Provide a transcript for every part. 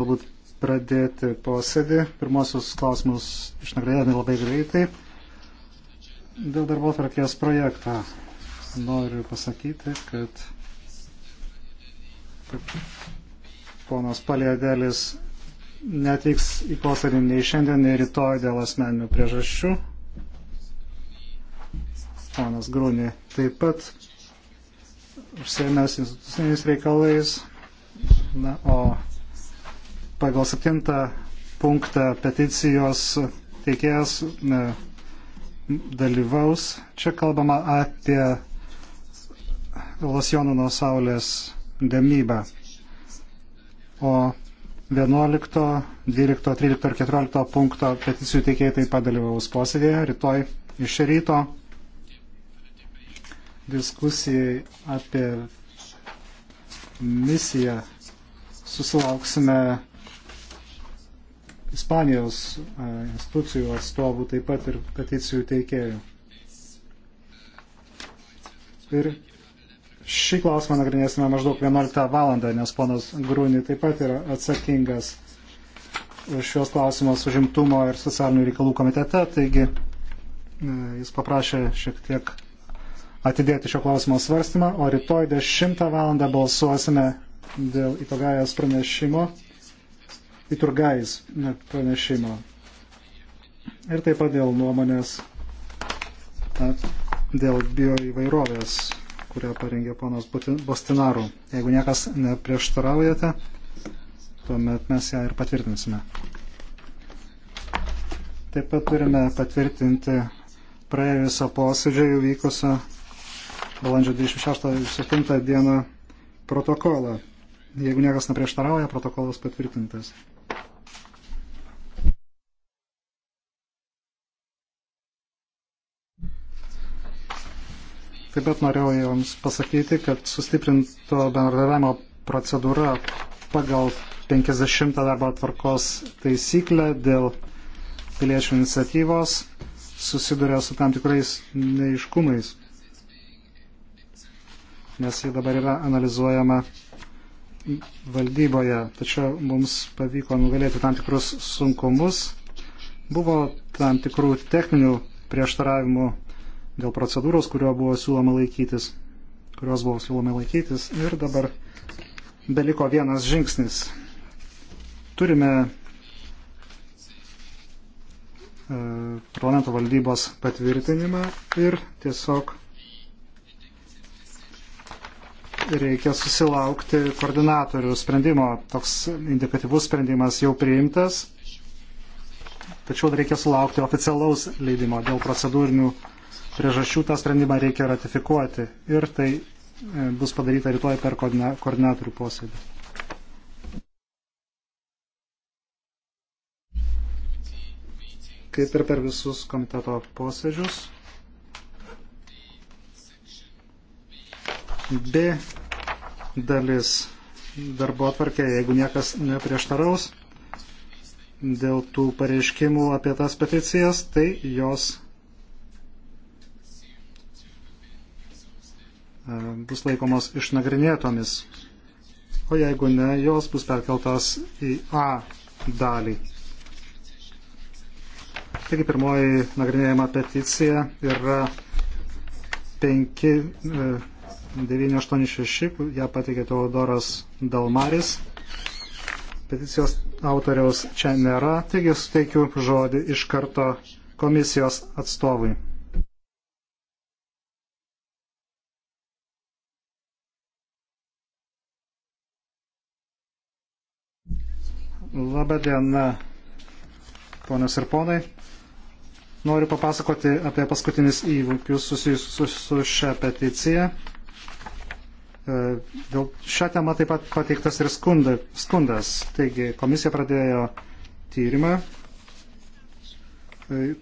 galbūt pradėti posėdį. Pirmosius klausimus išnagrinėdami labai greitai. Dėl darbo tvarkės projekto noriu pasakyti, kad, kad ponas Palėdėlis netvyks į posėdį nei šiandien, nei rytoj dėl asmeninių priežasčių. Ponas Grūnė taip pat užsiemęs instituciniais reikalais. Na, o pagal septintą punktą peticijos teikėjas e, dalyvaus. Čia kalbama apie losjonų nuo saulės gamybą. O 11, 12, 13 ir 14 punkto peticijų teikėjai taip pat dalyvaus posėdėje rytoj iš ryto diskusijai apie misiją susilauksime Ispanijos e, institucijų atstovų, taip pat ir peticijų teikėjų. Ir šį klausimą nagrinėsime maždaug 11 valandą, nes ponas Grūni taip pat yra atsakingas šios klausimus užimtumo ir socialinių reikalų komitete, taigi e, jis paprašė šiek tiek atidėti šio klausimo svarstymą, o rytoj 10 valandą balsuosime dėl įtogajas pranešimo. Iturgais pranešimo. Ir taip pat dėl nuomonės na, dėl bioįvairovės, kurią parengė ponas Bostinaru. Jeigu niekas neprieštaraujate, tuomet mes ją ir patvirtinsime. Taip pat turime patvirtinti praėjusio posėdžio jau vykusio balandžio 26-27 dieną protokolą. Jeigu niekas neprieštarauja, protokolas patvirtintas. Taip pat norėjau Jums pasakyti, kad sustiprinto bendradarbiavimo procedūra pagal 50 darbo tvarkos taisyklę dėl piliečių iniciatyvos susiduria su tam tikrais neiškumais, nes ji dabar yra analizuojama valdyboje. Tačiau mums pavyko nugalėti tam tikrus sunkumus. Buvo tam tikrų techninių prieštaravimų dėl procedūros, kurio buvo siūloma laikytis, kurios buvo siūloma laikytis. Ir dabar beliko vienas žingsnis. Turime e, parlamento valdybos patvirtinimą ir tiesiog reikia susilaukti koordinatorių sprendimo. Toks indikatyvus sprendimas jau priimtas, tačiau reikia sulaukti oficialaus leidimo dėl procedūrinių priežasčių tą sprendimą reikia ratifikuoti ir tai e, bus padaryta rytoj per koordinatorių posėdį. Kaip ir per visus komiteto posėdžius. B dalis darbo atvarkė, jeigu niekas neprieštaraus dėl tų pareiškimų apie tas peticijas, tai jos E, bus laikomos išnagrinėtomis, o jeigu ne, jos bus perkeltos į A dalį. Taigi pirmoji nagrinėjama peticija yra 5986, e, ją pateikė Teodoras Dalmaris. Peticijos autoriaus čia nėra, taigi suteikiu žodį iš karto komisijos atstovui. Labą dieną, ponios ir ponai. Noriu papasakoti apie paskutinis įvykius susijusius su šia peticija. E, dėl šią temą taip pat pateiktas ir skunda, skundas. Taigi komisija pradėjo tyrimą, e,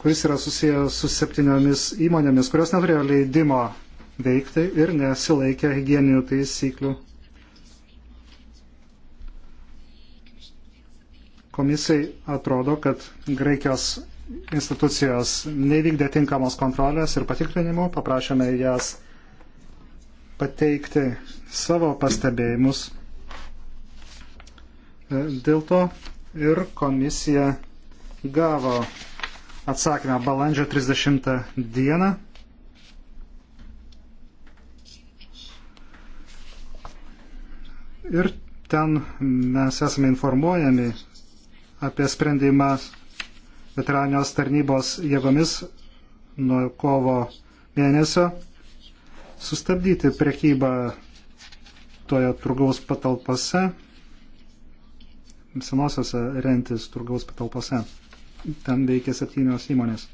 kuris yra susijęs su septyniomis įmonėmis, kurios neturėjo leidimo veikti ir nesilaikė hygieninių taisyklių komisijai atrodo, kad Graikijos institucijos nevykdė tinkamos kontrolės ir patikrinimų, paprašėme jas pateikti savo pastebėjimus. E, dėl to ir komisija gavo atsakymą balandžio 30 dieną. Ir ten mes esame informuojami apie sprendimą veteranijos tarnybos jėgomis nuo kovo mėnesio sustabdyti prekybą toje turgaus patalpose, senosiose rentis turgaus patalpose. Ten veikia septynios įmonės.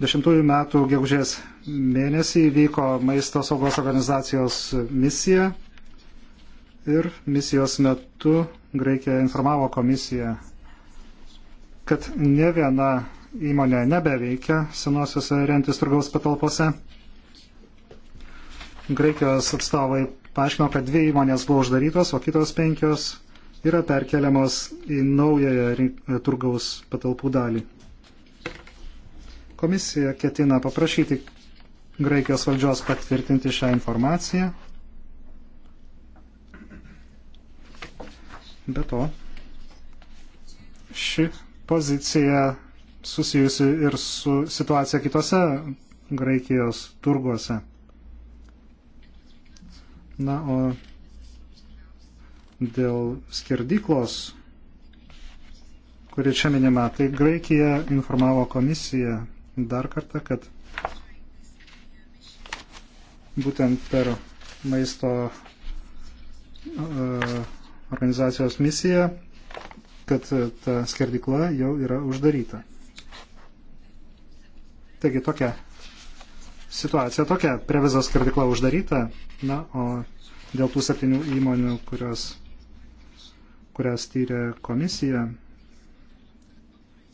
Dešimtųjų metų gegužės mėnesį vyko maisto saugos organizacijos misija ir misijos metu Graikija informavo komisiją, kad ne viena įmonė nebeveikia senosiuose rentis turgaus patalpose. Graikijos atstovai paaiškino, kad dvi įmonės buvo uždarytos, o kitos penkios yra perkeliamos į naująją turgaus patalpų dalį. Komisija ketina paprašyti Graikijos valdžios patvirtinti šią informaciją Be to, ši pozicija susijusi ir su situacija kitose Graikijos turguose. Na, o dėl skerdyklos, kuri čia minima, tai Graikija informavo komisiją dar kartą, kad būtent per maisto uh, organizacijos misija, kad e, ta skerdikla jau yra uždaryta. Taigi tokia situacija tokia. Previzos skerdikla uždaryta, na, o dėl tų septynių įmonių, kurios, kurias tyrė komisija,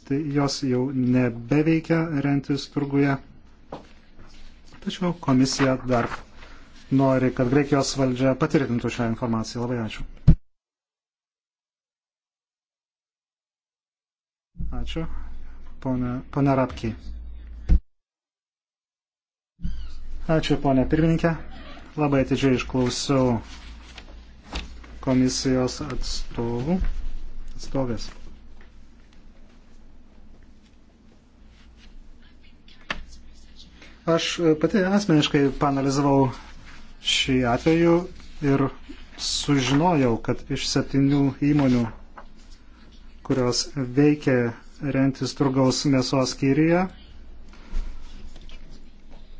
tai jos jau nebeveikia rentis turguje. Tačiau komisija dar nori, kad Graikijos valdžia patvirtintų šią informaciją. Labai ačiū. Ačiū. Pone, pone Rapkiai. Ačiū, ponė pirmininkė. Labai atidžiai išklausiau komisijos atstovų, atstovės. Aš pati asmeniškai panalizavau šį atvejį ir sužinojau, kad iš septynių įmonių kurios veikia rentis turgaus mėsos skyriuje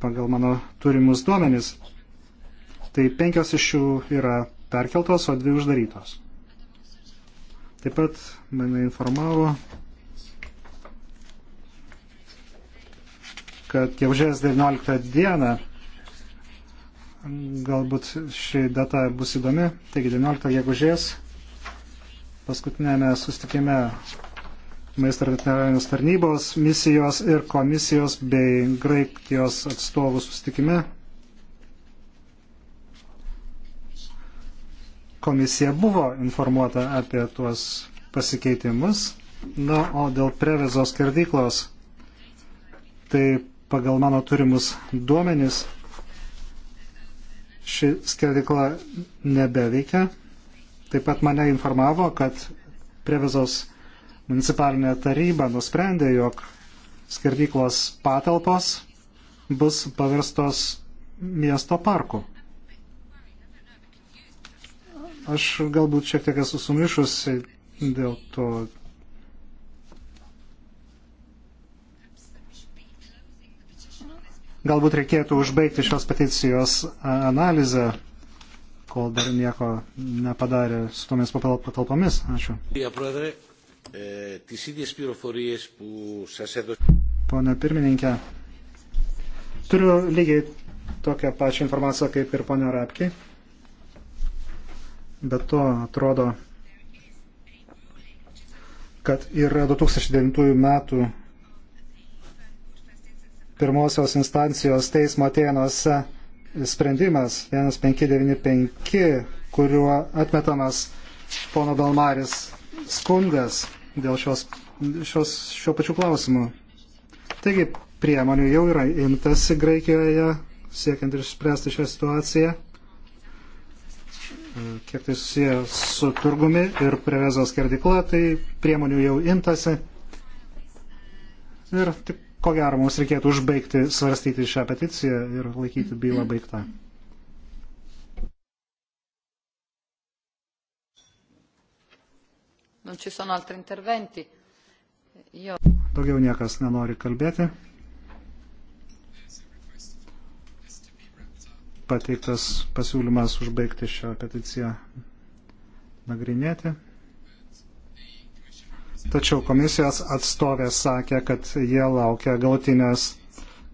pagal mano turimus duomenis. Tai penkios iš jų yra perkeltos, o dvi uždarytos. Taip pat mane informavo, kad gegužės 19 dieną, galbūt ši data bus įdomi, taigi 19 gegužės paskutinėme sustikime maisto ir veterinarijos tarnybos misijos ir komisijos bei Graikijos atstovų sustikime. Komisija buvo informuota apie tuos pasikeitimus. Na, o dėl prevezos skerdyklos, tai pagal mano turimus duomenis ši skerdykla nebeveikia. Taip pat mane informavo, kad Previzos municipalinė taryba nusprendė, jog skerdyklos patalpos bus paverstos miesto parku. Aš galbūt šiek tiek esu sumišusi dėl to. Galbūt reikėtų užbaigti šios peticijos analizę kol dar nieko nepadarė su tomis patalpomis. Ačiū. Eh, pone pirmininkė, turiu lygiai tokią pačią informaciją kaip ir ponio Rapkiai. Bet to atrodo, kad yra 2009 metų pirmosios instancijos teismo atėnuose sprendimas 1595, kuriuo atmetamas pono Dalmaris skundas dėl šios, šios, šio pačių klausimų. Taigi priemonių jau yra imtasi Graikijoje, siekiant išspręsti šią situaciją, mm, kiek tai susiję su turgumi ir prevezos skerdikla, tai priemonių jau imtasi. Ir tik ko gero mums reikėtų užbaigti svarstyti šią peticiją ir laikyti bylą baigtą. Daugiau niekas nenori kalbėti. Pateiktas pasiūlymas užbaigti šią peticiją nagrinėti. Tačiau komisijos atstovė sakė, kad jie laukia gautinės,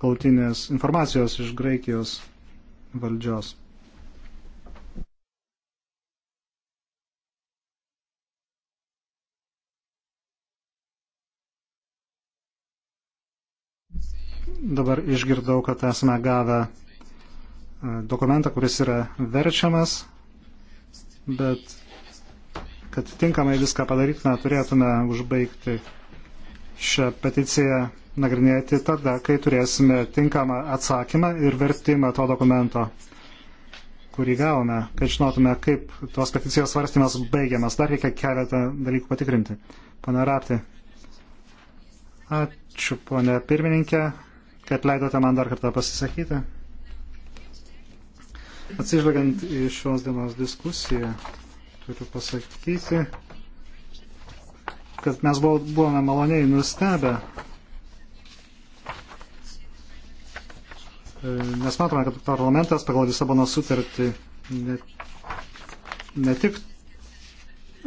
gautinės informacijos iš Graikijos valdžios. Dabar išgirdau, kad esame gavę e, dokumentą, kuris yra verčiamas, bet kad tinkamai viską padarytume, turėtume užbaigti šią peticiją nagrinėti tada, kai turėsime tinkamą atsakymą ir vertimą to dokumento, kurį gavome, kad žinotume, kaip tos peticijos svarstymas baigiamas. Dar reikia keletą dalykų patikrinti. Pane Rapti. Ačiū, ponė pirmininkė, kad leidote man dar kartą pasisakyti. Atsižvelgiant į šios dienos diskusiją, turiu pasakyti, kad mes buvome maloniai nustebę, e, nes matome, kad parlamentas pagal Lisabono sutartį ne, ne tik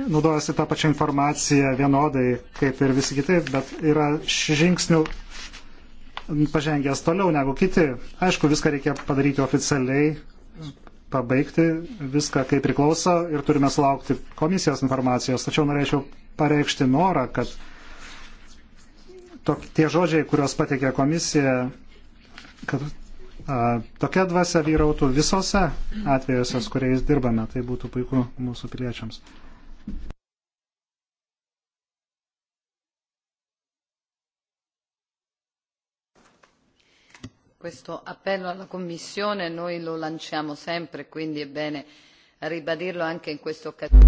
naudojasi tą pačią informaciją vienodai, kaip ir visi kiti, bet yra žingsnių pažengęs toliau negu kiti. Aišku, viską reikia padaryti oficialiai, pabaigti viską kaip priklauso ir turime sulaukti komisijos informacijos. Tačiau norėčiau pareikšti norą, kad tok, tie žodžiai, kuriuos pateikė komisija, kad a, tokia dvasia vyrautų visose atvejose, kuriais dirbame. Tai būtų puiku mūsų piliečiams. questo appello alla Commissione noi lo lanciamo sempre, quindi è bene ribadirlo anche in questo caso.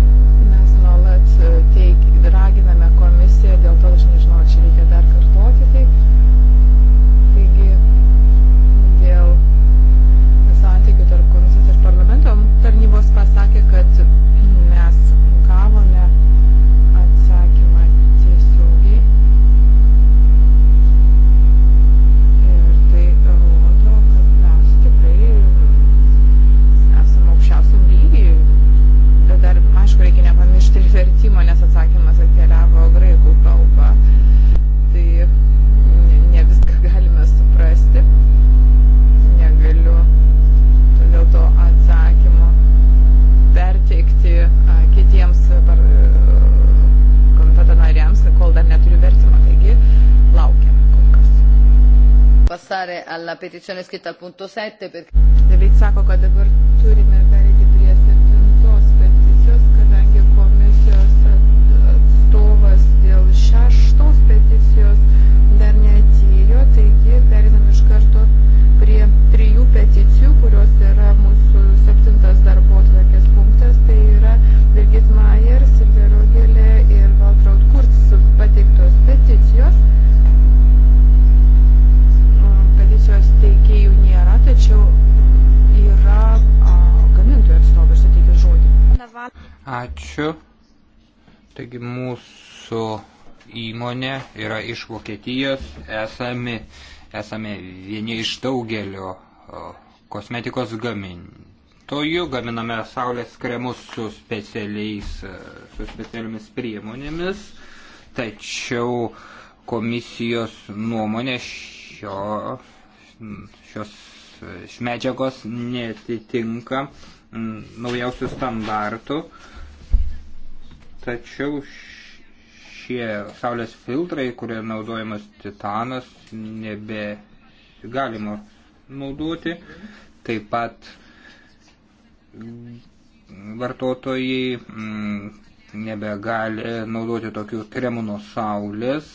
alla petizione scritta al punto 7 perché... David sako, kad dabar turime perėti Ačiū. Taigi mūsų įmonė yra iš Vokietijos, esame, esame vieni iš daugelio kosmetikos gamintojų, gaminame saulės kremus su, specialiais, su specialiomis priemonėmis, tačiau komisijos nuomonė šio, šios medžiagos netitinka mm, naujausių standartų. Uh, Tačiau šie saulės filtrai, kurie naudojamas titanas, nebe galima naudoti. Taip pat vartotojai mm, nebegali naudoti tokių kremų nuo saulės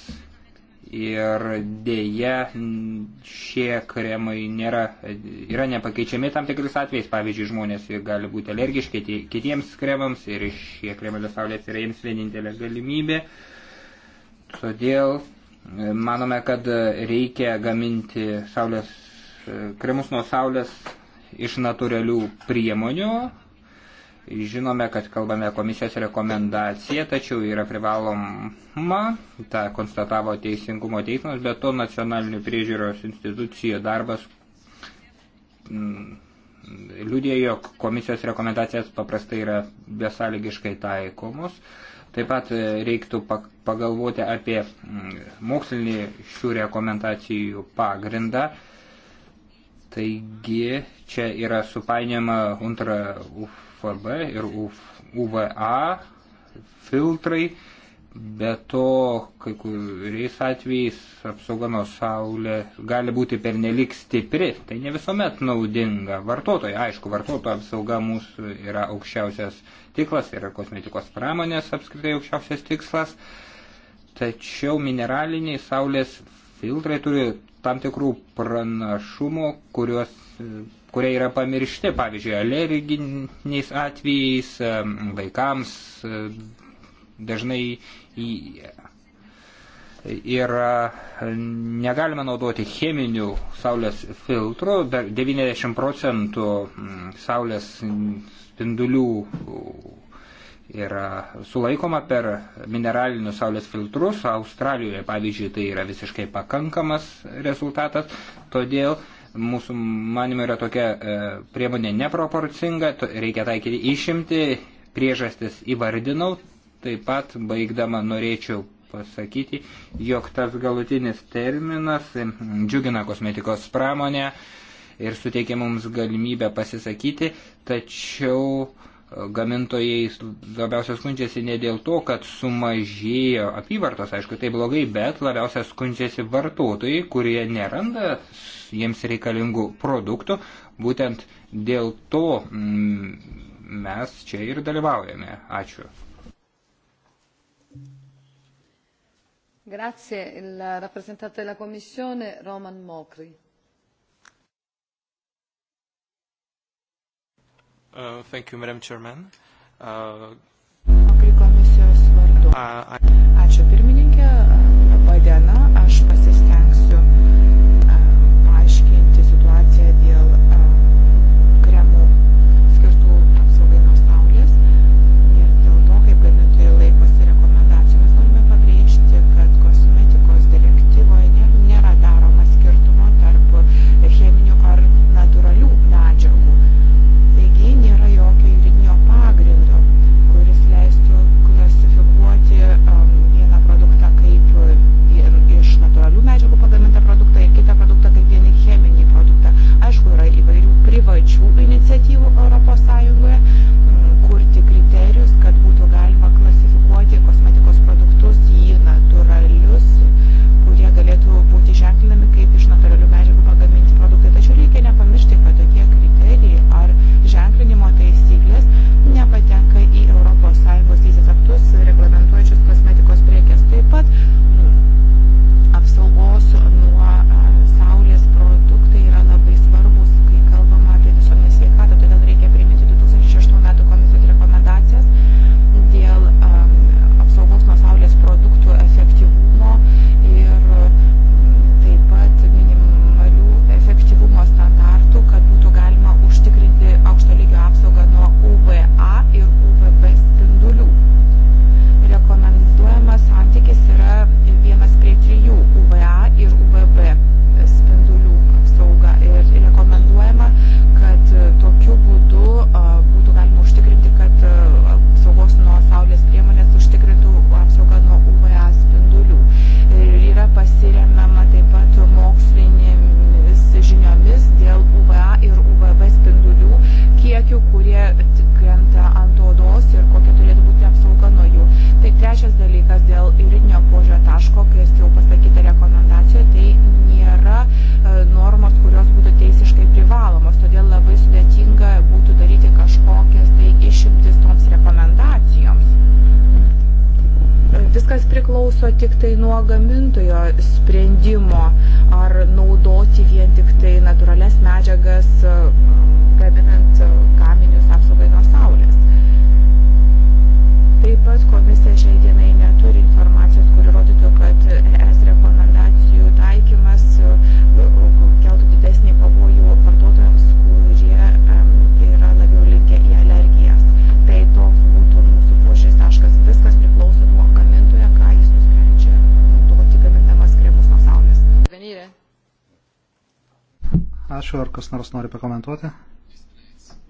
ir dėja šie kremai nėra, yra nepakeičiami tam tikris atvejais. Pavyzdžiui, žmonės gali būti alergiški kitiems kremams ir šie kremai dėl saulės yra jiems vienintelė galimybė. Todėl e, manome, kad reikia gaminti saulės e, kremus nuo saulės iš natūralių priemonių, Žinome, kad kalbame komisijos rekomendaciją, tačiau yra privaloma, tą konstatavo Teisingumo teismas, bet to nacionalinių priežiūros institucijų darbas mm, liūdėjo, jog komisijos rekomendacijas paprastai yra besąlygiškai taikomos. Taip pat e, reiktų pagalvoti apie mm, mokslinį šių rekomendacijų pagrindą. Taigi čia yra supainiama ultra UFB ir UVA filtrai, bet to kai kuriais atvejais apsauga nuo saulės gali būti pernelik stipri, tai ne visuomet naudinga vartotojai. Aišku, vartotojo apsauga mūsų yra aukščiausias tikslas, yra kosmetikos pramonės apskritai aukščiausias tikslas, tačiau mineraliniai saulės filtrai turi tam tikrų pranašumų, kuriuos kurie yra pamiršti, pavyzdžiui, alerginiais atvejais, vaikams dažnai ir negalime naudoti cheminių saulės filtrų, 90 procentų saulės spindulių yra sulaikoma per mineralinius saulės filtrus, Australijoje pavyzdžiui tai yra visiškai pakankamas rezultatas, todėl mūsų manimo yra tokia e, priemonė neproporcinga, reikia taikyti išimti, priežastis įvardinau, taip pat baigdama norėčiau pasakyti, jog tas galutinis terminas džiugina kosmetikos pramonę ir suteikia mums galimybę pasisakyti, tačiau uh, gamintojai labiausiai skundžiasi ne dėl to, kad sumažėjo apyvartos, aišku, tai blogai, bet labiausiai skundžiasi vartotojai, kurie neranda jiems reikalingų produktų. Būtent dėl to mm, mes čia ir dalyvaujame. Ačiū. Grazie, il rappresentante della Commissione Roman Mokri. Uh, thank you, Madam Chairman. Uh, Ačiū pirmininkė, laba diena,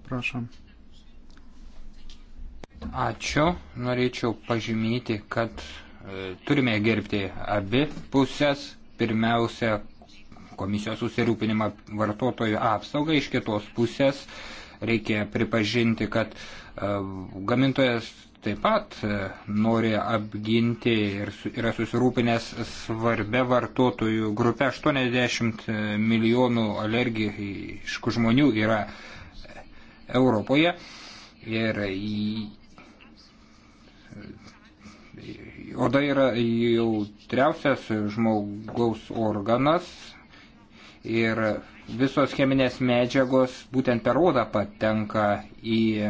Prašom. Ačiū. Norėčiau pažymyti, kad e, turime gerbti abi pusės. Pirmiausia, komisijos susirūpinimą vartotojų apsaugą. Iš kitos pusės reikia pripažinti, kad e, gamintojas taip pat e, nori apginti ir su, yra susirūpinęs svarbia vartotojų grupė. 80 milijonų alergiškų žmonių yra Europoje ir oda yra jautriausias žmogaus organas ir visos cheminės medžiagos būtent per odą patenka į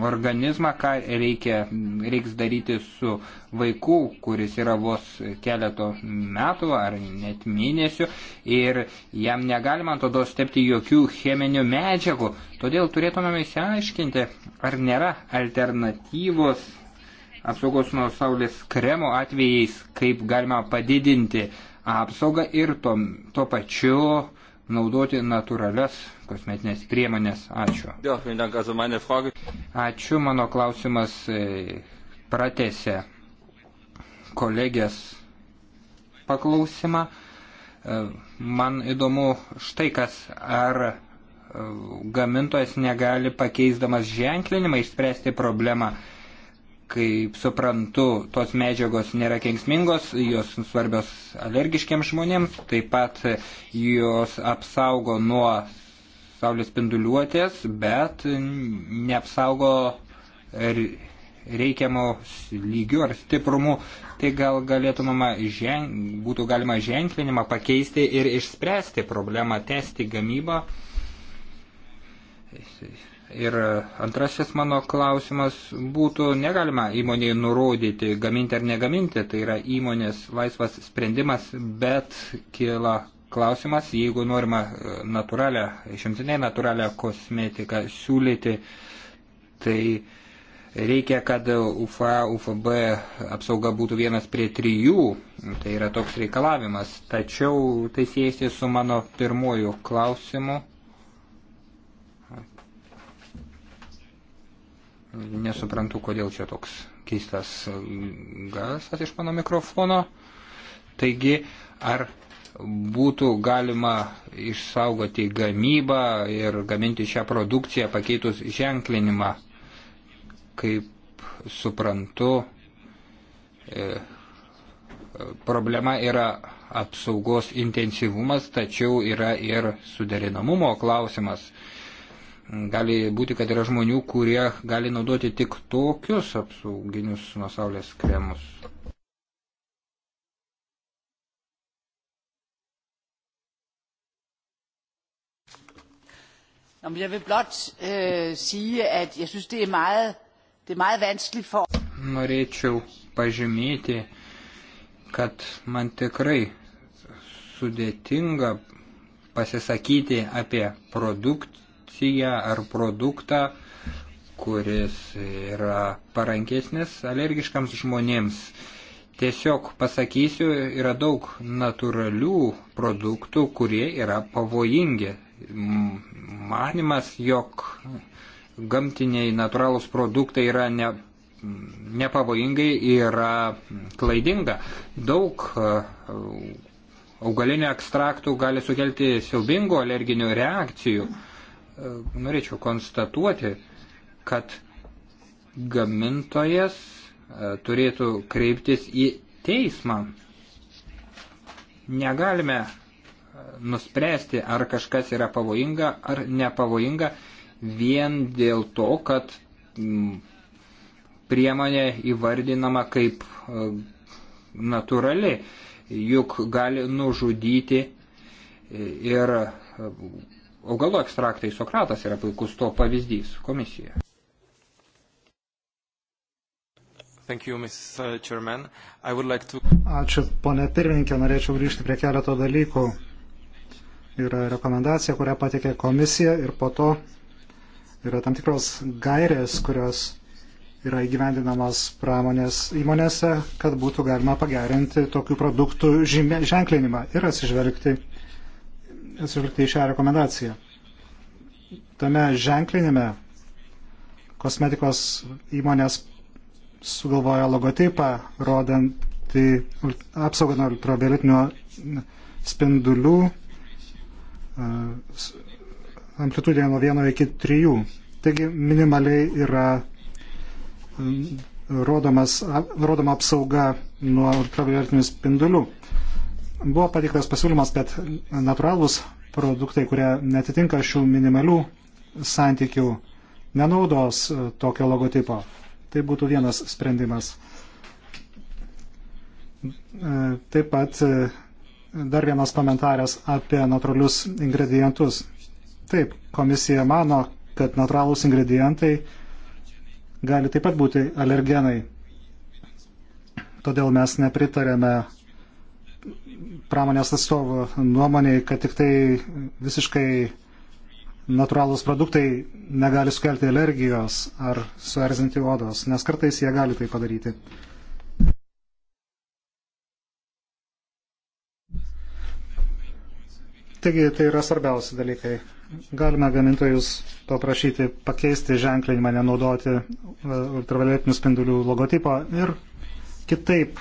organizmą, ką reikia, reiks daryti su vaiku, kuris yra vos keleto metų ar net mėnesių ir jam negalima ant odos stepti jokių cheminių medžiagų. Todėl turėtumėme įsiaiškinti, ar nėra alternatyvos apsaugos nuo saulės kremo atvejais, kaip galima padidinti apsaugą ir to, to pačiu naudoti natūralias kosmetinės priemonės. Ačiū. Ačiū, mano klausimas e, pratėse kolegės paklausimą. E, man įdomu štai kas, ar e, gamintojas negali pakeisdamas ženklinimą išspręsti problemą kaip suprantu, tos medžiagos nėra kenksmingos, jos svarbios alergiškiams žmonėms, taip pat jos apsaugo nuo saulės spinduliuotės, bet neapsaugo reikiamo lygių ar stiprumų, tai gal galėtumama žen, būtų galima ženklinimą pakeisti ir išspręsti problemą, tęsti gamybą Ir antrasis mano klausimas būtų, negalima įmoniai nurodyti gaminti ar negaminti, tai yra įmonės laisvas sprendimas, bet kyla klausimas, jeigu norima e, natūralią, šimtinai natūralią kosmetiką siūlyti, tai reikia, kad UFA, UFB apsauga būtų vienas prie trijų, tai yra toks reikalavimas. Tačiau tai siejasi su mano pirmoju klausimu Nesuprantu, kodėl čia toks keistas garsas iš mano mikrofono. Taigi, ar būtų galima išsaugoti gamybą ir gaminti šią produkciją pakeitus ženklinimą. Kaip suprantu, e, problema yra apsaugos intensyvumas, tačiau yra ir suderinamumo klausimas. Gali būti, kad yra žmonių, kurie gali naudoti tik tokius apsauginius nuo saulės kremus. Jamen, jeg vil blot øh, sige, at jeg synes, det er meget, det er meget vanskeligt for... Norėčiau pažymėti, kad man tikrai sudėtinga pasisakyti apie produkt, reakciją ar produktą, kuris yra parankesnis alergiškams žmonėms. Tiesiog pasakysiu, yra daug natūralių produktų, kurie yra pavojingi. Manimas, jog gamtiniai natūralūs produktai yra ne, nepavojingai, yra klaidinga. Daug augalinių ekstraktų gali sukelti siaubingų alerginių reakcijų. Mm. Ehm, norėčiau konstatuoti, kad gamintojas e, turėtų kreiptis į teismą. Negalime e, nuspręsti, ar kažkas yra pavojinga ar nepavojinga vien dėl to, kad priemonė įvardinama kaip e, natūrali, juk gali nužudyti ir augalų ekstraktai Sokratas yra puikus to pavyzdys komisijoje. Thank you, Mrs. Uh, Chairman. I would like to... Ačiū, ponė pirmininkė, norėčiau grįžti prie keleto dalykų. Yra rekomendacija, kurią patikė komisija ir po to yra tam tikros gairės, kurios yra įgyvendinamas pramonės įmonėse, kad būtų galima pagerinti tokių produktų žymė, ženklinimą ir atsižvelgti atsižvelgti į šią rekomendaciją. Tame ženklinime kosmetikos įmonės sugalvojo logotipą, rodantį apsaugą nuo ultravioletinių spindulių amplitudė nuo 1 iki 3. Taigi minimaliai yra rodomas, rodoma apsauga nuo ultravioletinių spindulių. Buvo patiktas pasiūlymas, kad natūralūs produktai, kurie netitinka šių minimalių santykių, nenaudos tokio logotipo. Tai būtų vienas sprendimas. Taip pat dar vienas komentaras apie natūralius ingredientus. Taip, komisija mano, kad natūralūs ingredientai gali taip pat būti alergenai. Todėl mes nepritarėme pramonės atstovų nuomonėje, kad tik tai visiškai natūralūs produktai negali sukelti alergijos ar suerzinti odos, nes kartais jie gali tai padaryti. Taigi tai yra svarbiausi dalykai. Galime gamintojus paprašyti pakeisti ženklinimą, nenaudoti ultravioletinių spindulių logotipo ir kitaip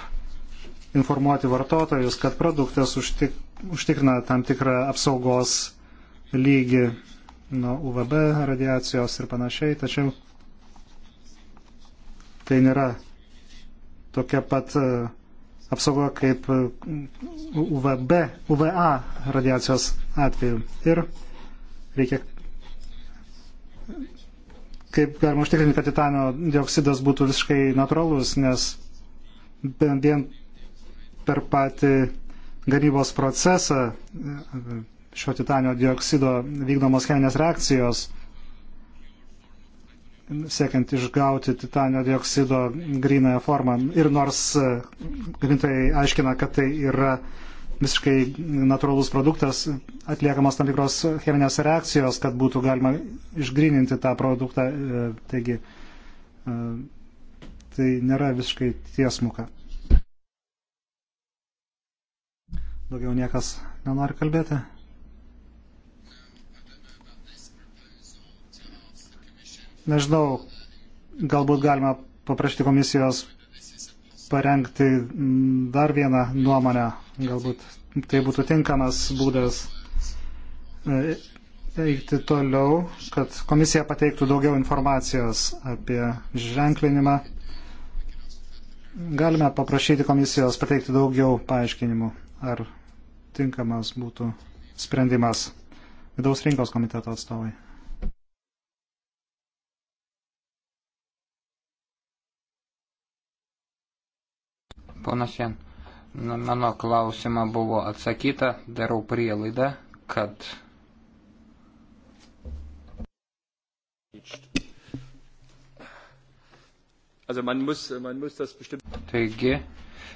informuoti vartotojus, kad produktas užtik, užtikrina tam tikrą apsaugos lygį nuo UVB radiacijos ir panašiai, tačiau tai nėra tokia pat e, apsauga kaip e, UVB, UVA radiacijos atveju. Ir reikia, kaip galima užtikrinti, kad titanio dioksidas būtų visiškai natūralus, nes vien per patį gamybos procesą šio titanio dioksido vykdomos cheminės reakcijos, siekiant išgauti titanio dioksido grinąją formą. Ir nors gamintojai aiškina, kad tai yra visiškai natūralus produktas, atliekamos tam tikros cheminės reakcijos, kad būtų galima išgrininti tą produktą. E, taigi, e, tai nėra visiškai tiesmuka. Daugiau niekas nenori kalbėti. Nežinau, galbūt galima paprašyti komisijos parengti dar vieną nuomonę. Galbūt tai būtų tinkamas būdas e, eiti toliau, kad komisija pateiktų daugiau informacijos apie ženklinimą. Galime paprašyti komisijos pateikti daugiau paaiškinimų. Ar tinkamas būtų sprendimas. Vidaus rinkos komiteto atstovai. Panašiai, na, mano klausimą buvo atsakyta, darau prielaidą, kad. Taigi,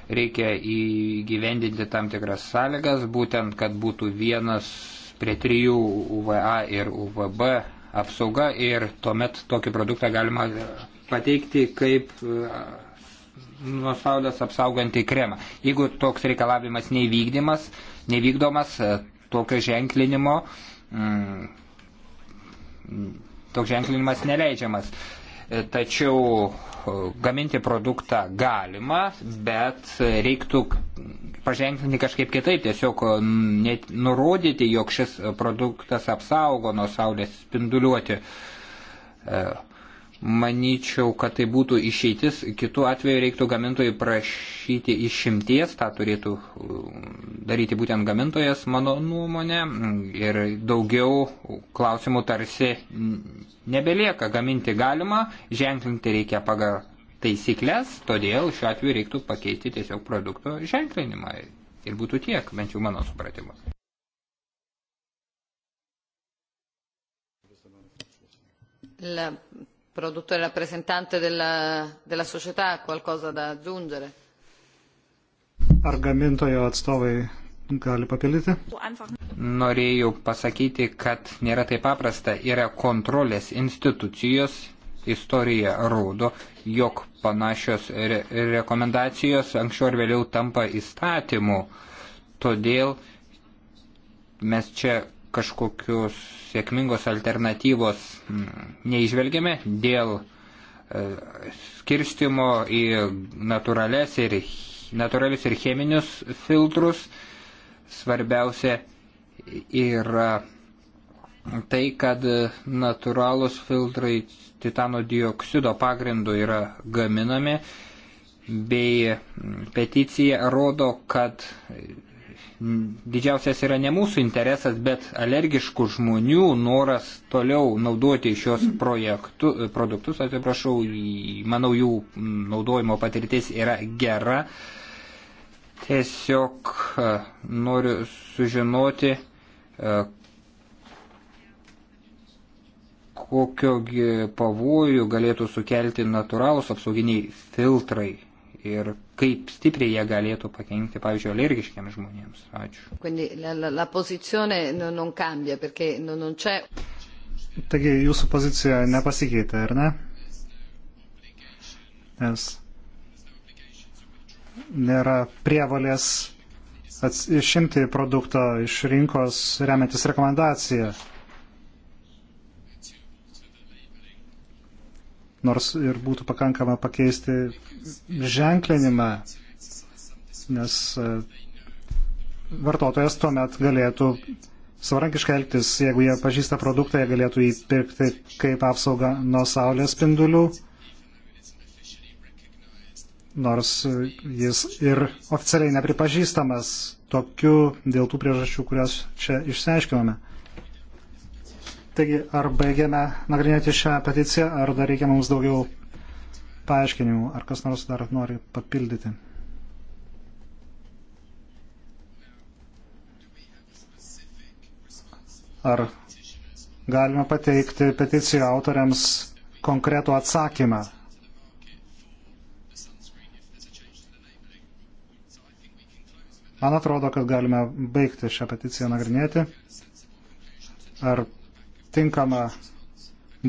reikia įgyvendinti tam tikras sąlygas, būtent, kad būtų vienas prie trijų UVA ir UVB apsauga ir tuomet tokį produktą galima pateikti kaip e, nuo saulės apsaugantį kremą. Jeigu toks reikalavimas nevykdymas, nevykdomas, e, tokio ženklinimo, mm, toks ženklinimas neleidžiamas tačiau e, gaminti produktą galima, bet reiktų paženklinti kažkaip kitaip, tiesiog e, net nurodyti, jog šis produktas apsaugo nuo saulės spinduliuoti. E, Manyčiau, kad tai būtų išeitis. Kitu atveju reiktų gamintojai prašyti išimties, tą turėtų um, daryti būtent gamintojas, mano nuomonė. Ir daugiau klausimų tarsi nebelieka. Gaminti galima, ženklinti reikia pagal taisyklės, todėl šiuo atveju reiktų pakeisti tiesiog produkto ženklinimą. Ir būtų tiek, bent jau mano supratimas. La produttore rappresentante della, della società ha qualcosa da aggiungere? Ar gamintojo atstovai gali papildyti? Norėjau pasakyti, kad nėra taip paprasta, yra kontrolės institucijos, istorija rodo, jog panašios re rekomendacijos anksčiau ar vėliau tampa įstatymu. Todėl mes čia kažkokios sėkmingos alternatyvos mm, neižvelgiame dėl e, skirstimo į natūrales ir, natūralius ir cheminius filtrus. Svarbiausia yra tai, kad natūralūs filtrai titano dioksido pagrindu yra gaminami, bei mm, peticija rodo, kad didžiausias yra ne mūsų interesas, bet alergiškų žmonių noras toliau naudoti šios projektu, produktus, atsiprašau, manau jų naudojimo patirtis yra gera. Tiesiog e, noriu sužinoti, e, kokio pavojų galėtų sukelti natūralūs apsauginiai filtrai ir kaip stipriai jie galėtų pakengti, pavyzdžiui, alergiškiams žmonėms. Ačiū. Quindi, la, la, la posizione non, non cambia, perché non, non c'è. Taigi jūsų pozicija nepasikeitė, ar ne? Nes nėra prievalės išimti produktą iš rinkos remiantis rekomendaciją. nors ir būtų pakankama pakeisti ženklinimą, nes e, vartotojas tuomet galėtų savarankiškai elgtis, jeigu jie pažįsta produktą, jie galėtų jį pirkti kaip apsaugą nuo saulės spindulių, nors jis ir oficialiai nepripažįstamas tokiu dėl tų priežasčių, kurias čia išsiaiškinome. Taigi, ar baigėme nagrinėti šią peticiją, ar dar reikia mums daugiau paaiškinimų, ar kas nors dar nori papildyti? Ar galime pateikti peticijų autoriams konkretų atsakymą? Man atrodo, kad galime baigti šią peticiją nagrinėti. Ar tinkama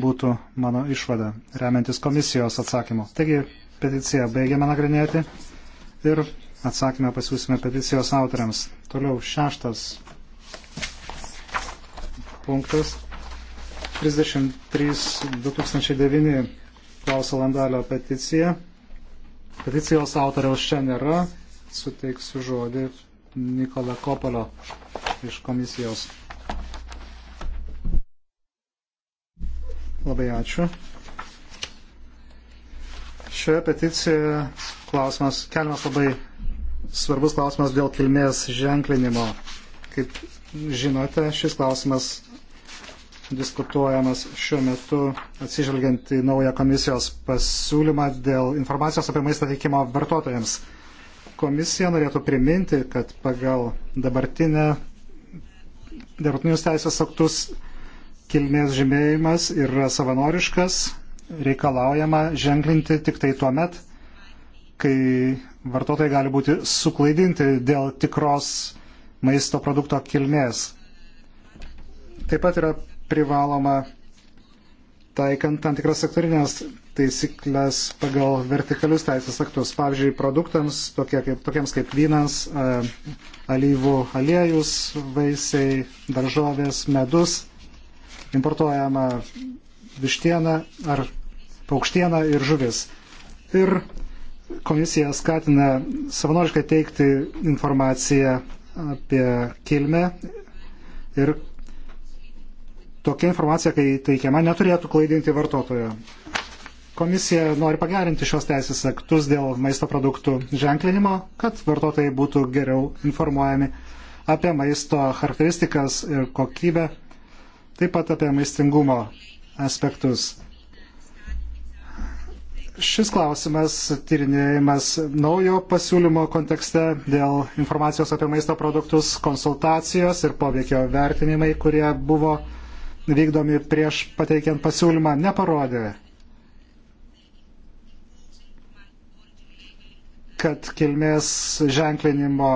būtų mano išvada, remiantis komisijos atsakymu. Taigi, peticiją baigiame nagrinėti ir atsakymę pasiūsime peticijos autoriams. Toliau šeštas punktas. 33.2009 klauso Landalio peticija. Peticijos autoriaus čia nėra. Suteiksiu žodį Nikola Kopalio iš komisijos. Labai ačiū. Šioje peticijoje klausimas, keliamas labai svarbus klausimas dėl kilmės ženklinimo. Kaip žinote, šis klausimas diskutuojamas šiuo metu atsižvelgiant į naują komisijos pasiūlymą dėl informacijos apie maistą teikimo vartotojams. Komisija norėtų priminti, kad pagal dabartinę, dabartinius teisės aktus kilmės žymėjimas yra savanoriškas, reikalaujama ženklinti tik tai tuo met, kai vartotojai gali būti suklaidinti dėl tikros maisto produkto kilmės. Taip pat yra privaloma taikant tam tikras sektorinės taisyklės pagal vertikalius teisės aktus. Pavyzdžiui, produktams tokie kaip, tokiems kaip vynas, alyvų aliejus, vaisiai, daržovės, medus importuojama vištiena ar paukštiena ir žuvis. Ir komisija skatina savanoriškai teikti informaciją apie kilmę ir tokia informacija, kai teikiama, neturėtų klaidinti vartotojo. Komisija nori pagerinti šios teisės aktus dėl maisto produktų ženklinimo, kad vartotojai būtų geriau informuojami apie maisto charakteristikas ir kokybę Taip pat apie maistingumo aspektus. Šis klausimas tyrinėjimas naujo pasiūlymo kontekste dėl informacijos apie maisto produktus, konsultacijos ir poveikio vertinimai, kurie buvo vykdomi prieš pateikiant pasiūlymą, neparodė, kad kilmės ženklinimo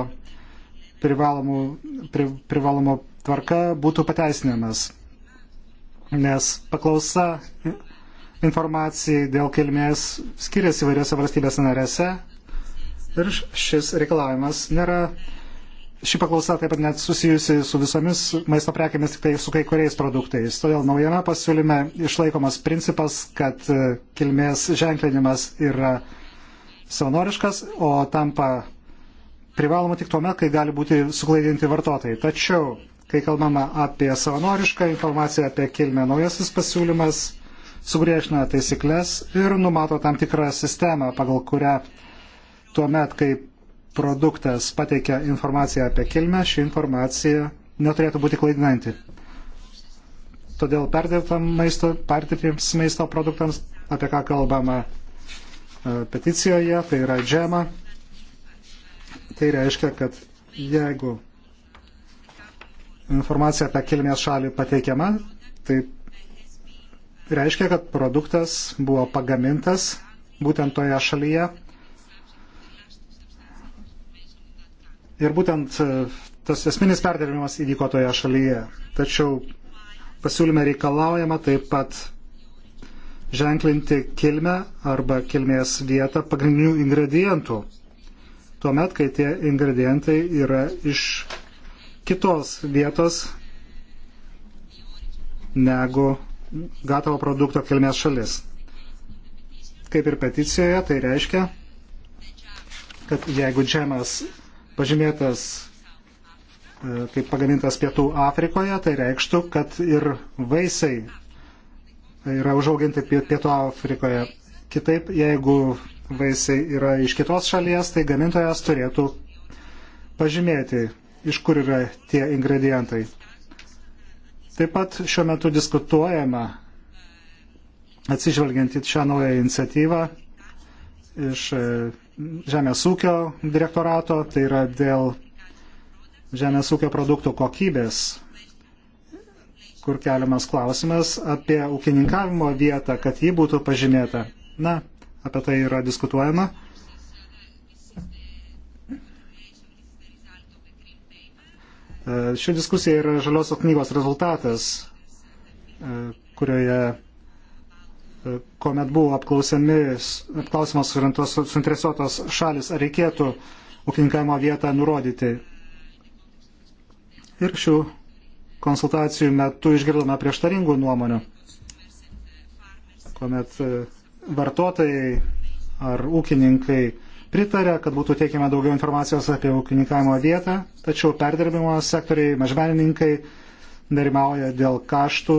privalomo, pri, privalomo tvarka būtų pateisinamas nes paklausa informacijai dėl kilmės skiriasi įvairiose valstybės narėse ir šis reikalavimas nėra. Ši paklausa taip pat net susijusi su visomis maisto prekėmis, tik tai su kai kuriais produktais. Todėl naujame pasiūlyme išlaikomas principas, kad e, kilmės ženklinimas yra savanoriškas, o tampa privaloma tik tuo met, kai gali būti suklaidinti vartotojai. Tačiau Kai kalbama apie savanorišką informaciją apie kilmę, naujasis pasiūlymas sugriešina taisyklės ir numato tam tikrą sistemą, pagal kurią tuo met, kai produktas pateikia informaciją apie kilmę, ši informacija neturėtų būti klaidinanti. Todėl maisto, perdirbtiems maisto produktams, apie ką kalbama e, peticijoje, tai yra džema, tai reiškia, kad jeigu informacija apie kilmės šalį pateikiama, tai reiškia, kad produktas buvo pagamintas būtent toje šalyje. Ir būtent e, tas esminis perdarimas įvyko toje šalyje. Tačiau pasiūlyme reikalaujama taip pat ženklinti kilmę arba kilmės vietą pagrindinių ingredientų. Tuomet, kai tie ingredientai yra iš kitos vietos negu gatavo produkto kilmės šalis. Kaip ir peticijoje, tai reiškia, kad jeigu džemas pažymėtas e, kaip pagamintas Pietų Afrikoje, tai reikštų, kad ir vaisiai yra užauginti Pietų Afrikoje. Kitaip, jeigu vaisiai yra iš kitos šalies, tai gamintojas turėtų pažymėti iš kur yra tie ingredientai. Taip pat šiuo metu diskutuojama, atsižvelgiant į šią naują iniciatyvą iš e, Žemės ūkio direktorato, tai yra dėl Žemės ūkio produktų kokybės, kur keliamas klausimas apie ūkininkavimo vietą, kad ji būtų pažymėta. Na, apie tai yra diskutuojama. E, ši diskusija yra žaliosios knygos rezultatas, e, kurioje, e, kuomet buvo apklausimas suinteresuotos šalis, ar reikėtų ūkininkavimo vietą nurodyti. Ir šių konsultacijų metu išgirdome prieštaringų nuomonių, kuomet vartotojai ar ūkininkai pritarė, kad būtų teikiama daugiau informacijos apie ūkininkavimo vietą, tačiau perdirbimo sektoriai, mažmenininkai nerimauja dėl kaštų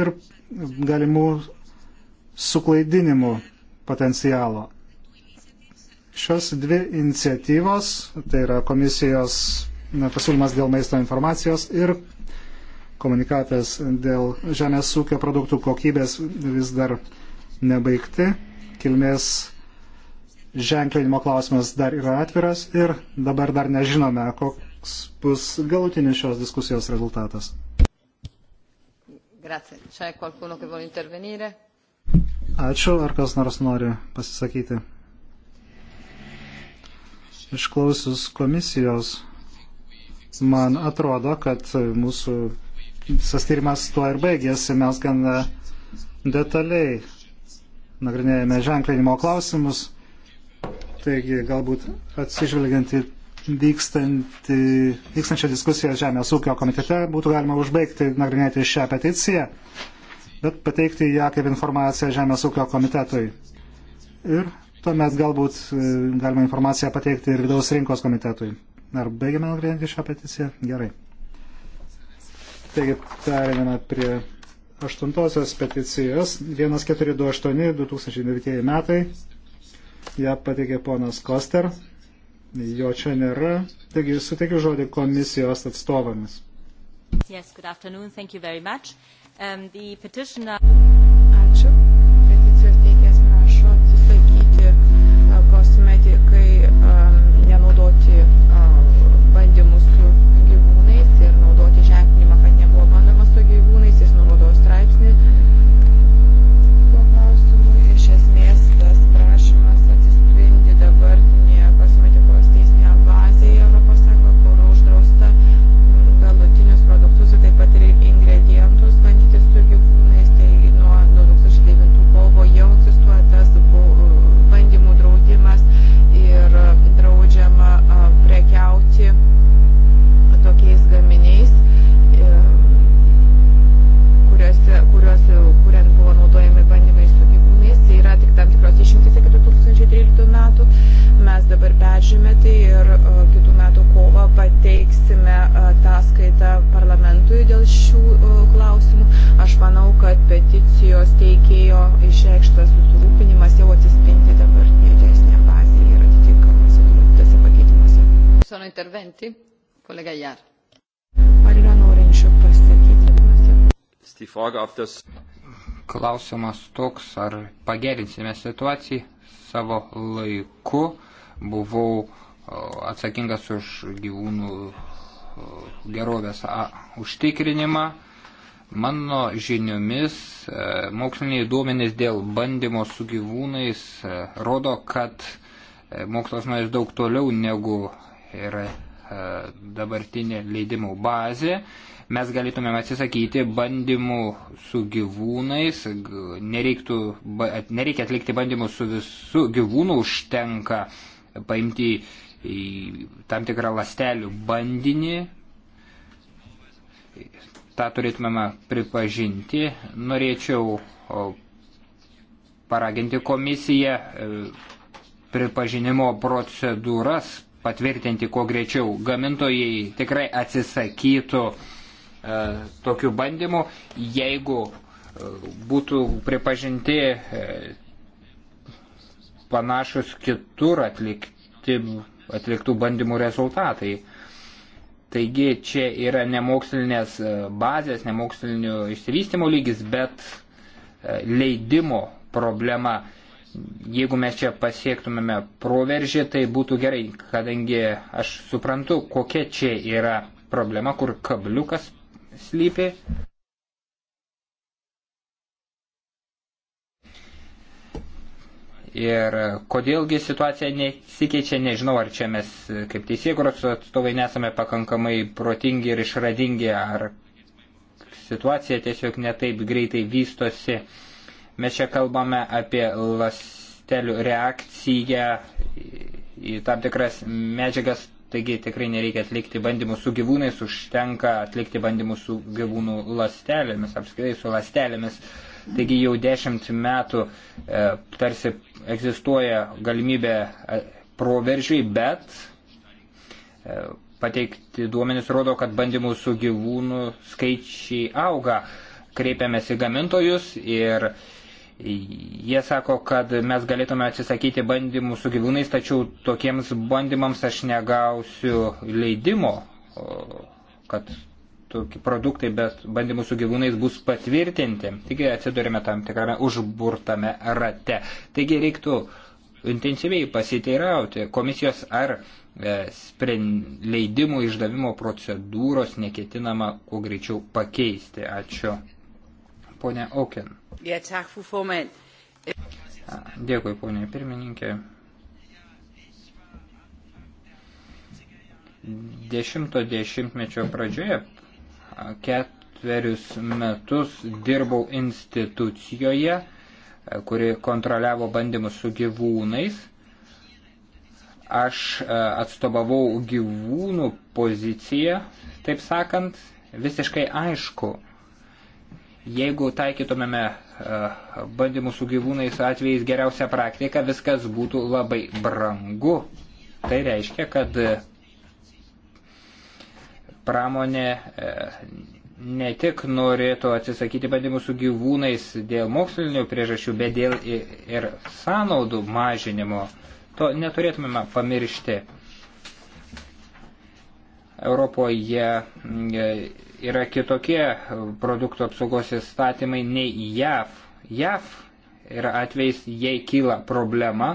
ir galimų suklaidinimų potencialo. Šios dvi iniciatyvos, tai yra komisijos pasiūlymas dėl maisto informacijos ir komunikatas dėl žemės ūkio produktų kokybės vis dar nebaigti. Kilmės ženklinimo klausimas dar yra atviras ir dabar dar nežinome, koks bus galutinis šios diskusijos rezultatas. Ačiū, ar kas nors nori pasisakyti. Išklausius komisijos, man atrodo, kad mūsų visas tyrimas tuo ir baigėsi. Mes gan detaliai nagrinėjame ženklinimo klausimus Taigi, galbūt atsižvelgiant į vykstančią diskusiją Žemės ūkio komitete būtų galima užbaigti nagrinėti šią peticiją, bet pateikti ją kaip informaciją Žemės ūkio komitetui. Ir tuomet galbūt e, galima informaciją pateikti ir vidaus rinkos komitetui. Ar baigėme nagrinėti šią peticiją? Gerai. Taigi, perėmėme prie aštuntosios peticijos 1428 2009 metai ją pateikė ponas Koster, jo čia nėra, taigi suteikiu žodį komisijos atstovams. Yes, good afternoon, thank you very much. Um, the petitioner... Ačiū. Klausimas toks, ar pagerinsime situaciją savo laiku. Buvau e, atsakingas už gyvūnų e, gerovės užtikrinimą. Mano žiniomis e, moksliniai duomenys dėl bandymo su gyvūnais rodo, kad mokslas nuės daug toliau negu yra dabartinė leidimų bazė mes galėtumėm atsisakyti bandymų su gyvūnais, nereiktų, nereikia atlikti bandymų su visų gyvūnų, užtenka paimti į tam tikrą lastelių bandinį. Ta turėtumėme pripažinti. Norėčiau paraginti komisiją e, pripažinimo procedūras patvirtinti kuo greičiau. Gamintojai tikrai atsisakytų uh, E, tokių bandymų, jeigu e, būtų pripažinti e, panašus kitur atlikti, atliktų bandymų rezultatai. Taigi čia yra nemokslinės bazės, nemokslinio išsivystimo lygis, bet leidimo problema. Jeigu mes čia pasiektumėme proveržį, tai būtų gerai, kadangi aš suprantu, kokia čia yra problema, kur kabliukas slypi. Ir kodėlgi situacija nesikeičia, nežinau, ar čia mes kaip teisėkuros atstovai nesame pakankamai protingi ir išradingi, ar situacija tiesiog netaip greitai vystosi. Mes čia kalbame apie lastelių reakciją į tam tikras medžiagas Taigi tikrai nereikia atlikti bandymų su gyvūnais, užtenka atlikti bandymų su gyvūnų lastelėmis, apskritai su lastelėmis. Taigi jau dešimt metų e, tarsi egzistuoja galimybė e, proveržiai, bet e, pateikti duomenys rodo, kad bandymų su gyvūnų skaičiai auga. Kreipiamės į gamintojus ir e, Jie sako, kad mes galėtume atsisakyti bandymų su gyvūnais, tačiau tokiems bandymams aš negausiu leidimo, kad tokie produktai, bet bandymų su gyvūnais bus patvirtinti. Taigi atsidurime tam tikrame užburtame rate. Taigi reiktų intensyviai pasiteirauti komisijos ar e, leidimų išdavimo procedūros neketinama kuo greičiau pakeisti. Ačiū. Pone Auken. Dėkui, ponė pirmininkė. Dešimto dešimtmečio pradžioje ketverius metus dirbau institucijoje, kuri kontroliavo bandymus su gyvūnais. Aš atstovavau gyvūnų poziciją, taip sakant, visiškai aišku, Jeigu taikytumėme e, bandymų su gyvūnais atvejais geriausią praktiką, viskas būtų labai brangu. Tai reiškia, kad e, pramonė e, ne tik norėtų atsisakyti bandymų su gyvūnais dėl mokslinių priežasčių, bet dėl ir sąnaudų mažinimo. To neturėtumėme pamiršti. Europoje yra kitokie produktų apsaugos įstatymai nei JAV. JAV yra atvejs, jei kyla problema,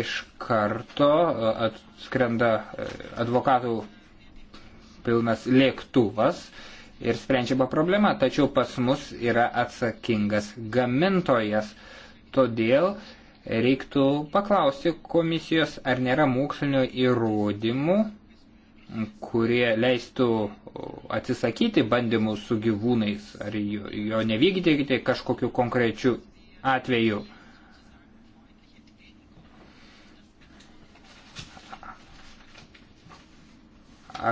iš karto e, atskrenda e, advokatų pilnas lėktuvas ir sprendžiama problema, tačiau pas mus yra atsakingas gamintojas. Todėl reiktų paklausti komisijos, ar nėra mokslinio įrodymų kurie leistų atsisakyti bandymų su gyvūnais ar jo, jo nevykdyti kažkokiu konkrečiu atveju.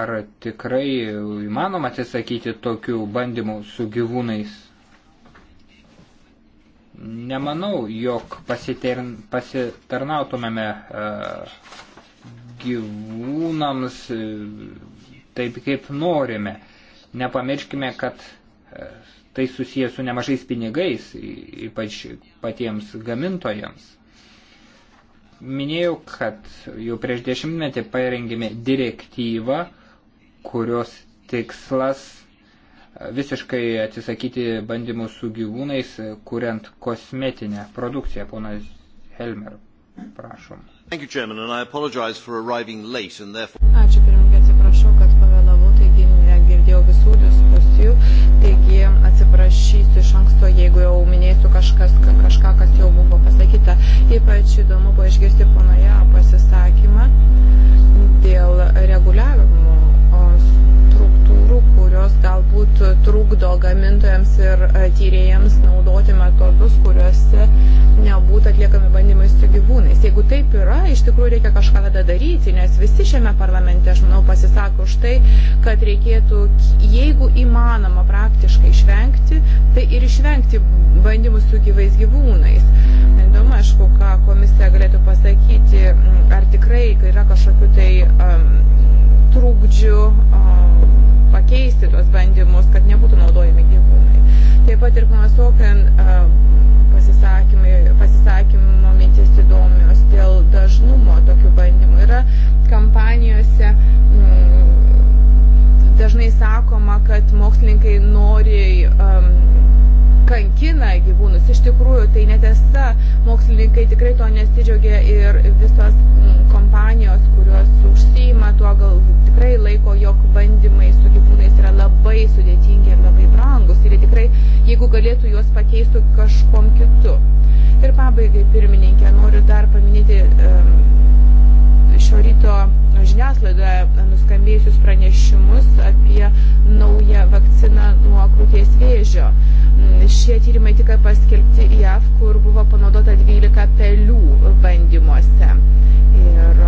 Ar tikrai įmanoma atsisakyti tokių bandymų su gyvūnais? Nemanau, jog pasitern, pasitarnautumėme uh, gyvūnams e, taip kaip norime. Nepamirškime, kad e, tai susijęs su nemažais pinigais, ypač patiems gamintojams. Minėjau, kad jau prieš dešimtmetį parengėme direktyvą, kurios tikslas e, visiškai atsisakyti bandymų su gyvūnais, kuriant kosmetinę produkciją. Ponas Helmer, prašom. You, Chairman, late, therefore... Ačiū pirmininkai, atsiprašau, kad pavėlavau, taigi negirdėjau visų diskusijų, taigi atsiprašysiu iš anksto, jeigu jau minėsiu kažkas, kažką, kas jau buvo pasakyta. Ypač įdomu buvo išgirsti ponoje pasisakymą dėl reguliavimo kurios galbūt trukdo gamintojams ir e, tyrėjams naudoti metodus, kuriuose nebūtų atliekami bandymai su gyvūnais. Jeigu taip yra, iš tikrųjų reikia kažką tada daryti, nes visi šiame parlamente, aš manau, pasisako už tai, kad reikėtų, jeigu įmanoma praktiškai išvengti, tai ir išvengti bandymų su gyvais gyvūnais. Įdomu, aišku, ką komisija galėtų pasakyti, ar tikrai yra kažkokiu tai um, trūkdžių. Um, pakeisti tuos bandymus, kad nebūtų naudojami gyvūnai. Taip pat ir panas Oken pasisakymo mintis įdomios dėl dažnumo tokių bandymų. Yra kampanijose m, mm, dažnai sakoma, kad mokslininkai nori um, kankina gyvūnus. Iš tikrųjų, tai netiesa, mokslininkai tikrai to nesidžiaugia ir visos mm, kompanijos, kurios užsijima tuo, gal tikrai laiko, jog bandymai su gyvūnais yra labai sudėtingi ir labai brangus. Ir tikrai, jeigu galėtų juos pakeisti kažkom kitu. Ir pabaigai, pirmininkė, noriu dar paminėti. Um, šio ryto žiniasklaidoje nuskambėjusius pranešimus apie naują vakciną nuo krūties vėžio. Šie tyrimai tik paskelbti JAV, kur buvo panaudota 12 pelių bandymuose. Ir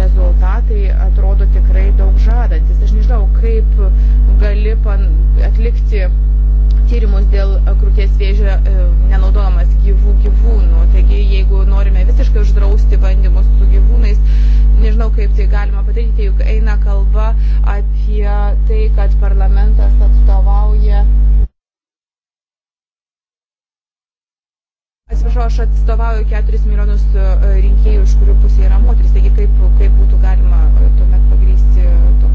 rezultatai atrodo tikrai daug žadantis. Aš nežinau, kaip gali atlikti tyrimus dėl e, krūties vėžio e, nenaudojamas gyvų gyvūnų. Taigi, jeigu norime visiškai uždrausti bandymus su gyvūnais, nežinau, kaip tai galima padaryti, juk eina kalba apie tai, kad parlamentas atstovauja. Atsiprašau, aš atstovauju 4 milijonus e, rinkėjų, iš kurių pusė yra moteris. Taigi, kaip, kaip būtų galima tuomet pagrysti to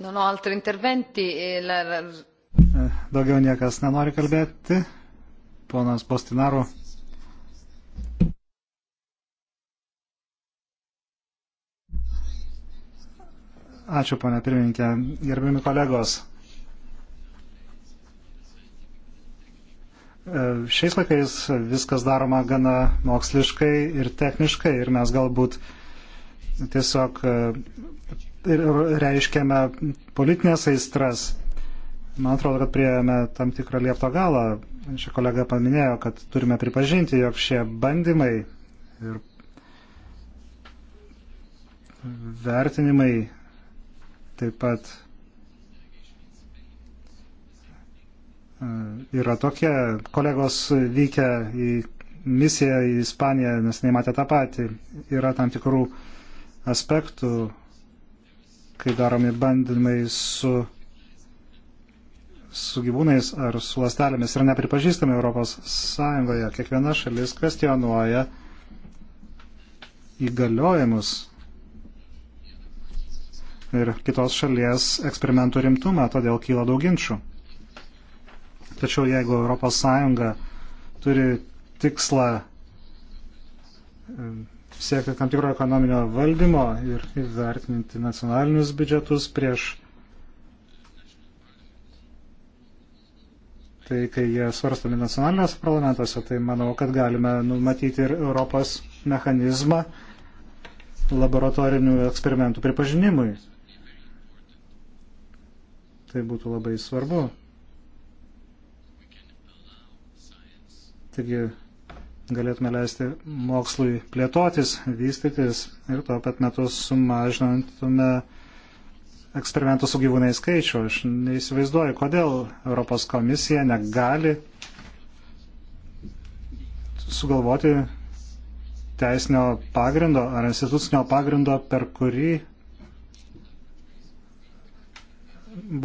Non ho altri interventi. E la... Eh, daugiau niekas nenori kalbėti. Ponas Postinaru. Ačiū, ponė pirmininkė. Gerbimi kolegos. E, šiais laikais viskas daroma gana moksliškai ir techniškai ir mes galbūt uh, tiesiog e, reiškiame politinės aistras. Man atrodo, kad priejame tam tikrą liepto galą. Šia kolega paminėjo, kad turime pripažinti, jog šie bandymai ir vertinimai taip pat e, yra tokie. Kolegos vykę į misiją į Ispaniją, nes neįmatė tą patį. Yra tam tikrų uh, aspektų, kai daromi bandymai su, su gyvūnais ar su lastelėmis yra nepripažįstami Europos Sąjungoje. Kiekviena šalis kvestionuoja įgaliojimus ir kitos šalies eksperimentų rimtumą, todėl kyla daug ginčių. Tačiau jeigu ES turi tikslą siekti tam tikro ekonominio valdymo ir įvertinti nacionalinius biudžetus prieš tai, kai jie svarstomi nacionaliniuose parlamentuose, tai manau, kad galime numatyti ir Europos mechanizmą laboratorinių eksperimentų pripažinimui. Tai būtų labai svarbu. Taigi galėtume leisti mokslui plėtotis, vystytis ir tuo pat metu sumažinantume eksperimentų su gyvūnai skaičių. Aš neįsivaizduoju, kodėl Europos komisija negali sugalvoti teisinio pagrindo ar institucinio pagrindo, per kurį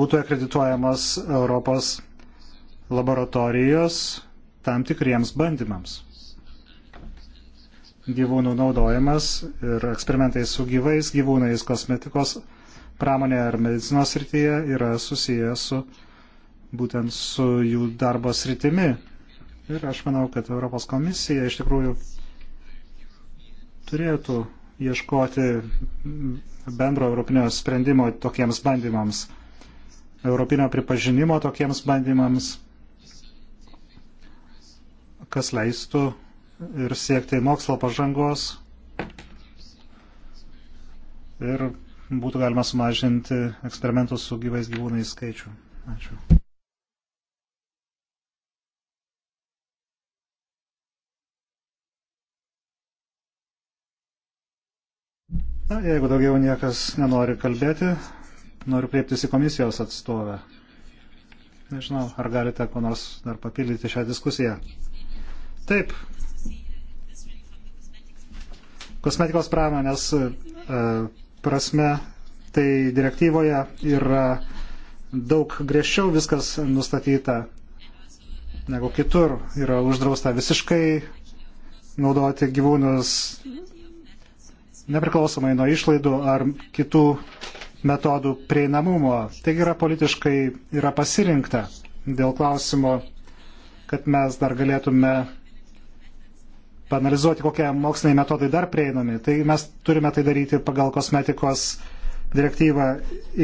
būtų akredituojamos Europos laboratorijos tam tikriems bandymams gyvūnų naudojimas ir eksperimentai su gyvais gyvūnais kosmetikos pramonėje ar medicinos srityje yra susiję su būtent su jų darbo sritimi. Ir aš manau, kad Europos komisija iš tikrųjų turėtų ieškoti bendro europinio sprendimo tokiems bandymams, europinio pripažinimo tokiems bandymams, kas leistų ir siekti mokslo pažangos ir būtų galima sumažinti eksperimentus su gyvais gyvūnais skaičių. Ačiū. Na, jeigu daugiau niekas nenori kalbėti, noriu kreiptis į komisijos atstovę. Nežinau, ar galite ko nors dar papildyti šią diskusiją. Taip, Kosmetikos pramonės e, prasme, tai direktyvoje yra daug griežčiau viskas nustatyta negu kitur. Yra uždrausta visiškai naudoti gyvūnus nepriklausomai nuo išlaidų ar kitų metodų prieinamumo. Taigi yra politiškai yra pasirinkta dėl klausimo, kad mes dar galėtume panalizuoti, kokie moksliniai metodai dar prieinami. Tai mes turime tai daryti pagal kosmetikos direktyvą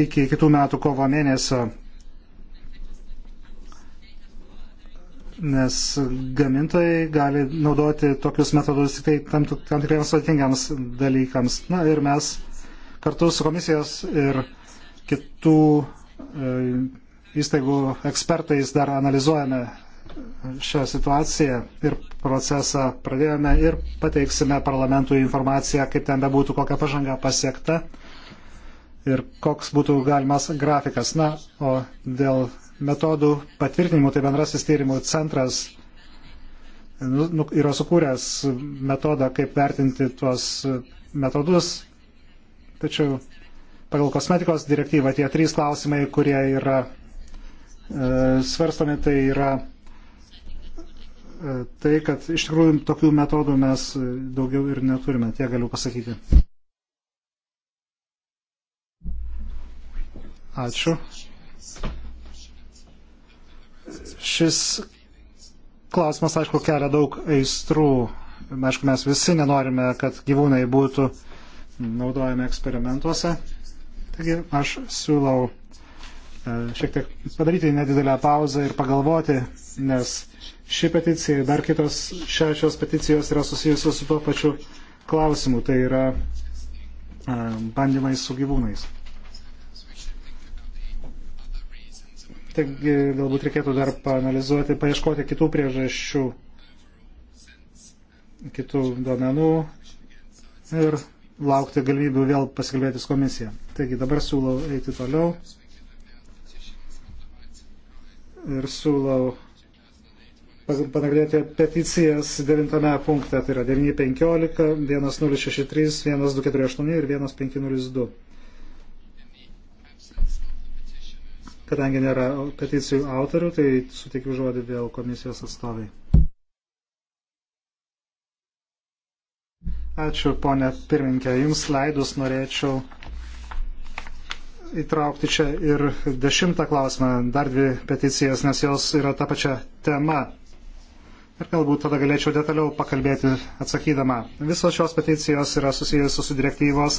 iki kitų metų kovo mėnesio, nes gamintojai gali naudoti tokius metodus tik tai tam, tam tikriems sudėtingiams dalykams. Na ir mes kartu su komisijos ir kitų e, įstaigų ekspertais dar analizuojame šią situaciją ir procesą pradėjome ir pateiksime parlamentui informaciją, kaip ten bebūtų, kokia pažanga pasiekta ir koks būtų galimas grafikas. Na, o dėl metodų patvirtinimų, tai bendrasis tyrimų centras nu, nu, yra sukūręs metodą, kaip vertinti tuos metodus, tačiau pagal kosmetikos direktyvą tie trys klausimai, kurie yra e, svarstomi, tai yra E, tai, kad iš tikrųjų tokių metodų mes e, daugiau ir neturime, tie galiu pasakyti. Ačiū. Šis klausimas, aišku, kelia daug aistrų. Aišku, mes visi nenorime, kad gyvūnai būtų naudojami eksperimentuose. Taigi aš siūlau e, šiek tiek padaryti nedidelę pauzę ir pagalvoti, nes ši peticija ir dar kitos šešios peticijos yra susijusios su tuo pačiu klausimu, tai yra bandymais su gyvūnais. Taigi galbūt reikėtų dar panalizuoti, paieškoti kitų priežasčių, kitų duomenų ir laukti galimybių vėl pasikalbėti su komisija. Taigi dabar siūlau eiti toliau ir siūlau panagrėti peticijas 9 punkte, tai yra 915, 1063, 1248 ir 1502. Kadangi nėra peticijų autorių, tai sutikiu žodį vėl komisijos atstovai. Ačiū, ponė pirminkė. Jums leidus norėčiau įtraukti čia ir dešimtą klausimą, dar dvi peticijas, nes jos yra ta pačia tema. Ir galbūt tada galėčiau detaliau pakalbėti atsakydama. Visos šios peticijos yra susijusios su direktyvos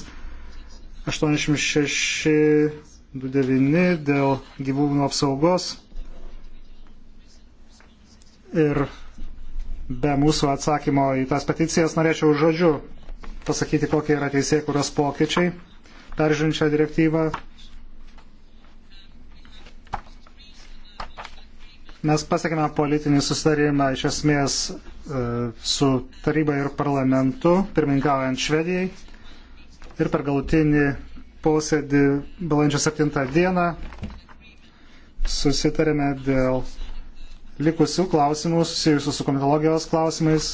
8629 dėl gyvūnų apsaugos. Ir be mūsų atsakymo į tas peticijas norėčiau žodžiu pasakyti, kokie yra teisėjai, kurios pokyčiai peržiūrinčią direktyvą Mes pasiekėme politinį susitarimą iš esmės e, su taryba ir parlamentu, pirmininkaujant Švedijai. Ir per galutinį posėdį balandžio 7 dieną susitarėme dėl likusių klausimų susijusių su komitologijos klausimais,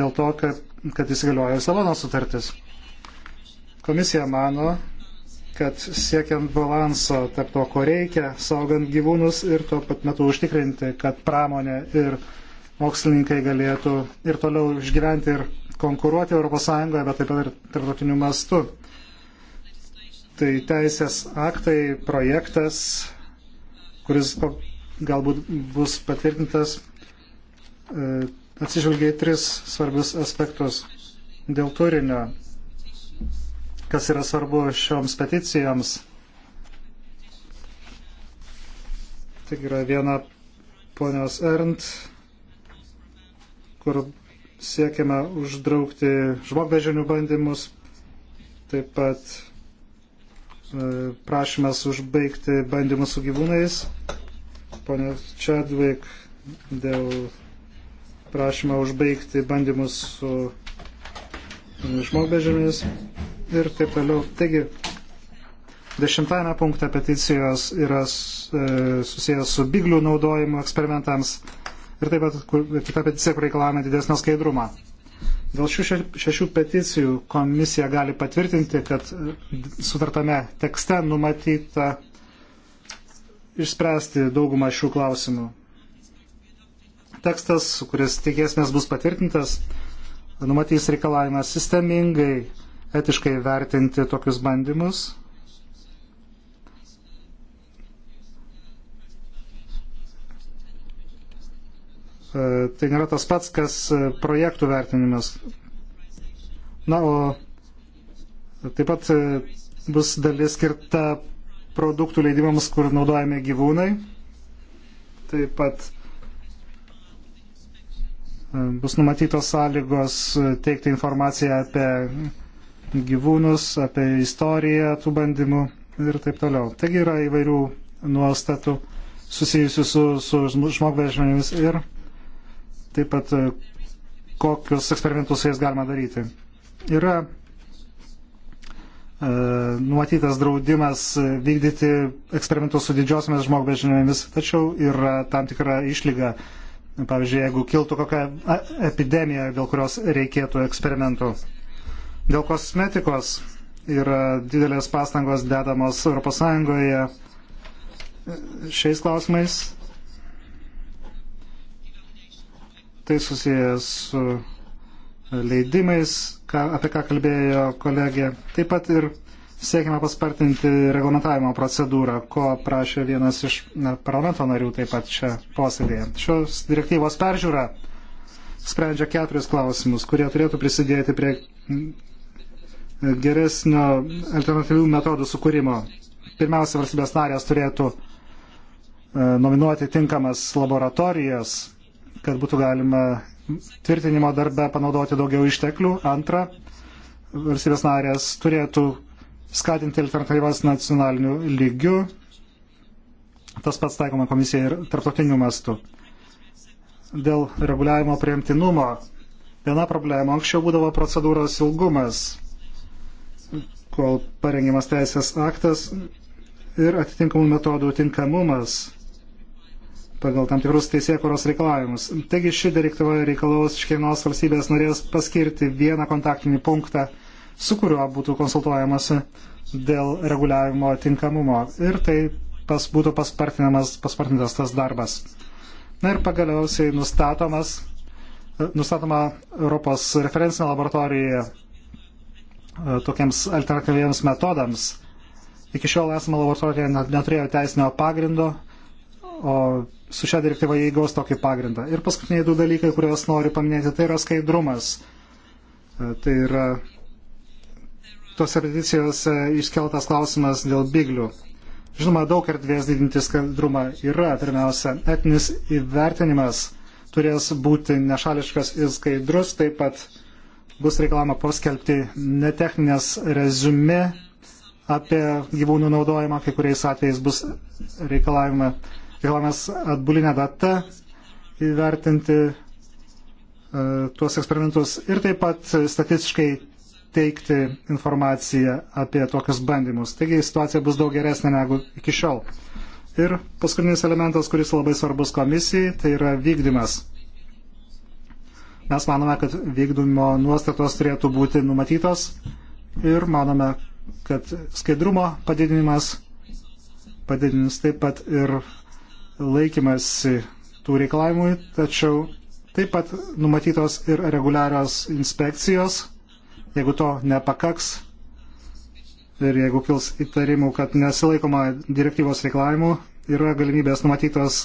dėl to, kad, kad įsigaliojo Lisabono sutartis. Komisija mano, kad siekiant balanso tarp to, ko reikia, saugant gyvūnus ir tuo pat metu užtikrinti, kad pramonė ir mokslininkai galėtų ir toliau išgyventi ir konkuruoti ES, bet taip pat ir tarptautiniu mastu. Tai teisės aktai, projektas, kuris galbūt bus patvirtintas, e, atsižvelgia į tris svarbius aspektus dėl turinio kas yra svarbu šioms peticijoms. Tai yra viena ponios Ernt, kur siekiame uždraukti žmogbežinių bandymus, taip pat e, prašymas užbaigti bandymus su gyvūnais. Pone Čadvik dėl prašymą užbaigti bandymus su žmogbežėmis ir taip toliau. Taigi, dešimtame punkte peticijos yra e, susijęs su biglių naudojimu eksperimentams ir taip pat kur, kita peticija, kur reikalavome didesnio skaidrumą. Dėl šių šešių peticijų komisija gali patvirtinti, kad e, sutartame tekste numatyta išspręsti daugumą šių klausimų. Tekstas, kuris tikėsmės bus patvirtintas, numatys reikalavimą sistemingai etiškai vertinti tokius bandymus. E, tai nėra tas pats, kas projektų vertinimas. Na, o taip pat e, bus dalis skirta produktų leidimams, kur naudojami gyvūnai. Taip pat e, bus numatytos sąlygos teikti informaciją apie gyvūnus, apie istoriją tų bandymų ir taip toliau. Taigi yra įvairių nuostatų susijusių su, su žmogvežmėmis ir taip pat e, kokius eksperimentus su jais galima daryti. Yra e, numatytas draudimas vykdyti eksperimentus su didžiosiamis žmogbežinėmis, tačiau yra tam tikra išlyga. Pavyzdžiui, jeigu kiltų kokia e, epidemija, dėl kurios reikėtų eksperimentų. Dėl kosmetikos yra didelės pastangos dedamos ES šiais klausimais. Tai susijęs su leidimais, ką, apie ką kalbėjo kolegė. Taip pat ir siekime paspartinti reglamentavimo procedūrą, ko prašė vienas iš parlamento narių taip pat čia posėdėje. Šios direktyvos peržiūra sprendžia keturis klausimus, kurie turėtų prisidėti prie geresnio alternatyvių metodų sukūrimo. Pirmiausia, valstybės narės turėtų e, nominuoti tinkamas laboratorijas, kad būtų galima tvirtinimo darbe panaudoti daugiau išteklių. Antra, valstybės narės turėtų skatinti alternatyvas nacionaliniu lygiu. Tas pats taikoma komisija ir tarptautiniu mastu. Dėl reguliavimo priimtinumo viena problema anksčiau būdavo procedūros ilgumas kol parengiamas teisės aktas ir atitinkamų metodų tinkamumas pagal tam tikrus teisėkuros reikalavimus. Taigi ši direktyva reikalaus iš kiekvienos valstybės norės paskirti vieną kontaktinį punktą, su kuriuo būtų konsultuojamasi dėl reguliavimo tinkamumo ir tai pas, būtų paspartintas tas darbas. Na ir pagaliausiai nustatomas, nustatoma Europos referencinė laboratorija E, tokiems alternatyviems metodams. Iki šiol esama laboratorija neturėjo teisinio pagrindo, o su šia direktyva jie įgaus tokį pagrindą. Ir paskutiniai du dalykai, kuriuos noriu paminėti, tai yra skaidrumas. E, tai yra tos repeticijose iškeltas klausimas dėl biglių. Žinoma, daug erdvės didinti skaidrumą yra. Pirmiausia, etinis įvertinimas turės būti nešališkas ir skaidrus, taip pat bus reikalama paskelbti netechninės rezumė apie gyvūnų naudojimą, kai kuriais atvejais bus reikalavima, reikalavimas atbulinę datą įvertinti e, tuos eksperimentus ir taip pat statistiškai teikti informaciją apie tokius bandymus. Taigi situacija bus daug geresnė negu iki šiol. Ir paskutinis elementas, kuris labai svarbus komisijai, tai yra vykdymas. Mes manome, kad vykdymo nuostatos turėtų būti numatytos ir manome, kad skaidrumo padidinimas padidins taip pat ir laikymasi tų reikalavimų, tačiau taip pat numatytos ir reguliarios inspekcijos, jeigu to nepakaks ir jeigu kils įtarimų, kad nesilaikoma direktyvos reikalavimų, yra galimybės numatytos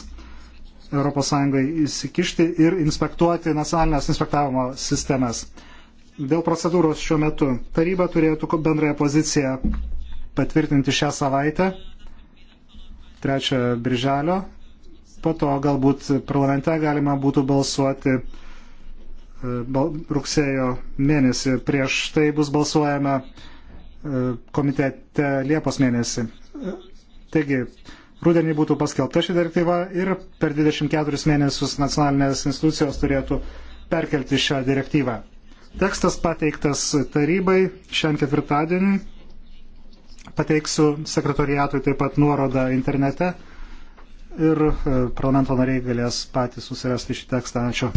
ES įsikišti ir inspektuoti nacionalinės inspektavimo sistemas. Dėl procedūros šiuo metu taryba turėtų bendrąją poziciją patvirtinti šią savaitę, 3 birželio. Po to galbūt parlamente galima būtų balsuoti e, rugsėjo mėnesį. Prieš tai bus balsuojama e, komitete Liepos mėnesį. E, taigi, rudenį būtų paskelbta ši direktyva ir per 24 mėnesius nacionalinės institucijos turėtų perkelti šią direktyvą. Tekstas pateiktas tarybai šiandien ketvirtadienį. Pateiksiu sekretoriatui taip pat nuorodą internete ir e, parlamento nariai galės patys susirasti šį tekstą. Ačiū.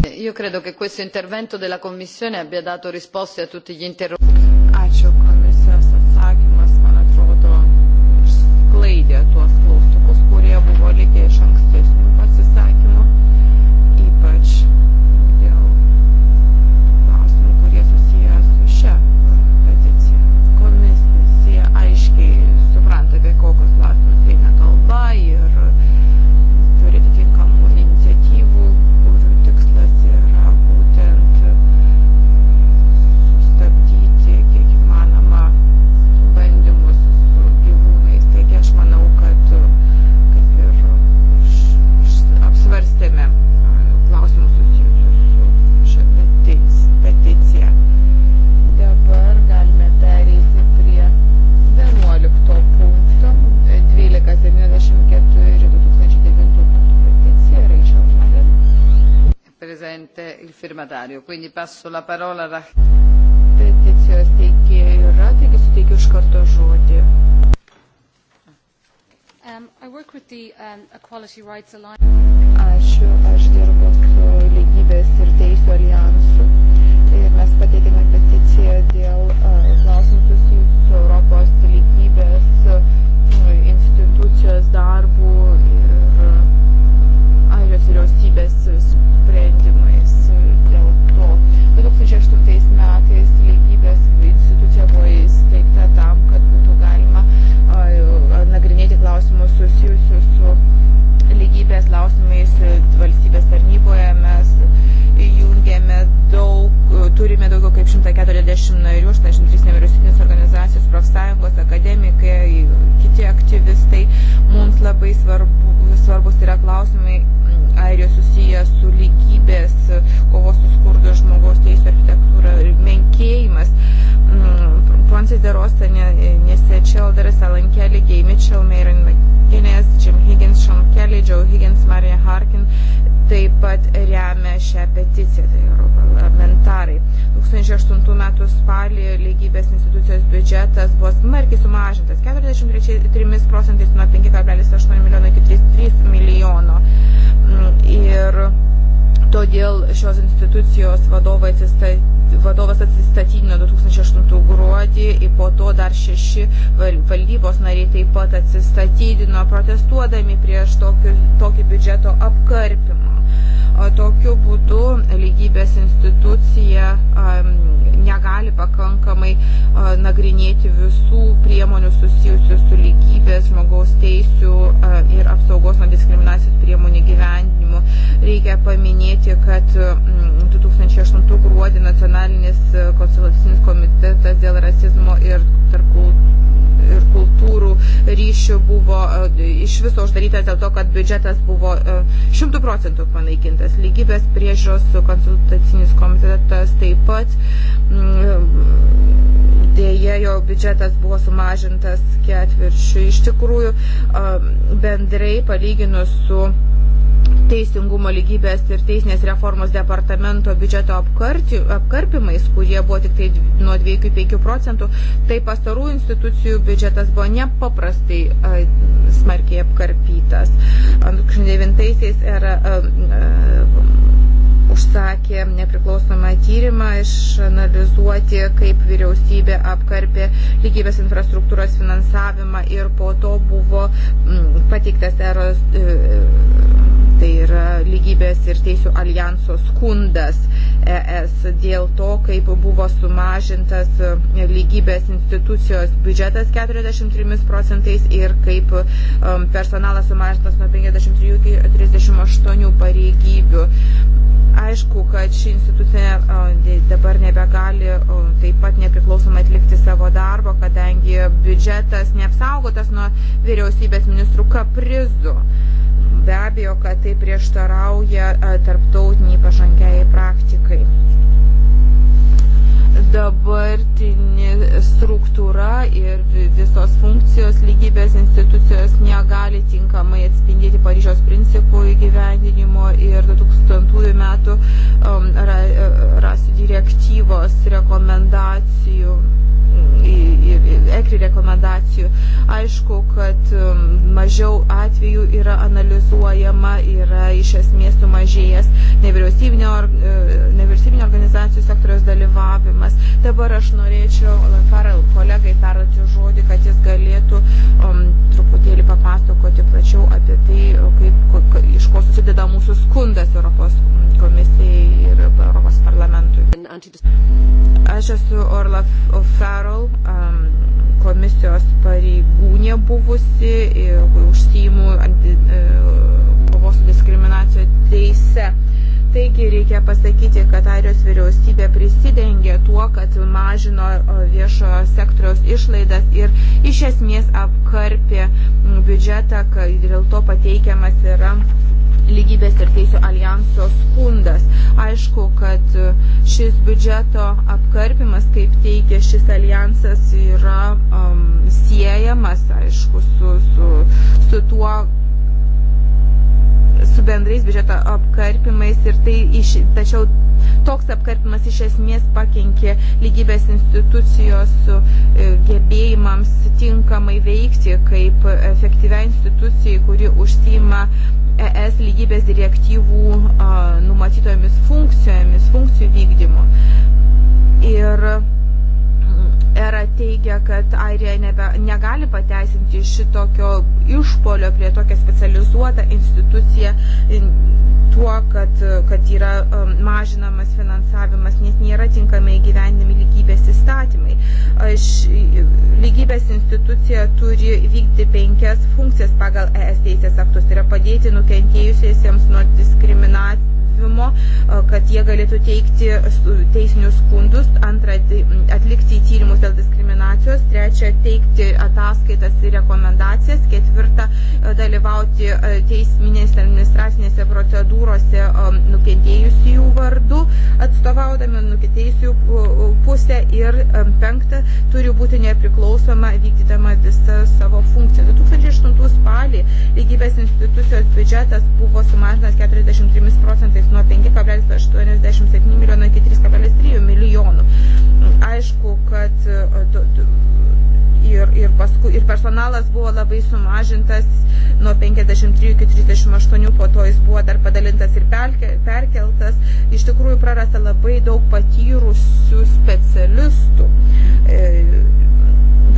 commissario, quindi passo la parola a Peticijos teikėjų yra, taigi suteikiu iš karto žodį. Um, the, um, Ačiū, aš dirbu su lygybės ir teisų alijansu ir mes pateikėme peticiją dėl uh, klausimų susijusių su Europos lygybės uh, institucijos darbu ir e, uh, airijos vyriausybės kaip 140 narių, 83 nevyriausybinės organizacijos, profsąjungos, akademikai, kiti aktyvistai. Mums labai svarbu, svarbus yra klausimai mm, airijos susiję su lygybės, kovos su skurdu, žmogaus teisų architektūra ir menkėjimas. Mm, konsideroztania Nézze e, Childers, Ellen Kelly, Gay Mitchell, Maren McGuinness, Jim Higgins, Sean Kelly, Joe Higgins, Marija Harkin taip pat remia šią peticiją, tai europarlamentarai. 2008 m. spalį lygybės institucijos biudžetas buvo smarkiai sumažintas 43 procentais nuo 5,8 milijono iki 3 milijono. Mm, ir todėl šios institucijos vadovai atsistatė vadovas atsistatydino 2008 gruodį, po to dar šeši valdybos nariai taip pat atsistatydino protestuodami prieš tokį, tokį biudžeto apkarpimą. Tokiu būdu lygybės institucija negali pakankamai nagrinėti visų priemonių susijusių su lygybės, žmogaus teisų ir apsaugos nuo diskriminacijos priemonių gyvenimu. Reikia paminėti, kad 2008 gruodį nacionalinė nacionalinis e, konsultacinis komitetas dėl rasizmo ir tarp ir kultūrų ryšių buvo e, iš viso uždarytas dėl to, kad biudžetas buvo e, šimtų procentų panaikintas. Lygybės priežiūros konsultacinis komitetas taip pat mm, dėja jo biudžetas buvo sumažintas ketviršiu. Iš tikrųjų, bendrai palyginus su teisingumo lygybės ir teisinės reformos departamento biudžeto apkarti, apkarpimais, kurie buvo tik tai nuo 2 iki 5 procentų, tai pastarų institucijų biudžetas buvo nepaprastai a, smarkiai apkarpytas. 2009-aisiais yra a, a, užsakė nepriklausomą tyrimą išanalizuoti, kaip vyriausybė apkarpė lygybės infrastruktūros finansavimą ir po to buvo pateiktas eros e, Tai yra lygybės ir teisų alijanso skundas ES dėl to, kaip buvo sumažintas e, lygybės institucijos biudžetas 43 procentais ir kaip um, personalas sumažintas nuo 53 iki 38 pareigybių aišku, kad ši institucija dabar nebegali taip pat nepriklausomai atlikti savo darbo, kadangi biudžetas neapsaugotas nuo vyriausybės ministrų kaprizų. Be abejo, kad tai tai prieštarauja tarptautiniai pažangiai praktikai. Dabartinė struktūra ir visos funkcijos lygybės institucijos negali tinkamai atspindėti Paryžiaus principų įgyvendinimo ir 2000 metų um, ra, e, rasių direktyvos rekomendacijų ekri rekomendacijų. Aišku, kad um, mažiau atvejų yra analizuojama, yra iš esmės sumažėjęs nevyriausybinio, e, nevyriausybinio organizacijų sektoriaus dalyvavimas. Dabar aš norėčiau Farel kolegai perduoti žodį, kad jis galėtų um, truputėlį papasakoti plačiau apie tai, kaip, ka, iš ko susideda mūsų skundas Europos komisijai ir Europos parlamentui. Aš esu Orla Faro Carroll, ehm, komisijos pareigūnė buvusi, užsijimu e, kovos su diskriminacija teise. Taigi reikia pasakyti, kad Airijos vyriausybė prisidengė tuo, kad mažino viešojo sektoriaus išlaidas ir iš esmės apkarpė biudžetą, kad dėl to pateikiamas yra lygybės ir teisų alijanso skundas. Aišku, kad e, šis biudžeto apkarpimas, kaip teigia šis alijansas, yra um, siejamas, aišku, su, su, su tuo, su bendrais biudžeto apkarpimais ir tai iš, tačiau toks apkarpimas iš esmės pakenkė lygybės institucijos e, gebėjimams tinkamai veikti kaip efektyvia institucija, kuri užsima ES lygybės direktyvų numatytomis funkcijomis, funkcijų vykdymu. Ir era teigia, kad Airija nebe, negali pateisinti šitokio išpolio prie tokią specializuotą instituciją tuo, kad, kad yra um, mažinamas finansavimas, nes nėra tinkamai gyvenimi lygybės įstatymai. Aš, lygybės institucija turi vykti penkias funkcijas pagal ES teisės aktus. Tai yra padėti nukentėjusiesiems nuo diskriminacijos dalyvavimo, e, kad jie galėtų teikti teisinius skundus, antra, tai, atlikti tyrimus dėl diskriminacijos, trečia, teikti ataskaitas ir rekomendacijas, ketvirta, e, dalyvauti e, teisminėse administracinėse procedūrose nukentėjusių vardu, atstovaudami nukentėjusių pusę ir penkta, turi būti nepriklausoma vykdydama visą savo funkciją. 2008 spalį lygybės institucijos biudžetas buvo sumažintas 43 procentais padidintas nuo 5,87 milijono iki 3,3 milijonų. Aišku, kad e, ir, ir, paskui, ir personalas buvo labai sumažintas nuo 53 iki 38, po to jis buvo dar padalintas ir perkeltas. Iš tikrųjų prarasta labai daug patyrusių specialistų. E,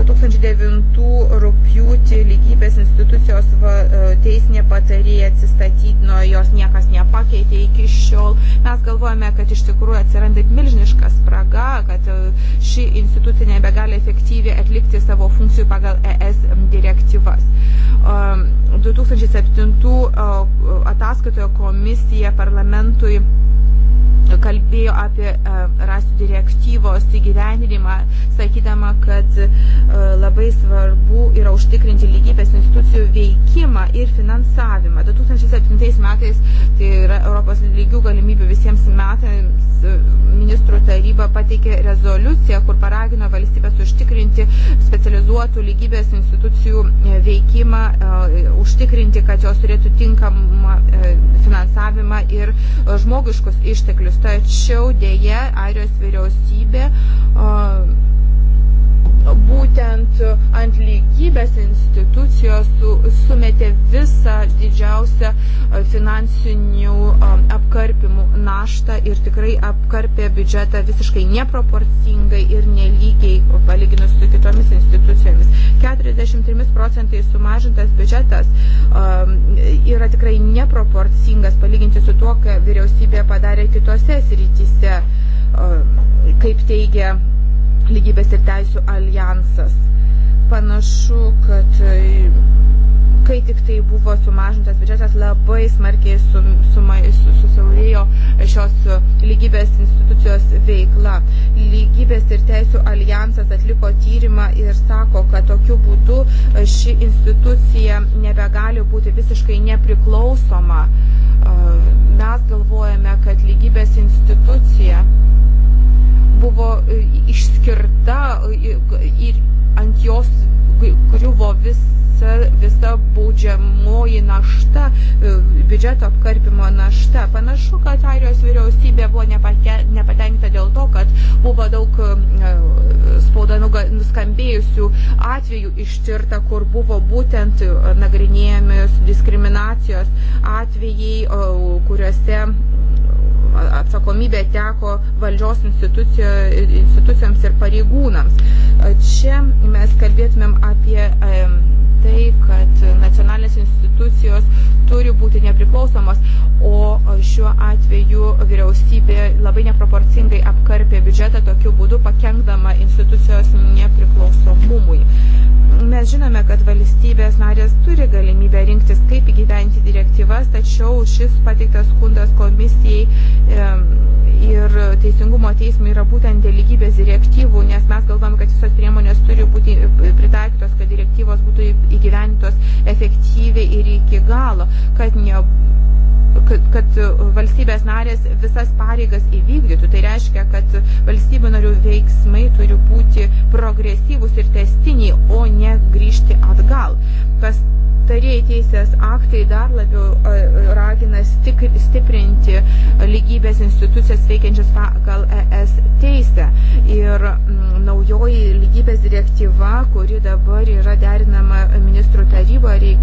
2009 rūpjūtį lygybės institucijos va, e, teisinė patarėja atsistatydino, jos niekas nepakeitė iki šiol. Mes galvojame, kad iš tikrųjų atsiranda milžiniška spraga, kad e, ši institucija nebegali efektyviai atlikti savo funkcijų pagal ES direktyvas. 2007 e, ataskaitoje komisija parlamentui kalbėjo apie e, rasių direktyvos įgyvenimą, sakydama, kad e, labai svarbu yra užtikrinti lygybės institucijų veikimą ir finansavimą. 2007 metais tai yra Europos lygių galimybių visiems metams e, ministrų taryba pateikė rezoliuciją, kur paragino valstybės užtikrinti specializuotų lygybės institucijų veikimą, užtikrinti, kad jos turėtų tinkamą finansavimą ir žmogiškus išteklius tačiau dėje Airijos vyriausybė uh, būtent ant lygybės institucijos sumetė visą didžiausią finansinių apkarpimų naštą ir tikrai apkarpė biudžetą visiškai neproporcingai ir nelygiai palyginus su kitomis institucijomis. 43 procentai sumažintas biudžetas yra tikrai neproporcingas palyginti su tuo, ką vyriausybė padarė kitose srityse, kaip teigia lygybės ir teisų alijansas. Panašu, kad e, kai tik tai buvo sumažintas biudžetas, labai smarkiai sum, suma, susiaurėjo šios e, lygybės institucijos veikla. Lygybės ir teisų alijansas atliko tyrimą ir sako, kad tokiu būdu e, ši institucija nebegali būti visiškai nepriklausoma. Mes galvojame, kad lygybės institucija buvo e, išskirta e, ir ant jos griuvo visa, visa baudžiamoji našta, e, biudžeto apkarpimo našta. Panašu, kad Airijos vyriausybė buvo nepatenkinta dėl to, kad buvo daug spauda nuskambėjusių atvejų ištirta, kur buvo būtent nagrinėjami diskriminacijos atvejai, kuriuose atsakomybė teko valdžios institucijoms ir pareigūnams. Čia mes kalbėtumėm apie tai, kad nacionalinės institucijos turi būti nepriklausomos, o šiuo atveju vyriausybė labai neproporcingai apkarpė biudžetą tokiu būdu, pakengdama institucijos nepriklausomumui. Mes žinome, kad valstybės narės turi galimybę rinktis, kaip įgyventi direktyvas, tačiau šis pateiktas skundas komisijai ir Teisingumo teismui yra būtent dėl lygybės direktyvų, nes mes galvojame, kad visos priemonės turi būti pritaikytos, kad direktyvos būtų įgyventos efektyviai ir iki galo, kad nebūtų kad, kad e, valstybės narės visas pareigas įvykdytų. Tai reiškia, kad valstybių narių veiksmai turi būti progresyvus ir testiniai, o ne grįžti atgal. Pas Tarėjai teisės aktai dar labiau e, e, ragina stiprinti lygybės institucijas veikiančias pagal ES teisę. Ir mm, naujoji lygybės direktyva, kuri dabar yra derinama ministrų taryboje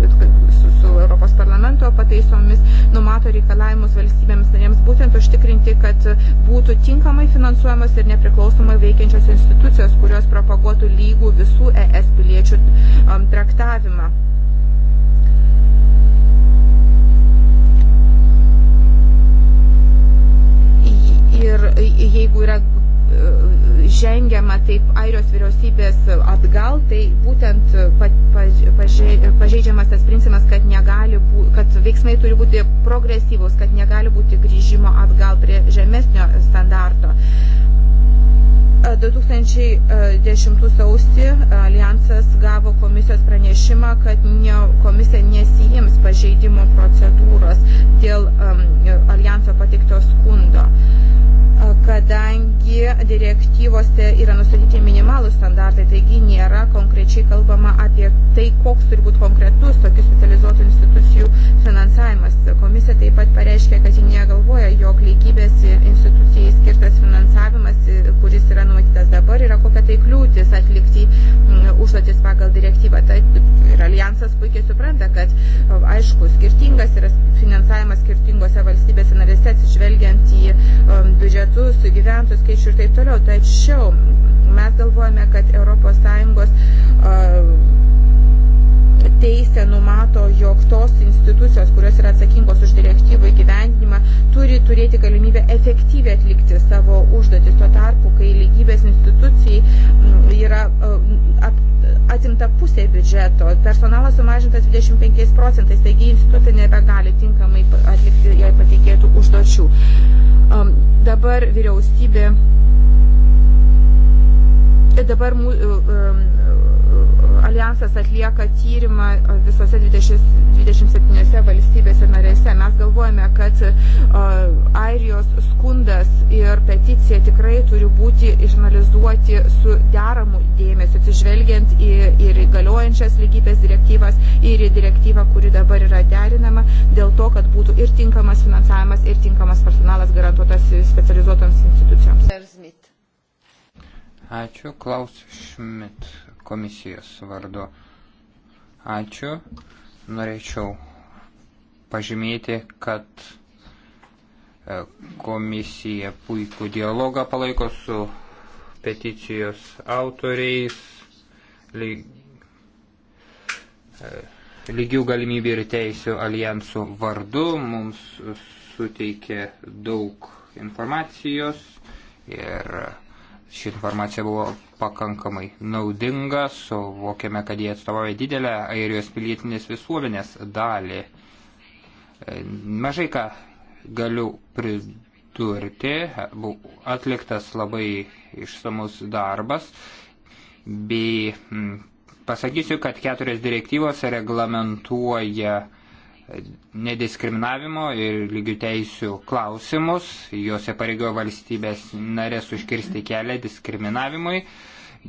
su, su Europos parlamento pataisomis, numato numato reikalavimus valstybėms narėms būtent užtikrinti, kad būtų tinkamai finansuojamos ir nepriklausomai veikiančios institucijos, kurios propaguotų lygų visų ES piliečių um, traktavimą. Ir jeigu yra žengiama taip Airijos vyriausybės atgal, tai būtent e, pažeidžiamas tas principas, kad, bū, kad veiksmai turi būti progresyvūs, kad negali būti grįžimo atgal prie žemesnio standarto. 2010 e, e, sausį alijansas gavo komisijos pranešimą, kad ne, komisija nesijims pažeidimo procedūros dėl um, alijanso patikto skundo. Uh, kadangi direktyvose yra nustatyti minimalų standartai, taigi nėra konkrečiai kalbama apie tai, koks turi būti konkretus tokių specializuotų institucijų finansavimas. Komisija taip pat pareiškia, kad ji negalvoja, jog lygybės institucijai skirtas finansavimas, kuris yra numatytas dabar, yra kokia tai kliūtis atlikti mm, užduotis pagal direktyvą. Tai ir alijansas puikiai supranta, kad aišku, skirtingas yra finansavimas skirtingose valstybėse narėse, atsižvelgiant į um, mm, biudžetą prioritetus, gyventojų skaičių ir taip toliau. Tačiau mes galvojame, kad ES teisė numato, jog tos institucijos, kurios yra atsakingos už direktyvų įgyvendinimą, turi turėti galimybę efektyviai atlikti savo užduotis. Tuo tarpu, kai lygybės institucijai mm, yra mm, atimta pusė biudžeto, personalas sumažintas 25 procentais, taigi institucija nebegali tinkamai atlikti jai patikėtų užduočių. Dabar vyriausybė, dabar mūsų Aljansas atlieka tyrimą visose 20, 27 valstybėse narėse. Mes galvojame, kad Airijos skundas ir peticija tikrai turi būti išanalizuoti su deramu dėmesiu, atsižvelgiant į, ir į galiojančias lygybės direktyvas, ir į direktyvą, kuri dabar yra derinama, dėl to, kad būtų ir tinkamas finansavimas, ir tinkamas personalas garantuotas specializuotoms institucijoms. Ačiū, Klaus Šmit komisijos vardu. Ačiū. Norėčiau pažymėti, kad e, komisija puikų dialogą palaiko su peticijos autoriais, lyg, e, lygių galimybių ir teisių alijansų vardu. Mums suteikė daug informacijos ir ši informacija buvo pakankamai naudinga, suvokėme, kad jie atstovauja didelę airijos pilietinės visuomenės dalį. E, mažai ką galiu pridurti, buvo atliktas labai išsamus darbas, bei pasakysiu, kad keturios direktyvos reglamentuoja nediskriminavimo ir lygių teisių klausimus. Jose pareigojo valstybės narės užkirsti kelią diskriminavimui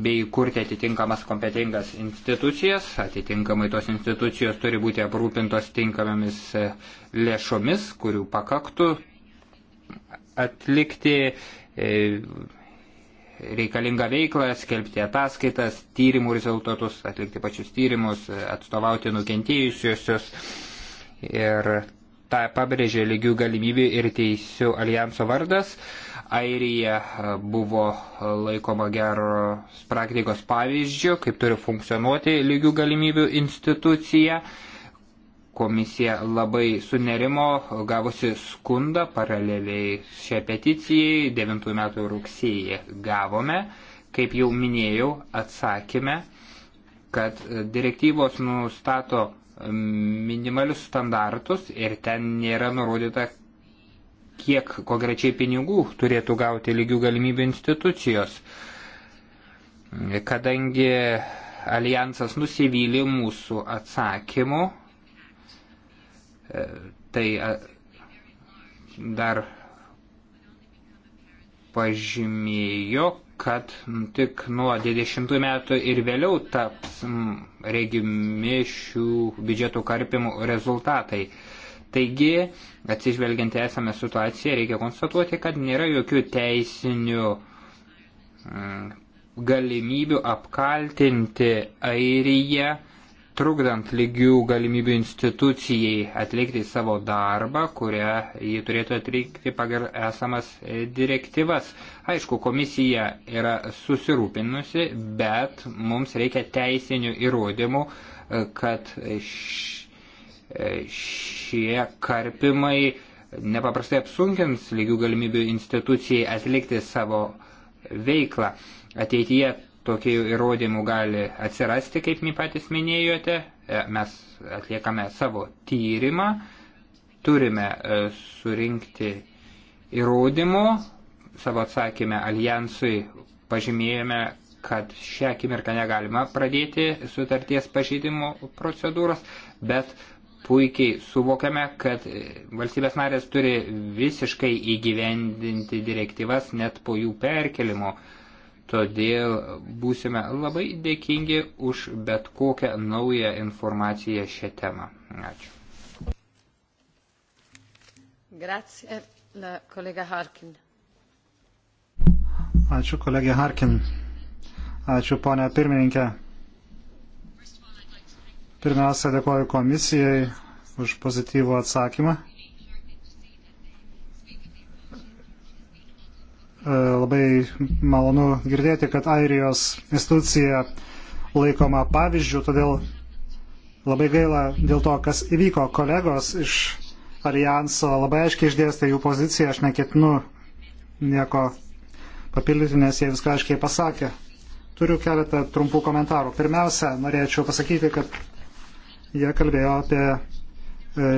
bei kurti atitinkamas kompetingas institucijas. Atitinkamai tos institucijos turi būti aprūpintos tinkamomis e, lėšomis, kurių pakaktų atlikti e, reikalingą veiklą, skelbti ataskaitas, tyrimų rezultatus, atlikti pačius tyrimus, atstovauti nukentėjusiosius ir tą pabrėžė lygių galimybių ir teisių alijanso vardas. Airija e, buvo e, laikoma geros praktikos pavyzdžių, kaip turi funkcionuoti lygių galimybių institucija. Komisija labai sunerimo e, gavusi skundą paraleliai šią peticijai 9 metų rugsėjį gavome, kaip jau minėjau, atsakėme, kad direktyvos nustato minimalius standartus ir ten nėra nurodyta, kiek konkrečiai pinigų turėtų gauti lygių galimybių institucijos. Kadangi alijansas nusivylė mūsų atsakymu, e, tai dar pažymėjo, kad tik nuo 20 metų ir vėliau taps regimi šių biudžetų karpimų rezultatai. Taigi, atsižvelgiant į esamą situaciją, reikia konstatuoti, kad nėra jokių teisinių galimybių apkaltinti Airiją trukdant lygių galimybių institucijai atlikti savo darbą, kurią ji turėtų atlikti pagal esamas direktyvas. Aišku, komisija yra susirūpinusi, bet mums reikia teisinių įrodymų, kad šie karpimai nepaprastai apsunkins lygių galimybių institucijai atlikti savo veiklą. Ateityje Tokių įrodymų gali atsirasti, kaip mi patys minėjote. E, mes atliekame savo tyrimą, turime e, surinkti įrodymų. Savo atsakymę alijansui pažymėjome, kad šią akimirką negalima pradėti sutarties pažydimo procedūros, bet puikiai suvokiame, kad e, valstybės narės turi visiškai įgyvendinti direktyvas net po jų perkelimo. Todėl būsime labai dėkingi už bet kokią naują informaciją šią temą. Ačiū. Grazie, kolega Harkin. Ačiū, kolegė Harkin. Ačiū, ponia pirmininkė. Pirmiausia, dėkoju komisijai už pozityvų atsakymą. E, labai malonu girdėti, kad Airijos institucija laikoma pavyzdžių, todėl labai gaila dėl to, kas įvyko. Kolegos iš Alijanso labai aiškiai išdėstė jų poziciją, aš neketinu nieko papildyti, nes jie viską aiškiai pasakė. Turiu keletą trumpų komentarų. Pirmiausia, norėčiau pasakyti, kad jie kalbėjo apie e,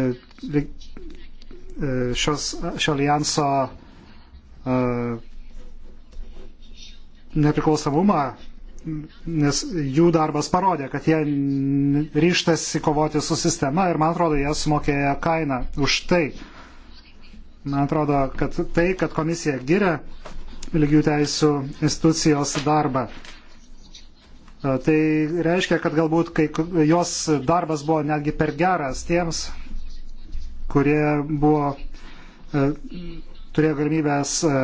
e šios, šio alijanso e, nepriklausomumą, nes jų darbas parodė, kad jie ryštasi kovoti su sistema ir, man atrodo, jie sumokėjo kainą už tai. Man atrodo, kad tai, kad komisija giria lygių teisų institucijos darbą, tai reiškia, kad galbūt kai jos darbas buvo netgi per geras tiems, kurie buvo, e, turėjo galimybės e,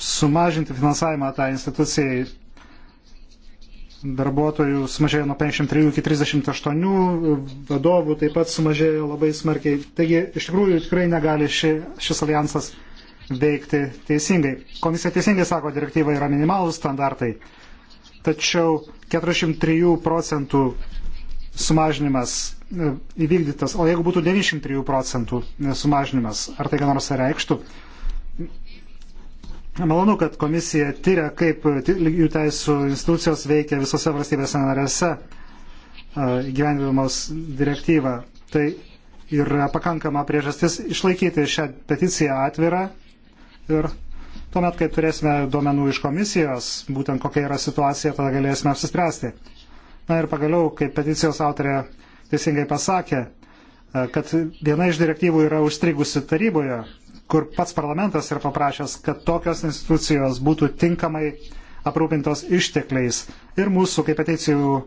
sumažinti finansavimą tą tai institucijai. Darbuotojų sumažėjo nuo 53 iki 38, vadovų taip pat sumažėjo labai smarkiai. Taigi, iš tikrųjų, tikrai negali ši, šis alijansas veikti teisingai. Komisija teisingai sako, direktyva yra minimalus standartai. Tačiau 43 procentų sumažinimas e, įvykdytas, o jeigu būtų 93 procentų e, sumažinimas, ar tai ką nors reikštų? Malonu, kad komisija tyria, kaip lygių teisų institucijos veikia visose valstybėse narėse gyvendinamos direktyvą. Tai yra pakankama priežastis išlaikyti šią peticiją atvirą ir tuomet, kai turėsime duomenų iš komisijos, būtent kokia yra situacija, tada galėsime apsispręsti. Na ir pagaliau, kaip peticijos autorė teisingai pasakė, E, kad viena iš direktyvų yra užstrigusi taryboje, kur pats parlamentas yra paprašęs, kad tokios institucijos būtų tinkamai aprūpintos ištekliais. Ir mūsų kaip peticijų e,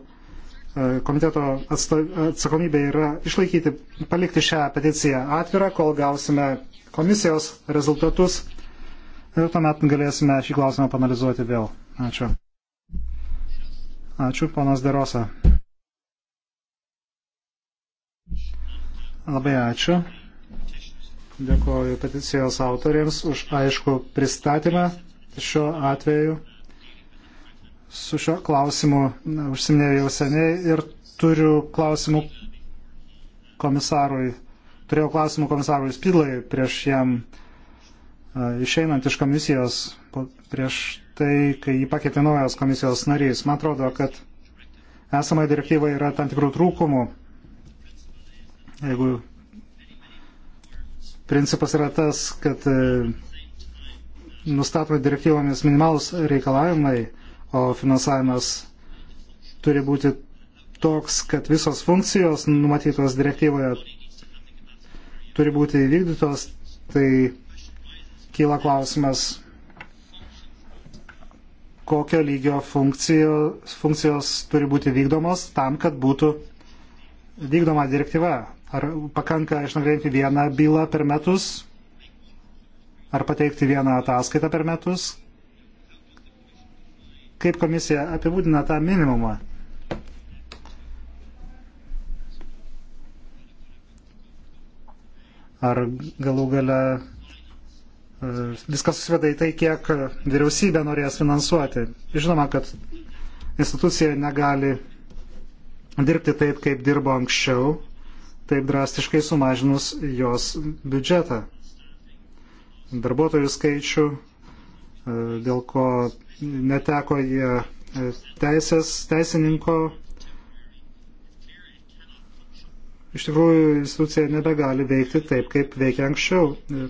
komiteto atsakomybė yra išlaikyti, palikti šią peticiją atvirą, kol gausime komisijos rezultatus ir tuomet galėsime šį klausimą panalizuoti vėl. Ačiū. Ačiū, ponas Derosa. Labai ačiū. Dėkuoju peticijos autoriems už aišku pristatymą šiuo atveju. Su šiuo klausimu užsiminėjau seniai ir turiu klausimų komisarui. Turėjau klausimų komisarui Spidlai prieš jam išeinant iš komisijos, prieš tai, kai jį pakeitė naujas komisijos narys. Man atrodo, kad esamai direktyvai yra tam tikrų trūkumų Jeigu principas yra tas, kad e, nustatoma direktyvomis minimalus reikalavimai, o finansavimas turi būti toks, kad visos funkcijos numatytos direktyvoje turi būti įvykdytos, tai kyla klausimas, kokio lygio funkcijos, funkcijos turi būti vykdomos tam, kad būtų vykdoma direktyva. Ar pakanka išnagrinėti vieną bylą per metus? Ar pateikti vieną ataskaitą per metus? Kaip komisija apibūdina tą minimumą? Ar galų gale e, viskas susiveda į tai, kiek vyriausybė norės finansuoti. Žinoma, kad institucija negali dirbti taip, kaip dirbo anksčiau, taip drastiškai sumažinus jos biudžetą. Darbuotojų skaičių, e, dėl ko neteko jie e, teisės, teisininko. Iš tikrųjų, institucija nebegali veikti taip, kaip veikia anksčiau. E,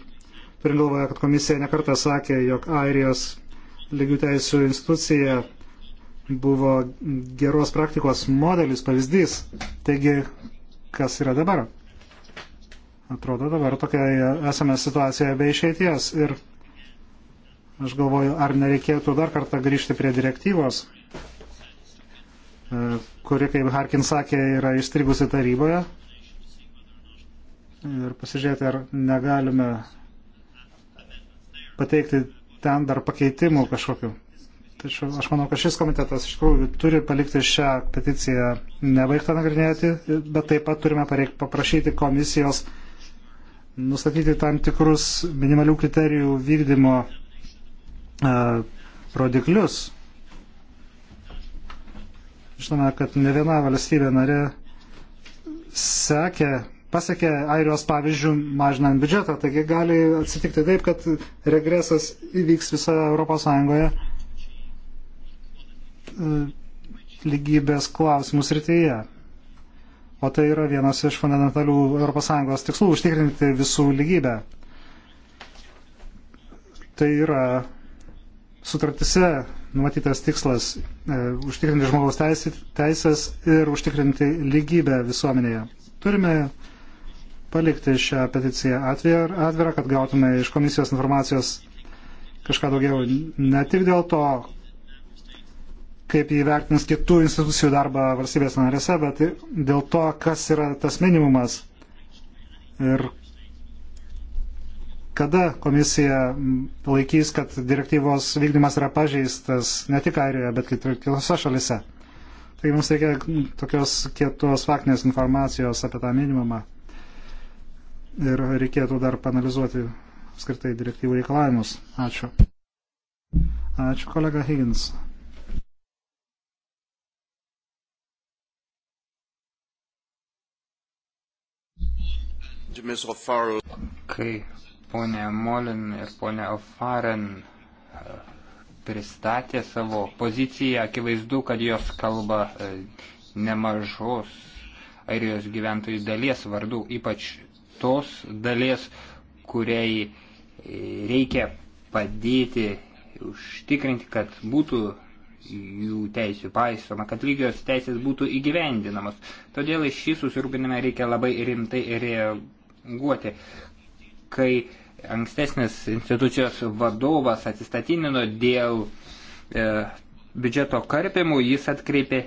Turim galvoje, kad komisija nekartą sakė, jog Airijos lygių teisų institucija buvo geros praktikos modelis, pavyzdys. Taigi kas yra dabar. Atrodo, dabar tokia esame situacijoje be išeities. Ir aš galvoju, ar nereikėtų dar kartą grįžti prie direktyvos, e, kuri, kaip Harkin sakė, yra įstrigusi taryboje. Ir pasižiūrėti, ar negalime pateikti ten dar pakeitimų kažkokiu. Tačiau aš manau, kad šis komitetas iš tikrųjų turi palikti šią peticiją nebaigtą nagrinėti, bet taip pat turime pareik, paprašyti komisijos nustatyti tam tikrus minimalių kriterijų vykdymo uh, rodiklius. Žinome, kad ne viena valstybė narė sekė pasiekė Airijos pavyzdžių mažinant biudžetą, taigi gali atsitikti taip, kad regresas įvyks visoje Europos Sąjungoje E, lygybės klausimų srityje. O tai yra vienas iš fundamentalių ES tikslų - užtikrinti visų lygybę. Tai yra sutartise numatytas tikslas e, - užtikrinti žmogaus teisės ir užtikrinti lygybę visuomenėje. Turime palikti šią peticiją atvirą, kad gautume iš komisijos informacijos kažką daugiau ne tik dėl to, kaip įvertins kitų institucijų darbą valstybės narėse, bet dėl to, kas yra tas minimumas ir kada komisija laikys, kad direktyvos vykdymas yra pažeistas ne tik Airijoje, bet ir kitose šalise. Tai mums reikia tokios kietos faktinės informacijos apie tą minimumą ir reikėtų dar panalizuoti skirtai direktyvų reikalavimus. Ačiū. Ačiū kolega Higgins. Kai ponė Molin ir ponė Ofaren eh, pristatė savo poziciją, akivaizdu, kad jos kalba eh, nemažos airijos gyventojų dalies vardų, ypač tos dalies, kuriai eh, reikia padėti užtikrinti, kad būtų jų teisių paisoma, kad lygios teisės būtų įgyvendinamos. Todėl iš šį susirūpinimą reikia labai rimtai reaguoti reaguoti. Kai ankstesnis institucijos vadovas atsistatynino dėl e, biudžeto karpimų, jis atkreipė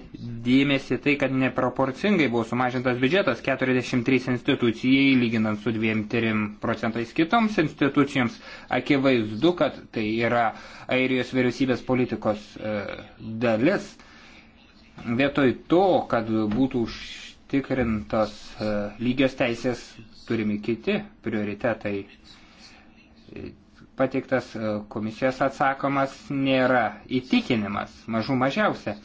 dėmesį tai, kad neproporcingai buvo sumažintas biudžetas 43 institucijai, lyginant su 2-3 procentais kitoms institucijoms. Akivaizdu, kad tai yra Airijos vyriausybės politikos e, dalis. Vietoj to, kad būtų už užtikrintos e, lygios teisės turimi kiti prioritetai. E, pateiktas e, komisijos atsakomas nėra įtikinimas, mažų mažiausia.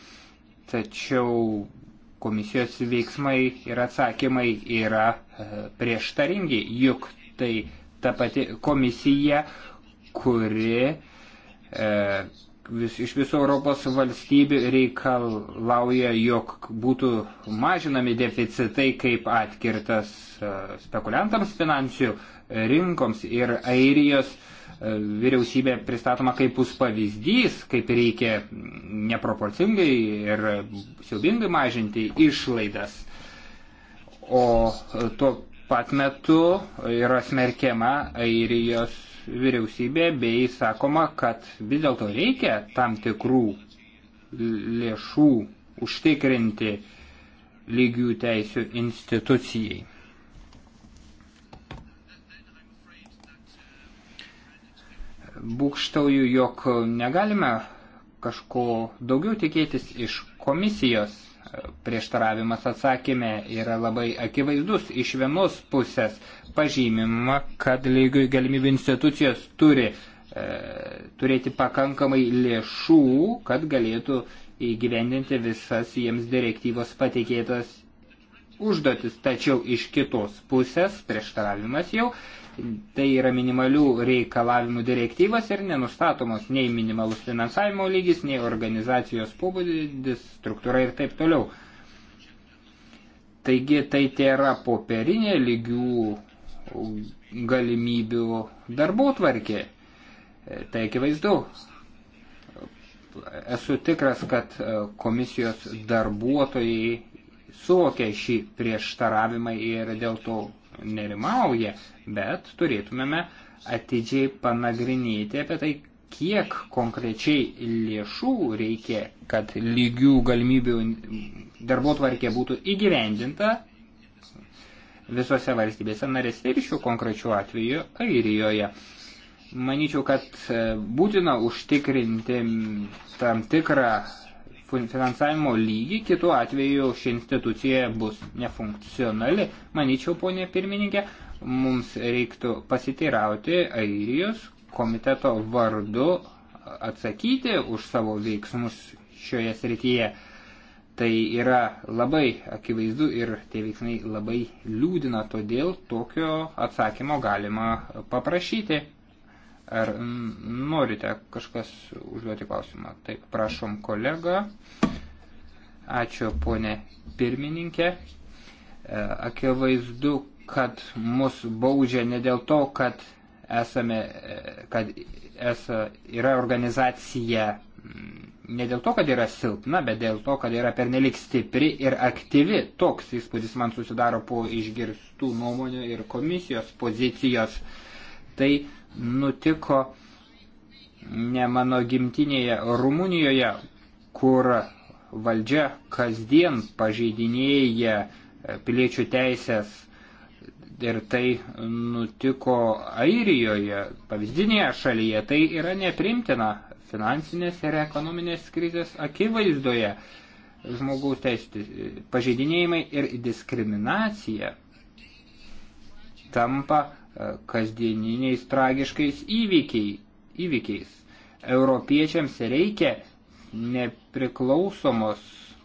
Tačiau komisijos veiksmai ir atsakymai yra prieštaringi, juk tai ta pati komisija, kuri e, vis, iš viso Europos valstybių reikalauja, jog būtų mažinami deficitai kaip atkirtas e, spekuliantams finansijų rinkoms ir Airijos e, vyriausybė pristatoma kaip bus pavyzdys, kaip reikia neproporcingai ir siaubingai mažinti išlaidas. O tuo pat metu yra smerkiama Airijos vyriausybė, bei sakoma, kad vis dėlto reikia tam tikrų lėšų užtikrinti lygių teisių institucijai. Būkštauju, jog negalime kažko daugiau tikėtis iš komisijos. Prieštaravimas atsakymė yra labai akivaizdus iš vienos pusės pažymima, kad lygių galimybių institucijos turi e, turėti pakankamai lėšų, kad galėtų įgyvendinti visas jiems direktyvos patikėtas užduotis. Tačiau iš kitos pusės prieštaravimas jau tai yra minimalių reikalavimų direktyvas ir nenustatomos nei minimalus finansavimo lygis, nei organizacijos pobūdis, struktūra ir taip toliau. Taigi tai tėra popierinė lygių galimybių darbų tvarkė. E, tai akivaizdu. Esu tikras, kad e, komisijos darbuotojai suvokia šį prieštaravimą ir dėl to nerimauja, bet turėtumėme atidžiai panagrinėti apie tai, kiek konkrečiai lėšų reikia, kad lygių galimybių darbo tvarkė būtų įgyvendinta visose valstybėse narėse ir šiuo konkrečiu atveju Airijoje. Manyčiau, kad e, būtina užtikrinti tam tikrą finansavimo lygį, kitu atveju ši institucija bus nefunkcionali. Manyčiau, ponė pirmininkė, mums reiktų pasiteirauti Airijos komiteto vardu atsakyti už savo veiksmus šioje srityje. Tai yra labai akivaizdu ir tie veiksmai labai liūdina, todėl tokio atsakymo galima paprašyti. Ar norite kažkas užduoti klausimą? Taip, prašom kolega. Ačiū, ponė pirmininkė. E, akivaizdu, kad mus baudžia ne dėl to, kad esame, e, kad esa, yra organizacija ne dėl to, kad yra silpna, bet dėl to, kad yra pernelik stipri ir aktyvi. Toks įspūdis man susidaro po išgirstų nuomonių ir komisijos pozicijos. Tai nutiko ne mano gimtinėje Rumunijoje, kur valdžia kasdien pažeidinėja piliečių teisės ir tai nutiko Airijoje, pavyzdinėje šalyje, tai yra neprimtina finansinės ir ekonominės krizės akivaizdoje žmogaus teisų pažeidinėjimai ir diskriminacija tampa e, kasdieniniais tragiškais įvykiai, įvykiais. Europiečiams reikia nepriklausomos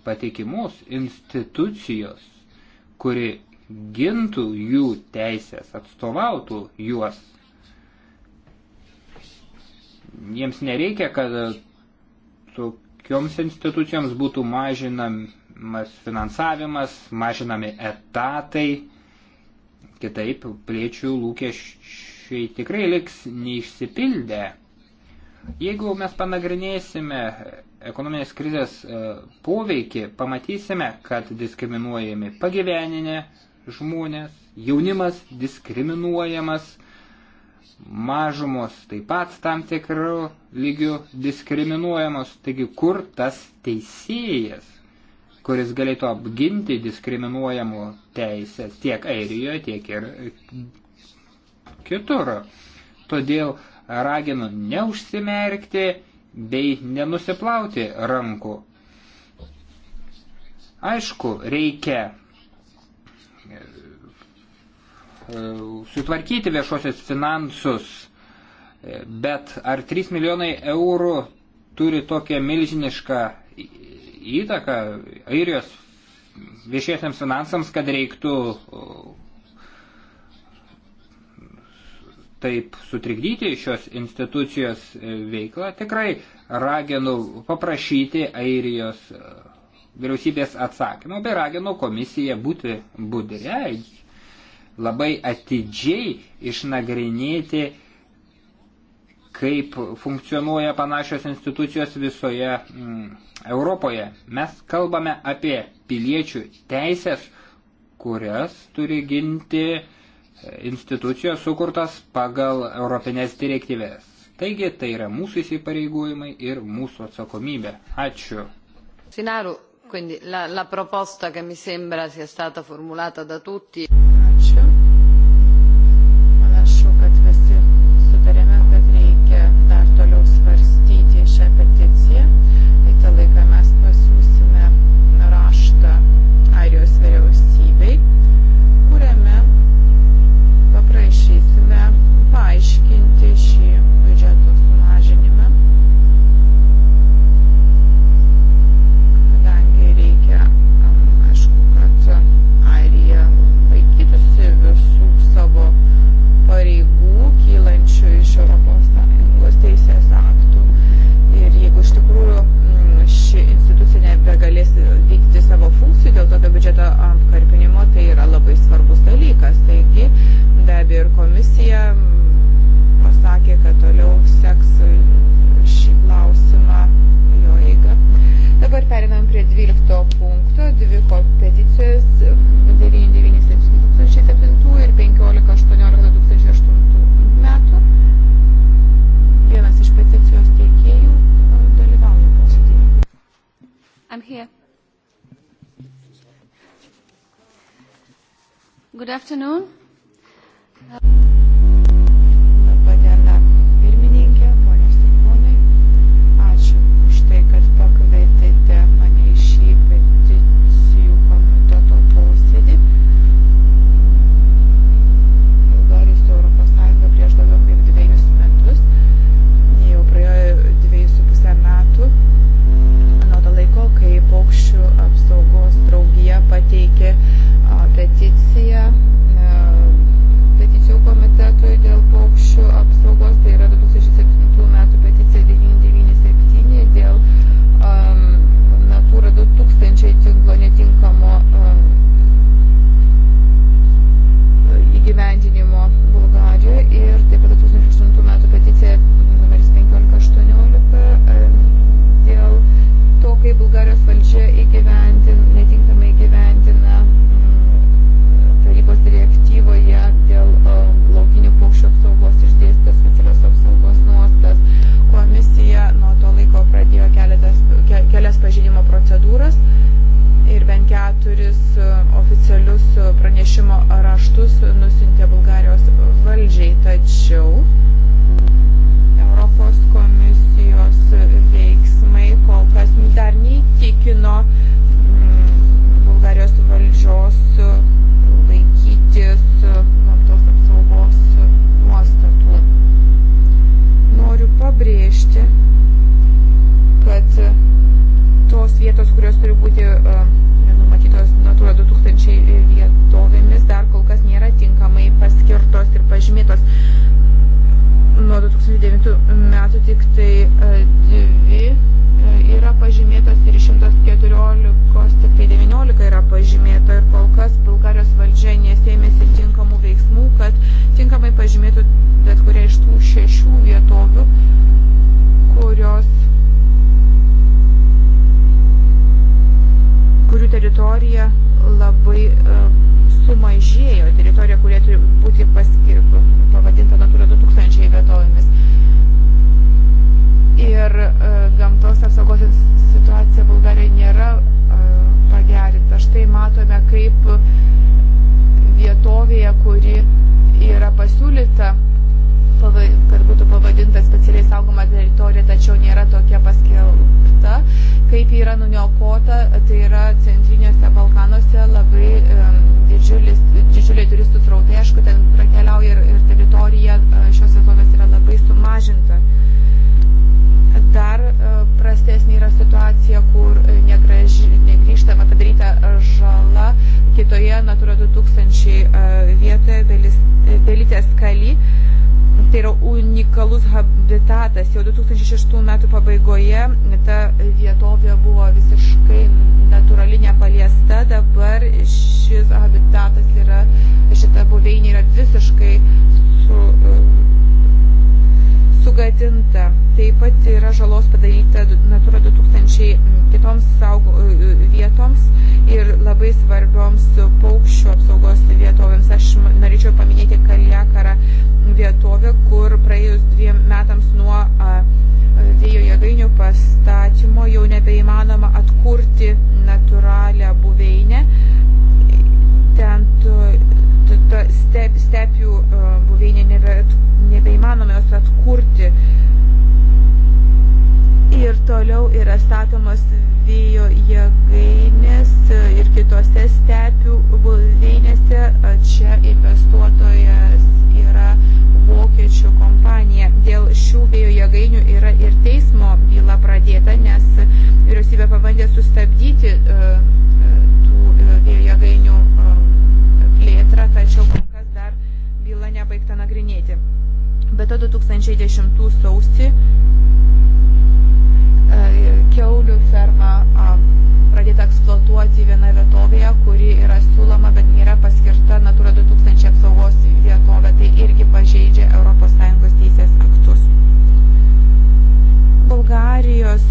patikimos institucijos, kuri gintų jų teisės, atstovautų juos jiems nereikia, kad e, tokioms institucijoms būtų mažinamas finansavimas, mažinami etatai, kitaip plėčių lūkesčiai tikrai liks neišsipildę. Jeigu mes panagrinėsime ekonominės krizės e, poveikį, pamatysime, kad diskriminuojami pagyveninė žmonės, jaunimas diskriminuojamas, mažumos taip pat tam tikrų lygių diskriminuojamos. Taigi kur tas teisėjas, kuris galėtų apginti diskriminuojamų teisės tiek Airijoje, tiek ir kitur. Todėl raginu neužsimerkti bei nenusiplauti rankų. Aišku, reikia sutvarkyti viešosios finansus, bet ar 3 milijonai eurų turi tokią milžinišką įtaką airijos viešiesiams finansams, kad reiktų taip sutrikdyti šios institucijos e, veiklą, tikrai raginu paprašyti airijos e, vyriausybės atsakymą, bei raginu komisiją būti budriai labai atidžiai išnagrinėti, kaip funkcionuoja panašios institucijos visoje mm, Europoje. Mes kalbame apie piliečių teisės, kurias turi ginti e, institucijos sukurtas pagal Europinės direktyvės. Taigi tai yra mūsų įsipareigojimai ir mūsų atsakomybė. Ačiū. Sinaru, quindi la, la proposta che mi sembra sia stata formulata da tutti. Ačiū. žalos padaryta Natura 2000 kitoms saugo, e, e, vietoms ir labai svarbioms paukščių apsaugos vietovėms. Aš norėčiau paminėti Kaliakarą vietovę, kur praėjus dviem metams nuo vėjo jėgainių pastatymo jau nebeįmanoma atkurti natūralią buveinę. Ten tu, tu, tu, step, stepių buveinė nebe, nebeįmanoma jos atkurti Ir toliau yra statomos vėjo jėgainės ir kitose stepių buveinėse. Čia investuotojas yra vokiečių kompanija. Dėl šių vėjo jėgainių yra ir teismo byla pradėta, nes vyriausybė pabandė sustabdyti uh, tų e, vėjo jėgainių uh, plėtrą, tačiau kol kas dar byla nebaigta nagrinėti. Bet to 2010 sausį keulių ferma pradėta eksploatuoti viena vietovėje, kuri yra siūloma, bet nėra paskirta Natura 2000 apsaugos vietovė. Tai irgi pažeidžia ES teisės aktus. Bulgarijos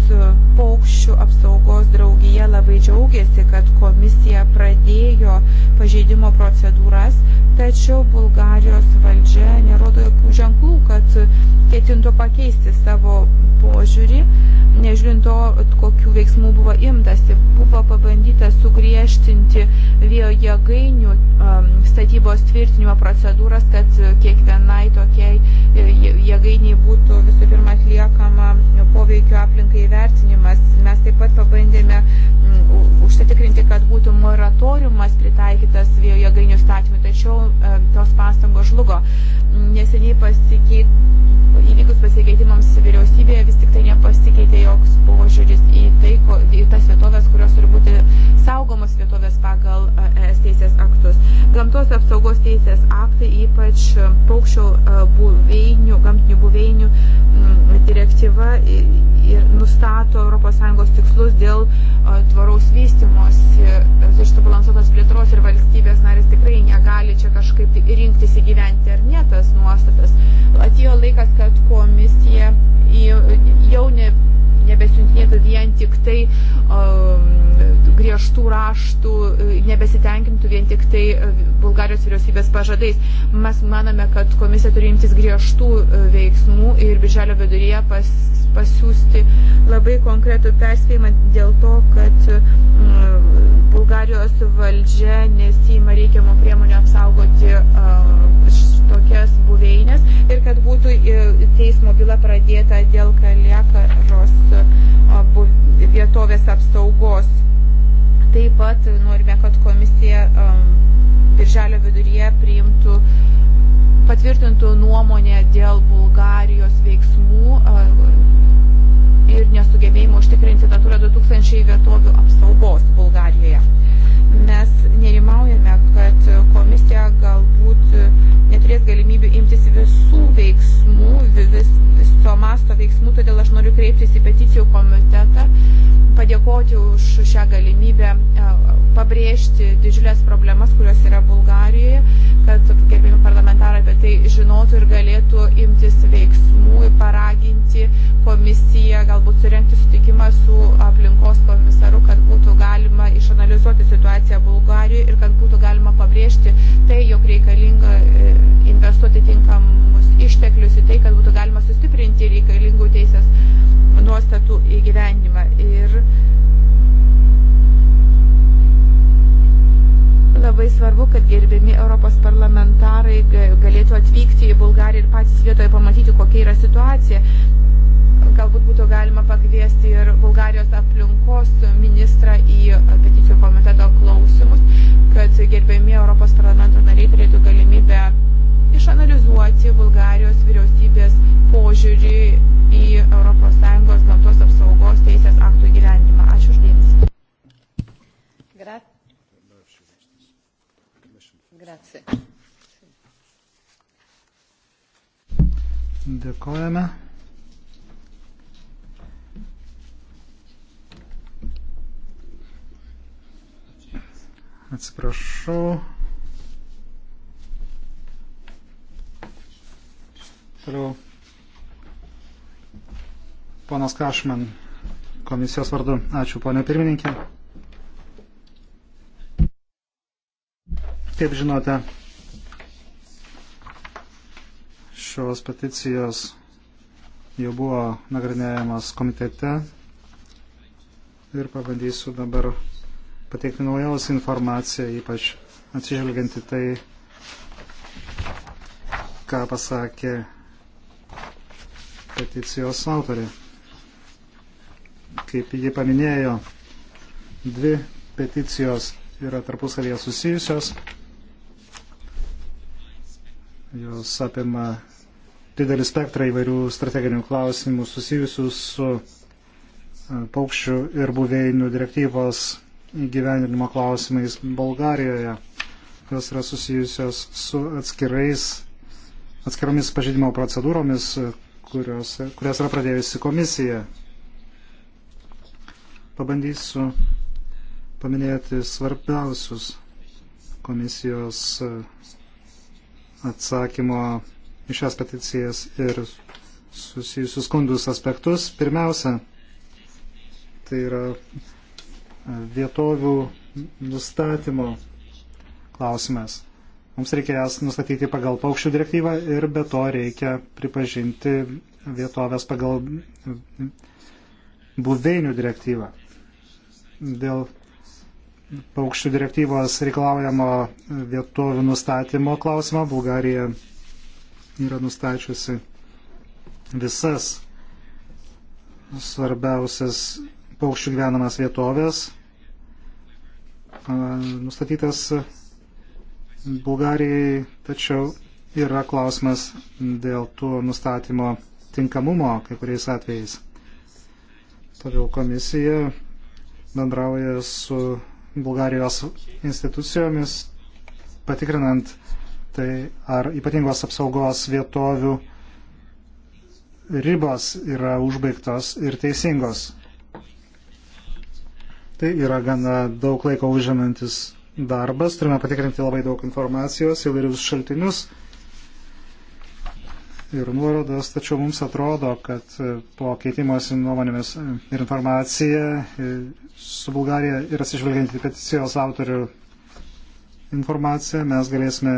paukščių apsaugos draugija labai džiaugiasi, kad komisija pradėjo pažeidimo procedūras, tačiau Bulgarijos valdžia nerodo jokių ženklų, kad ketintų pakeisti savo požiūrį, nežiūrint to, kokių veiksmų buvo imtasi. Buvo pabandyta sugriežtinti vėjo jėgainių um, statybos tvirtinimo procedūras, kad kiekvienai tokiai e, jėgainiai būtų visų pirma atliekama poveikio aplinkai įvertinimas. Mes taip pat pabandėme mm, užsitikrinti, kad būtų moratoriumas pritaikytas vėjo jėgainių statymui, tačiau e, tos pastangos žlugo. Mm, neseniai pasikeit, įvykus pasikeitimams vyriausybėje vis tik tai nepasikeitė joks požiūris į, tai, ko, į tas vietovės, kurios turi būti saugomos vietovės pagal e, ES teisės aktus. Gamtos apsaugos teisės aktai, ypač paukščių e, buveinių, gamtinių buveinių mm, direktyva ir nustato ES tikslus dėl tvaraus vystimosi, išsubalansuotos plėtros ir valstybės narės tikrai negali čia kažkaip tai rinktis įgyventi ar ne tas nuostatas. Atėjo laikas, kad komisija jau ne nebesiuntinėtų vien tik tai um, griežtų raštų, nebesitenkintų vien tik tai uh, Bulgarijos vyriausybės pažadais. Mes manome, kad komisija turi imtis griežtų uh, veiksmų ir birželio viduryje pas, pasiūsti labai konkretų perspėjimą dėl to, kad mm, Bulgarijos valdžia nesima reikiamų priemonių apsaugoti tokias buveinės ir kad būtų e, teismo byla pradėta dėl Kalėkaros vietovės apsaugos. Taip pat norime, kad komisija birželio viduryje priimtų patvirtintų nuomonę dėl Bulgarijos veiksmų ir nesugebėjimo užtikrinti Natūra 2000 vietovių apsaugos Bulgarijoje. Mes nerimaujame, kad komisija galbūt neturės galimybių imtis visų veiksmų, vis, viso masto veiksmų, todėl aš noriu kreiptis į peticijų komitetą, padėkoti už šią galimybę e, pabrėžti didžiulės problemas, kurios yra Bulgarijoje, kad gerbimi parlamentarai apie tai žinotų ir galėtų imtis veiksmų ir paraginti komisiją gal galbūt surenkti sutikimą su aplinkos komisaru, kad būtų galima išanalizuoti situaciją Bulgarijoje ir kad būtų galima pabrėžti tai, jog reikalinga e, investuoti tinkamus išteklius į tai, kad būtų galima sustiprinti reikalingų teisės nuostatų įgyvendimą. Ir labai svarbu, kad gerbiami Europos parlamentarai galėtų atvykti į Bulgariją ir patys vietoje pamatyti, kokia yra situacija galbūt būtų galima pakviesti ir Bulgarijos aplinkos ministrą į peticijų komiteto klausimus, kad gerbiami Europos parlamento nariai turėtų galimybę išanalizuoti Bulgarijos vyriausybės požiūrį į ES gamtos apsaugos teisės aktų įgyvendimą. Ačiū uždėmesi. Gra Grazie. Dėkojame. Atsiprašau. Toliau. Ponas Kašman, komisijos vardu. Ačiū, ponė pirmininkė. Kaip žinote, šios peticijos jau buvo nagrinėjamas komitete ir pabandysiu dabar pateikti naujausią informaciją, ypač atsižvelgiant į tai, ką pasakė peticijos autoriai. Kaip ji paminėjo, dvi peticijos yra tarpusavėje susijusios. Jos apima didelį spektrą įvairių strateginių klausimų susijusių su paukščių ir buveinių direktyvos gyvendinimo klausimais Bulgarijoje. Jos yra susijusios su atskirais, atskiromis pažydimo procedūromis, kurios, kurias yra pradėjusi komisija. Pabandysiu paminėti svarbiausius komisijos e, atsakymo į šias peticijas ir susijusius skundus aspektus. Pirmiausia, tai yra vietovių nustatymo klausimas. Mums reikia jas nustatyti pagal paukščių direktyvą ir be to reikia pripažinti vietovės pagal buveinių direktyvą. Dėl paukščių direktyvos reikalaujamo vietovių nustatymo klausimą Bulgarija yra nustačiusi visas svarbiausias paukščių gyvenamas vietovės nustatytas Bulgarijai, tačiau yra klausimas dėl tuo nustatymo tinkamumo kai kuriais atvejais. Todėl komisija bendrauja su Bulgarijos institucijomis, patikrinant tai, ar ypatingos apsaugos vietovių ribos yra užbaigtos ir teisingos. Tai yra gana daug laiko užimantis darbas, turime patikrinti labai daug informacijos, įvairius šaltinius ir nuorodas, tačiau mums atrodo, kad e, po keitimosi nuomonėmis e, ir informacija e, su Bulgarija ir atsižvelgiant į peticijos autorių informaciją, mes galėsime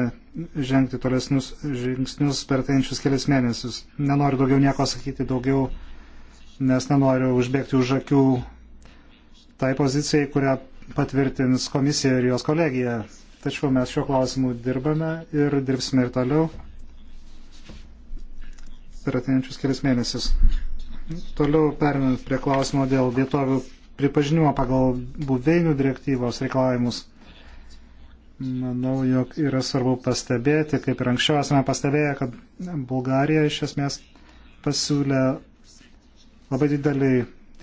žengti tolesnius žingsnius per teinčius kelias mėnesius. Nenoriu daugiau nieko sakyti, daugiau, nes nenoriu užbėgti už akių tai pozicijai, kurią patvirtins komisija ir jos kolegija. Tačiau mes šiuo klausimu dirbame ir dirbsime ir toliau per ateinančius kelias mėnesius. Toliau perinant prie klausimo dėl vietovių pripažinimo pagal buveinių direktyvos reikalavimus. Manau, jog yra svarbu pastebėti, kaip ir anksčiau esame pastebėję, kad Bulgarija iš esmės pasiūlė labai didelį,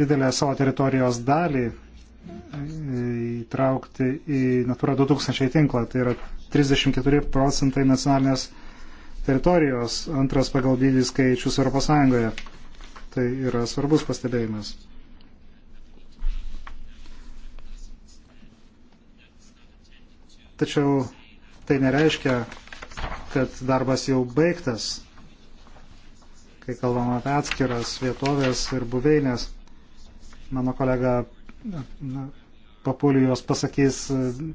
didelę savo teritorijos dalį įtraukti į Natura 2000 tinklą. Tai yra 34 procentai nacionalinės teritorijos, antras pagal dydį skaičius ES. Tai yra svarbus pastebėjimas. Tačiau tai nereiškia, kad darbas jau baigtas, kai kalbam apie atskiras vietovės ir buveinės. Mano kolega Papulijos pasakys,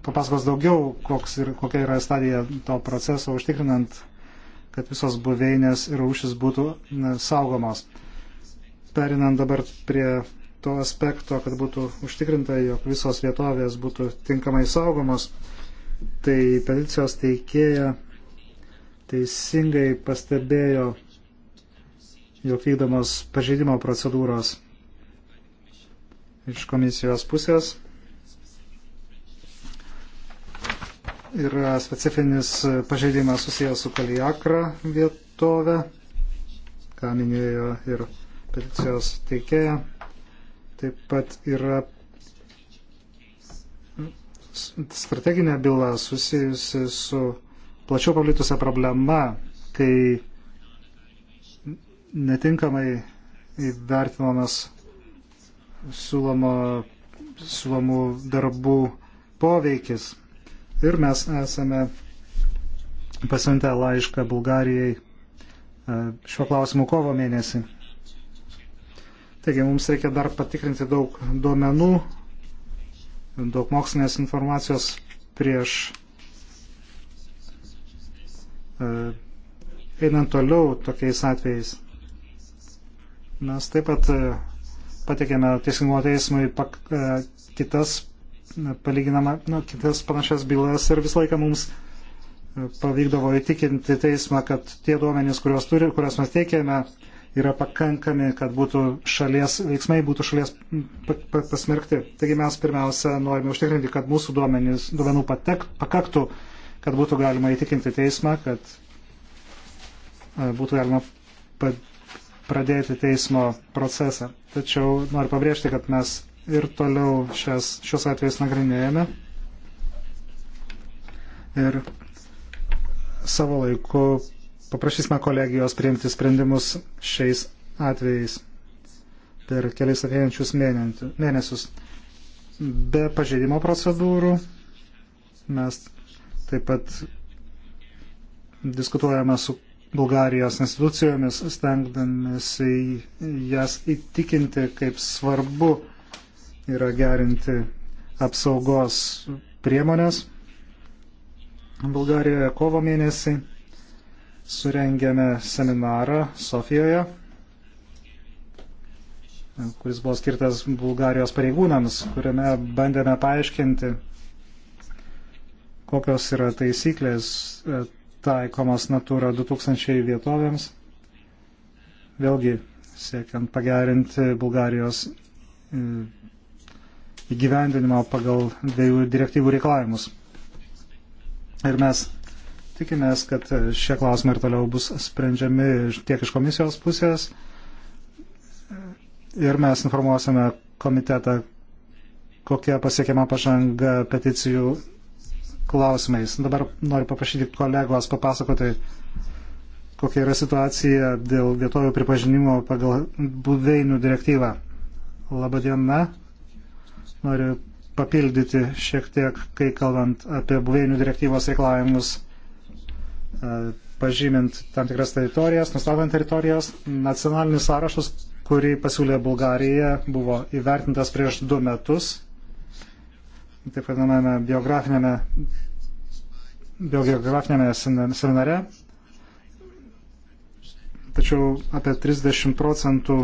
papasakos daugiau, ir, kokia yra stadija to proceso, užtikrinant, kad visos buveinės ir rūšis būtų saugomos. Perinant dabar prie to aspekto, kad būtų užtikrinta, jog visos vietovės būtų tinkamai saugomos, tai peticijos teikėja teisingai pastebėjo, jog vykdomos pažeidimo procedūros iš komisijos pusės. Yra specifinis pažeidimas susijęs su Kaliakra vietove, ką minėjo ir peticijos teikėja. Taip pat yra strateginė byla susijusi su plačiau paplitusią problemą, kai netinkamai įvertinamas siūlomo, siūlomų darbų poveikis. Ir mes esame pasiuntę laišką Bulgarijai e, šiuo klausimu kovo mėnesį. Taigi mums reikia dar patikrinti daug duomenų, daug mokslinės informacijos prieš e, einant toliau tokiais atvejais. Mes taip pat e, patikėme teisingumo teismui pak, e, kitas, e, palyginama, nu, kitas panašias bylas ir visą laiką mums e, pavykdavo įtikinti teismą, kad tie duomenys, kuriuos turi, kuriuos mes teikėme, yra pakankami, kad būtų šalies veiksmai, būtų šalies pasmerkti. Taigi mes pirmiausia norime užtikrinti, kad mūsų duomenys, duomenų patek, pakaktų, kad būtų galima įtikinti teismą, kad būtų galima pradėti teismo procesą. Tačiau noriu pabrėžti, kad mes ir toliau šias, šios atvejus nagrinėjame. Ir savo laiku paprašysime kolegijos priimti sprendimus šiais atvejais per kelias ateinančius mėnesius. Be pažeidimo procedūrų mes taip pat diskutuojame su Bulgarijos institucijomis, stengdamėsi jas įtikinti, kaip svarbu yra gerinti apsaugos priemonės. Bulgarijoje kovo mėnesį surengėme seminarą Sofijoje, kuris buvo skirtas Bulgarijos pareigūnams, kuriame bandėme paaiškinti, kokios yra taisyklės taikomas Natura 2000 vietovėms, vėlgi siekiant pagerinti Bulgarijos e, įgyvendinimą pagal dviejų direktyvų reikalavimus. Ir mes tikimės, kad šie klausimai ir toliau bus sprendžiami tiek iš komisijos pusės. Ir mes informuosime komitetą, kokia pasiekiama pažanga peticijų klausimais. Dabar noriu paprašyti kolegos papasakoti, kokia yra situacija dėl vietovių pripažinimo pagal buveinių direktyvą. Labadiena. Noriu papildyti šiek tiek, kai kalbant apie buveinių direktyvos reikalavimus, e, pažymint tam tikras teritorijas, nustatant teritorijas, nacionalinis sąrašas, kurį pasiūlė Bulgarija, buvo įvertintas prieš du metus taip vadinamame biografinėme, biografinėme seminare. Tačiau apie 30 procentų,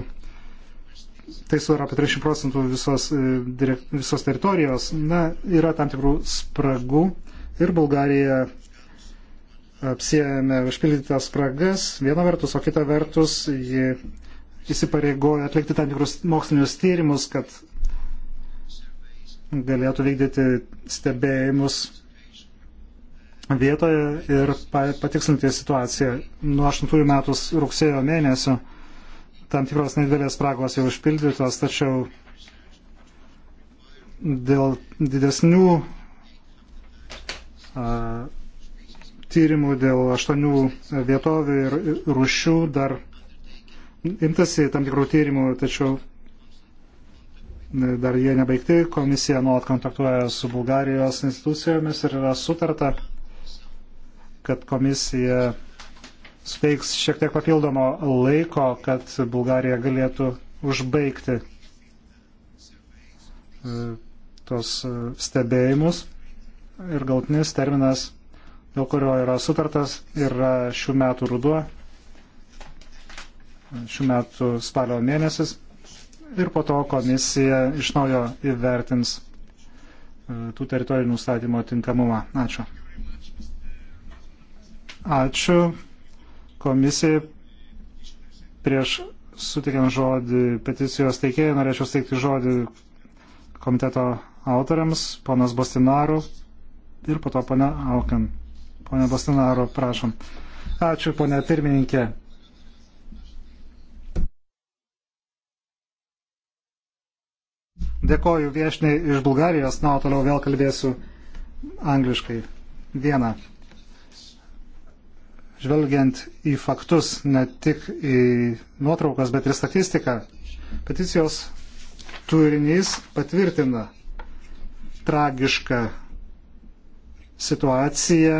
tai sudaro apie 30 procentų visos, e, visos teritorijos. Na, yra tam tikrų spragų ir Bulgarija apsėjame e, užpildytas spragas, viena vertus, o kita vertus ji įsipareigoja atlikti tam tikrus mokslinius tyrimus, kad galėtų vykdyti stebėjimus vietoje ir patikslinti situaciją. Nuo 8 metų rugsėjo mėnesio tam tikros nedidelės spragos jau užpildytos, tačiau dėl didesnių a, tyrimų dėl aštuonių vietovių ir rušių dar imtasi tam tikrų tyrimų, tačiau dar jie nebaigti, komisija nuolat kontaktuoja su Bulgarijos institucijomis ir yra sutarta, kad komisija suteiks šiek tiek papildomo laiko, kad Bulgarija galėtų užbaigti e, tos e, stebėjimus ir galtinis terminas, dėl kurio yra sutartas, yra šių metų ruduo, šių metų spalio mėnesis ir po to komisija iš naujo įvertins e, tų teritorijų nustatymo tinkamumą. Ačiū. Ačiū komisijai. Prieš sutikiant žodį peticijos teikėjai norėčiau steikti žodį komiteto autoriams, ponas Bostinaru ir po to ponia Aukan. Pone Bostinaru, prašom. Ačiū, ponia pirmininkė. Dėkoju viešniai iš Bulgarijos, na, o toliau vėl kalbėsiu angliškai. Viena. Žvelgiant į faktus, ne tik į nuotraukas, bet ir statistiką, peticijos turinys patvirtina tragišką situaciją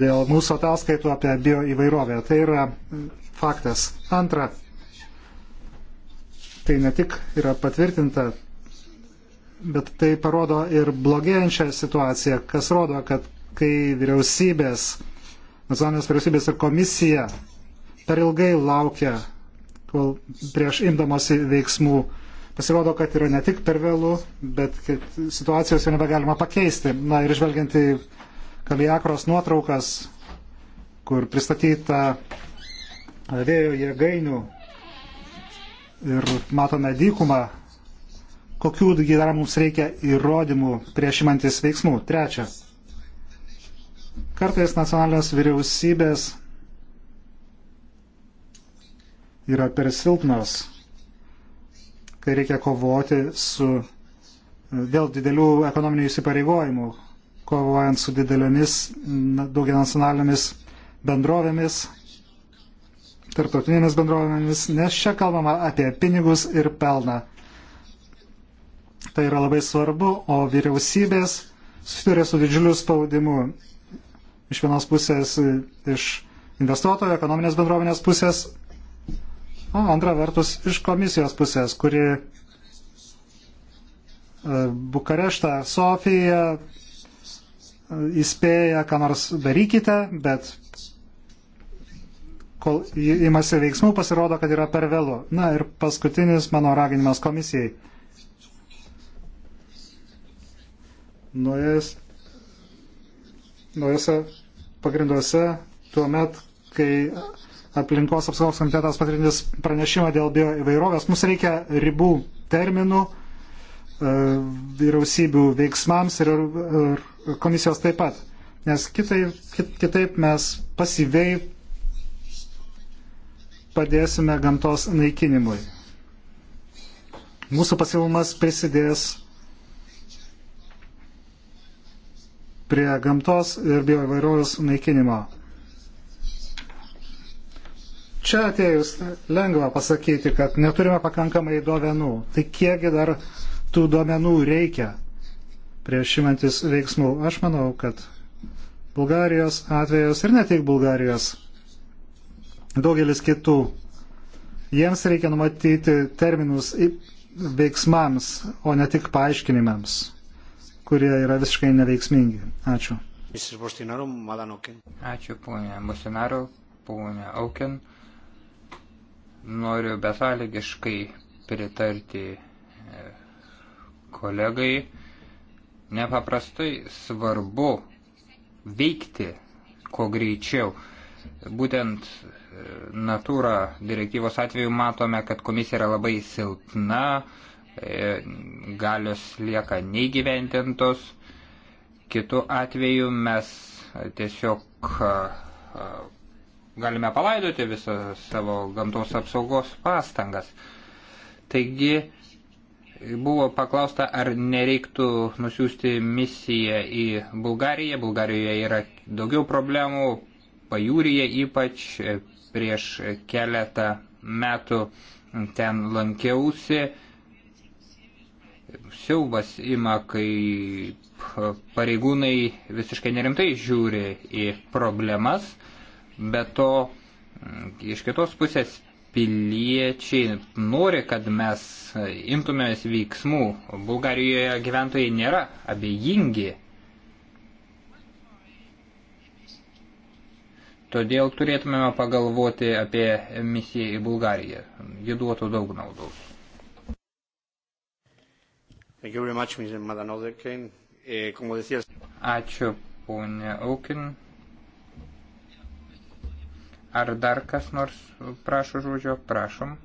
dėl mūsų ataskaitų apie bioįvairovę. Tai yra faktas. Antra, tai ne tik yra patvirtinta, bet tai parodo ir blogėjančią situaciją, kas rodo, kad kai vyriausybės, nacionalinės vyriausybės ir komisija per ilgai laukia, kol prieš imdamosi veiksmų, pasirodo, kad yra ne tik per vėlų, bet kad situacijos jau nebegalima pakeisti. Na ir žvelgiant į Kaliakros nuotraukas, kur pristatyta vėjo jėgainių ir matome dykumą, kokių dar mums reikia įrodymų prieš imantis veiksmų. Trečia. Kartais nacionalinės vyriausybės yra per silpnos, kai reikia kovoti su dėl didelių ekonominių įsipareigojimų, kovojant su didelėmis daugianacionalinėmis bendrovėmis tarptautinėmis bendrovėmis, nes čia kalbama apie pinigus ir pelną. Tai yra labai svarbu, o vyriausybės susiduria su didžiuliu spaudimu. Iš vienos pusės, iš investuotojo, ekonominės bendruomenės pusės, o antra vertus, iš komisijos pusės, kuri e, Bukareštą, Sofiją e, įspėja, ką nors darykite, bet kol įmasi veiksmų, pasirodo, kad yra per vėlu. Na ir paskutinis mano raginimas komisijai. Nuėjęs, nuėjose pagrinduose tuo met, kai aplinkos apsaugos komitetas patvirtins pranešimą dėl bioįvairovės, mums reikia ribų terminų e, vyriausybių veiksmams ir, ir komisijos taip pat. Nes kitai, kit, kitaip mes pasyviai padėsime gamtos naikinimui. Mūsų pasiūlymas prisidės prie gamtos ir bioįvairovės naikinimo. Čia atėjus lengva pasakyti, kad neturime pakankamai duomenų. Tai kiekgi dar tų duomenų reikia prieš imantis veiksmų? Aš manau, kad Bulgarijos atvejas ir ne tik Bulgarijos daugelis kitų. Jiems reikia numatyti terminus veiksmams, o ne tik paaiškinimams, kurie yra visiškai neveiksmingi. Ačiū. Ačiū, ponė Musinaro, ponė Auken. Noriu besąlygiškai pritarti e, kolegai. Nepaprastai svarbu veikti kuo greičiau. Būtent natūra direktyvos atveju matome, kad komisija yra labai silpna, e, galios lieka neįgyventintos. Kitu atveju mes tiesiog e, e, galime palaidoti visą savo gamtos apsaugos pastangas. Taigi, buvo paklausta, ar nereiktų nusiųsti misiją į Bulgariją. Bulgarijoje yra daugiau problemų, pajūryje ypač prieš keletą metų ten lankiausi. Siaubas ima, kai pareigūnai visiškai nerimtai žiūri į problemas, bet to iš kitos pusės piliečiai nori, kad mes imtumės veiksmų. Bulgarijoje gyventojai nėra abejingi Todėl turėtumėme pagalvoti apie misiją į Bulgariją. Ji duotų daug naudos. Eh, Ačiū, ponė Aukin. Ar dar kas nors prašo žodžio? Prašom.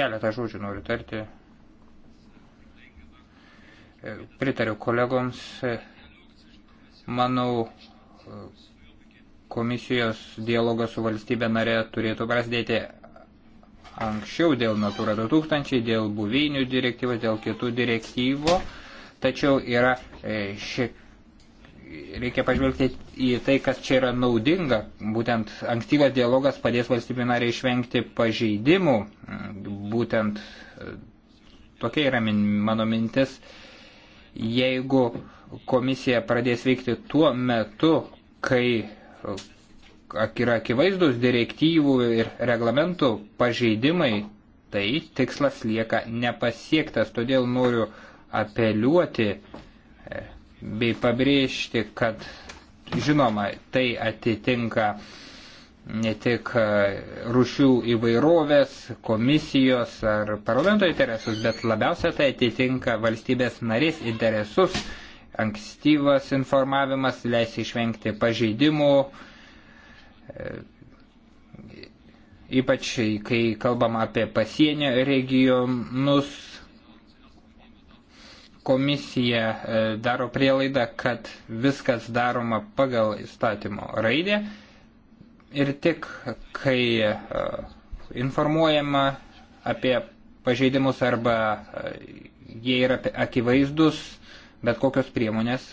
Keletą žodžių noriu tarti. Eh, pritariu kolegoms. Eh, manau, komisijos dialogas su valstybė narė turėtų prasidėti anksčiau dėl Natura 2000, dėl buveinių direktyvos, dėl kitų direktyvų, tačiau yra e, ši, reikia pažvelgti į tai, kas čia yra naudinga. Būtent ankstyvas dialogas padės valstybė nariai išvengti pažeidimų, būtent e, tokia yra min, mano mintis. Jeigu komisija pradės veikti tuo metu, kai yra akivaizdus direktyvų ir reglamentų pažeidimai, tai tikslas lieka nepasiektas. Todėl noriu apeliuoti e, bei pabrėžti, kad žinoma, tai atitinka ne tik e, rušių įvairovės, komisijos ar parlamento interesus, bet labiausia tai atitinka valstybės narės interesus ankstyvas informavimas leis išvengti pažeidimų, e, ypač kai kalbam apie pasienio regionus. Komisija e, daro prielaidą, kad viskas daroma pagal įstatymo raidę ir tik kai e, informuojama apie pažeidimus arba jie yra akivaizdus, bet kokios priemonės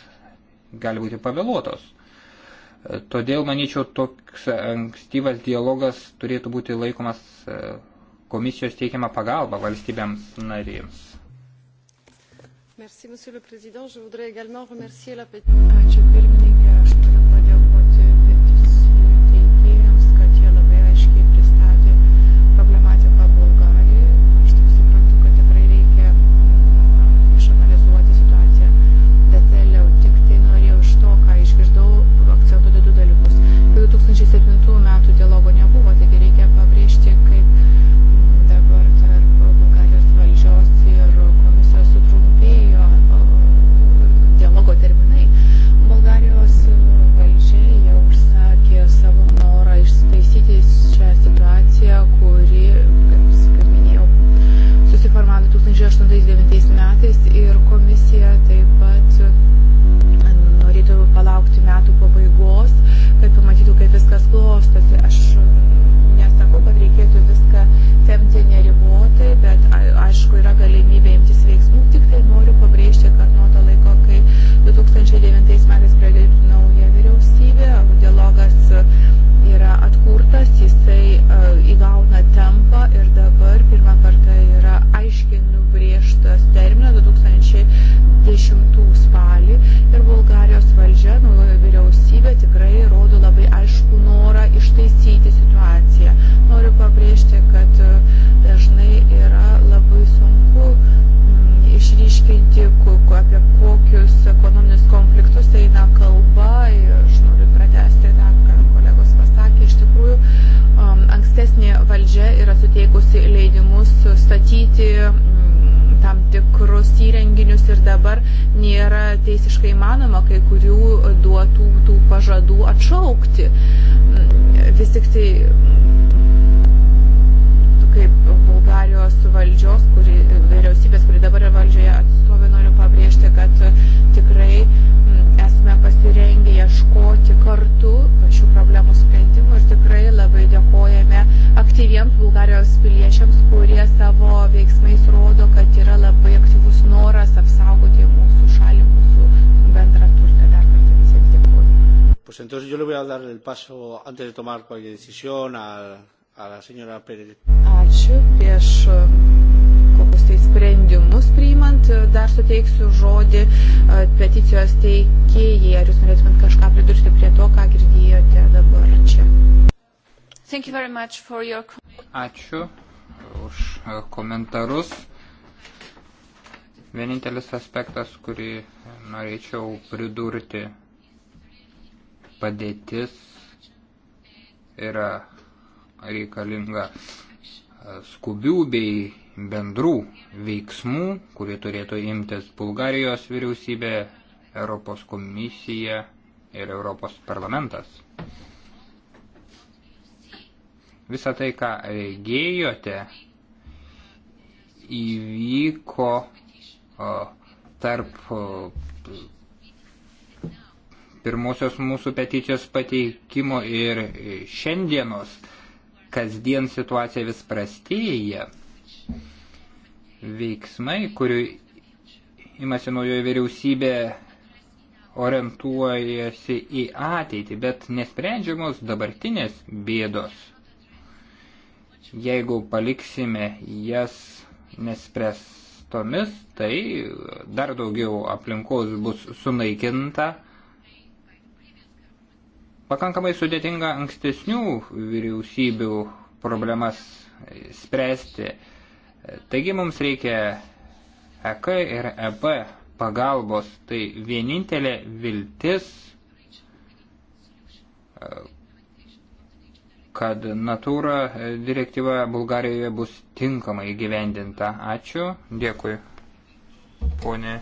gali būti pavėluotos. E, todėl, manyčiau, toks ankstyvas dialogas turėtų būti laikomas e, komisijos teikiama pagalba valstybėms narėms. Merci, Monsieur le Président. Je voudrais également remercier la pétition. pažadų atšaukti. Mm, vis tik tai mm, kaip Bulgarijos valdžios, kuri, vyriausybės, kuri dabar yra valdžioje atstovė, noriu pabrėžti, kad tikrai mm, esame pasirengę ieškoti kartu šių problemų sprendimų ir tikrai labai dėkojame aktyviems Bulgarijos piliečiams, kurie savo veiksmais rodo, kad yra labai aktyvus noras apsaugoti Pues entonces yo le voy a dar el paso, antes de tomar cualquier decisión, a, a la señora Pérez. Ačiū. Prieš kokius tai sprendimus priimant, dar suteiksiu žodį peticijos teikėjai. Ar jūs norėtumėt kažką pridurti prie to, ką girdėjote dabar čia? Your... Ačiū už komentarus. Vienintelis aspektas, kurį norėčiau pridurti padėtis yra reikalinga e, skubių bei bendrų veiksmų, kurie turėtų imtis Bulgarijos vyriausybė, Europos komisija ir Europos parlamentas. Visą tai, ką regėjote, įvyko o, e, tarp pirmosios mūsų peticijos pateikimo ir šiandienos kasdien situacija vis prastėja. Veiksmai, kurių imasi naujoje vyriausybė, orientuojasi į ateitį, bet nesprendžiamos dabartinės bėdos. Jeigu paliksime jas nespręstomis, tai dar daugiau aplinkos bus sunaikinta pakankamai sudėtinga ankstesnių vyriausybių problemas spręsti. Taigi mums reikia EK ir EB pagalbos. Tai vienintelė viltis, kad natūra direktyva Bulgarijoje bus tinkamai gyvendinta. Ačiū. Dėkui. Pone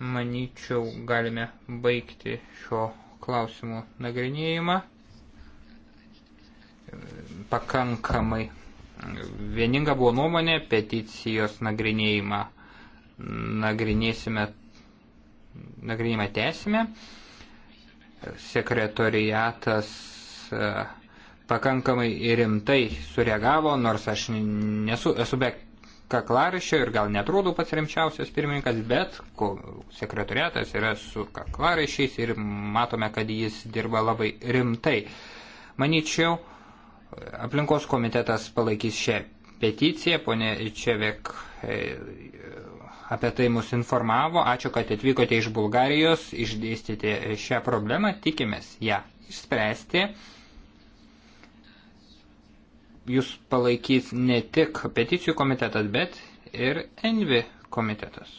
manyčiau, galime baigti šio klausimų nagrinėjimą pakankamai. Vieninga buvo nuomonė, peticijos nagrinėjimą nagrinėsime, nagrinėjimą tęsime. Sekretoriatas e, pakankamai rimtai sureagavo, nors aš nesu, esu be kaklaraščio ir gal netrodo pats rimčiausias pirmininkas, bet sekretoriatas yra su kaklaraščiais ir matome, kad jis dirba labai rimtai. Manyčiau, aplinkos komitetas palaikys šią peticiją, ponė Čevek e, apie tai mus informavo. Ačiū, kad atvykote iš Bulgarijos, išdėstėte šią problemą, tikimės ją išspręsti jūs palaikys ne tik peticijų komitetas, bet ir Envi komitetas.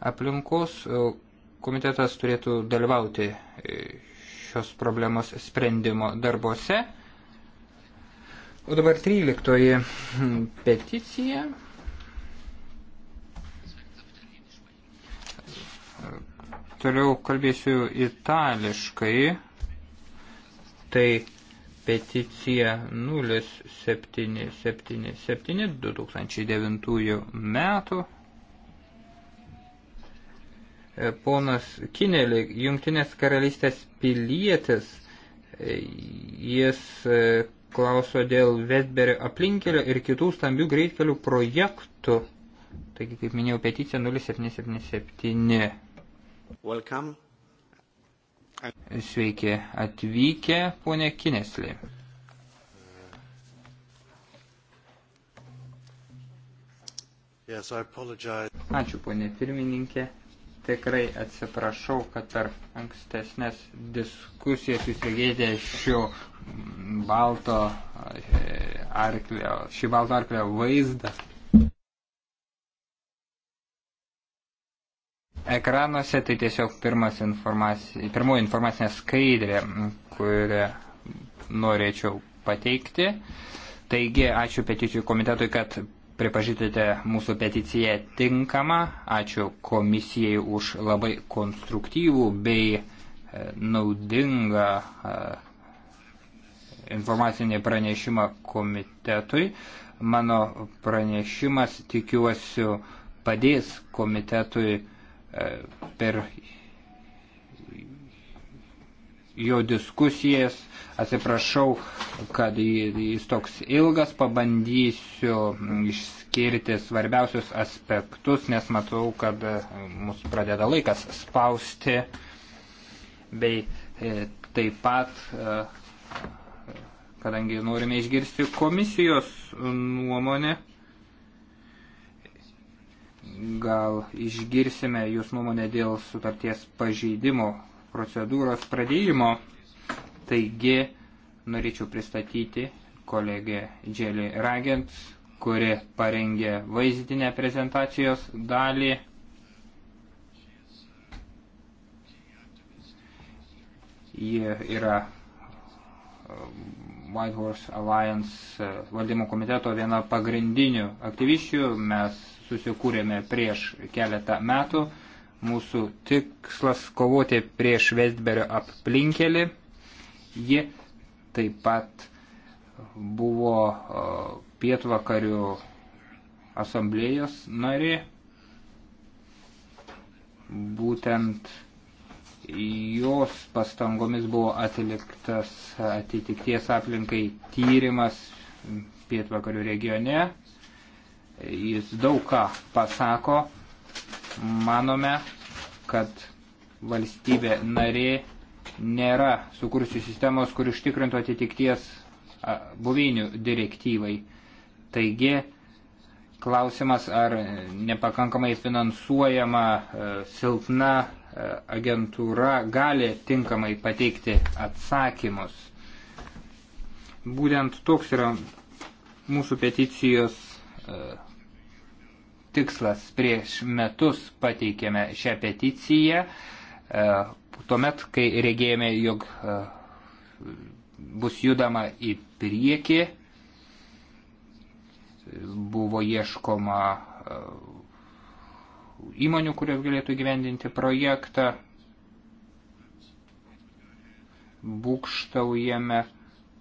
Aplinkos e, komitetas turėtų dalyvauti e, šios problemos sprendimo darbose. O dabar 13 hmm, peticija. Toliau kalbėsiu itališkai tai peticija 0777 2009 metų. E, ponas Kinelį, Jungtinės karalystės pilietis, e, jis e, klauso dėl Vesberio aplinkelio ir kitų stambių greitkelių projektų. Taigi, kaip minėjau, peticija 0777. Welcome. Sveiki atvykę, ponė Kineslė. Ačiū, ponė pirmininkė. Tikrai atsiprašau, kad per ankstesnės diskusijas jūs regėjote šio balto e, arklio, šį balto arklio vaizdą ekranuose, tai tiesiog pirmas informacija, pirmoji informacinė skaidrė, kurią norėčiau pateikti. Taigi, ačiū peticijų komitetui, kad pripažytėte mūsų peticiją tinkamą. Ačiū komisijai už labai konstruktyvų bei e, naudingą e, informacinį pranešimą komitetui. Mano pranešimas, tikiuosi, padės komitetui per jo diskusijas. Atsiprašau, kad jis toks ilgas, pabandysiu išskirti svarbiausius aspektus, nes matau, kad mus pradeda laikas spausti, bei e, taip pat, e, kadangi norime išgirsti komisijos nuomonę gal išgirsime jūs nuomonę dėl sutarties pažeidimo procedūros pradėjimo. Taigi, norėčiau pristatyti kolegę Dželį Ragent, kuri parengė vaizdinę prezentacijos dalį. Ji yra e, White Horse Alliance e, valdymo komiteto viena pagrindinių aktyviščių. Mes susikūrėme prieš keletą metų. Mūsų tikslas kovoti prieš Vestberio aplinkelį. Ji taip pat buvo pietvakarių asamblėjos narė. Būtent jos pastangomis buvo atliktas atitikties aplinkai tyrimas pietvakarių regione jis daug ką pasako. Manome, kad valstybė narė nėra sukūrusi sistemos, kur ištikrintų atitikties buveinių direktyvai. Taigi, klausimas, ar nepakankamai finansuojama e, silpna e, agentūra gali tinkamai pateikti atsakymus. Būtent toks yra mūsų peticijos e, tikslas. Prieš metus pateikėme šią peticiją, e, tuomet, kai regėjome, jog e, bus judama į priekį, buvo ieškoma e, įmonių, kurios galėtų gyvendinti projektą. Būkštaujame,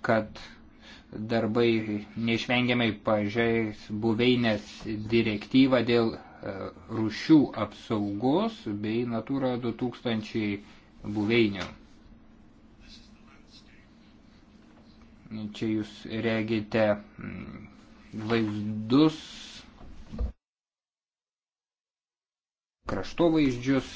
kad darbai neišvengiamai pažeis buveinės direktyvą dėl e, rūšių apsaugos bei Natura 2000 buveinių. Čia jūs regite mm, vaizdus, kraštovaizdžius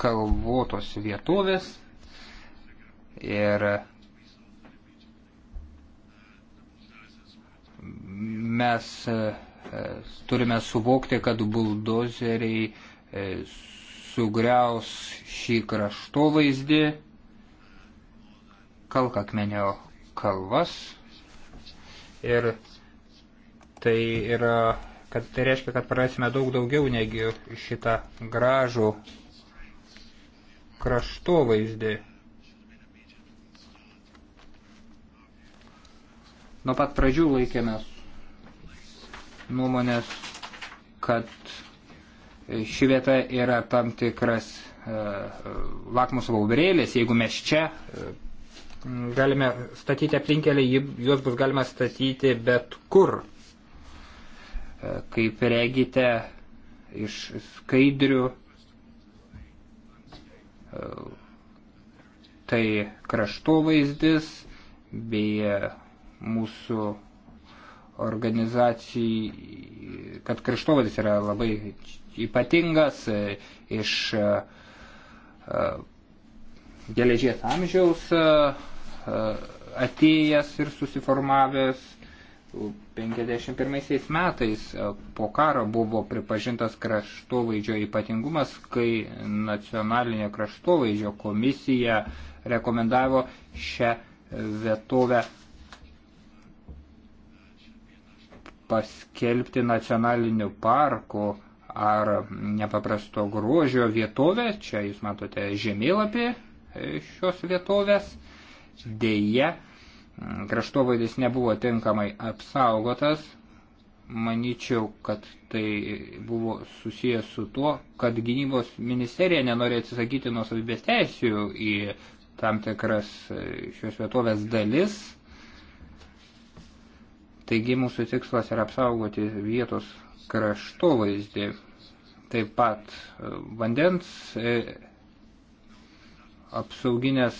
kalvotos vietovės ir mes e, turime suvokti, kad buldozeriai e, sugriaus šį kraštovaizdį, kalkakmenio kalvas ir tai yra, kad tai reiškia, kad prarasime daug daugiau negi šitą gražų kraštovaizdį. Nuo pat pradžių laikėmės nuomonės, kad ši vieta yra tam tikras e, lakmuso vaubirėlis. Jeigu mes čia e, galime statyti aplinkelį, juos bus galima statyti bet kur. E, kaip regite iš skaidrių Tai kraštovaizdis bei mūsų organizacijai, kad kraštovaizdis yra labai ypatingas iš e, geležies amžiaus e, atėjęs ir susiformavęs 51 metais e, po karo buvo pripažintas kraštovaizdžio ypatingumas, kai nacionalinė kraštovaizdžio komisija rekomendavo šią e, vietovę paskelbti nacionaliniu parku ar nepaprasto grožio vietovę. Čia jūs matote žemėlapį e, šios vietovės. Deja, kraštovaizdis nebuvo tinkamai apsaugotas. Manyčiau, kad tai buvo susijęs su tuo, kad gynybos ministerija nenori atsisakyti nuosavybės teisių į tam tikras e, šios vietovės dalis. Taigi mūsų tikslas yra apsaugoti vietos kraštovaizdį. Taip pat e, vandens e, apsauginės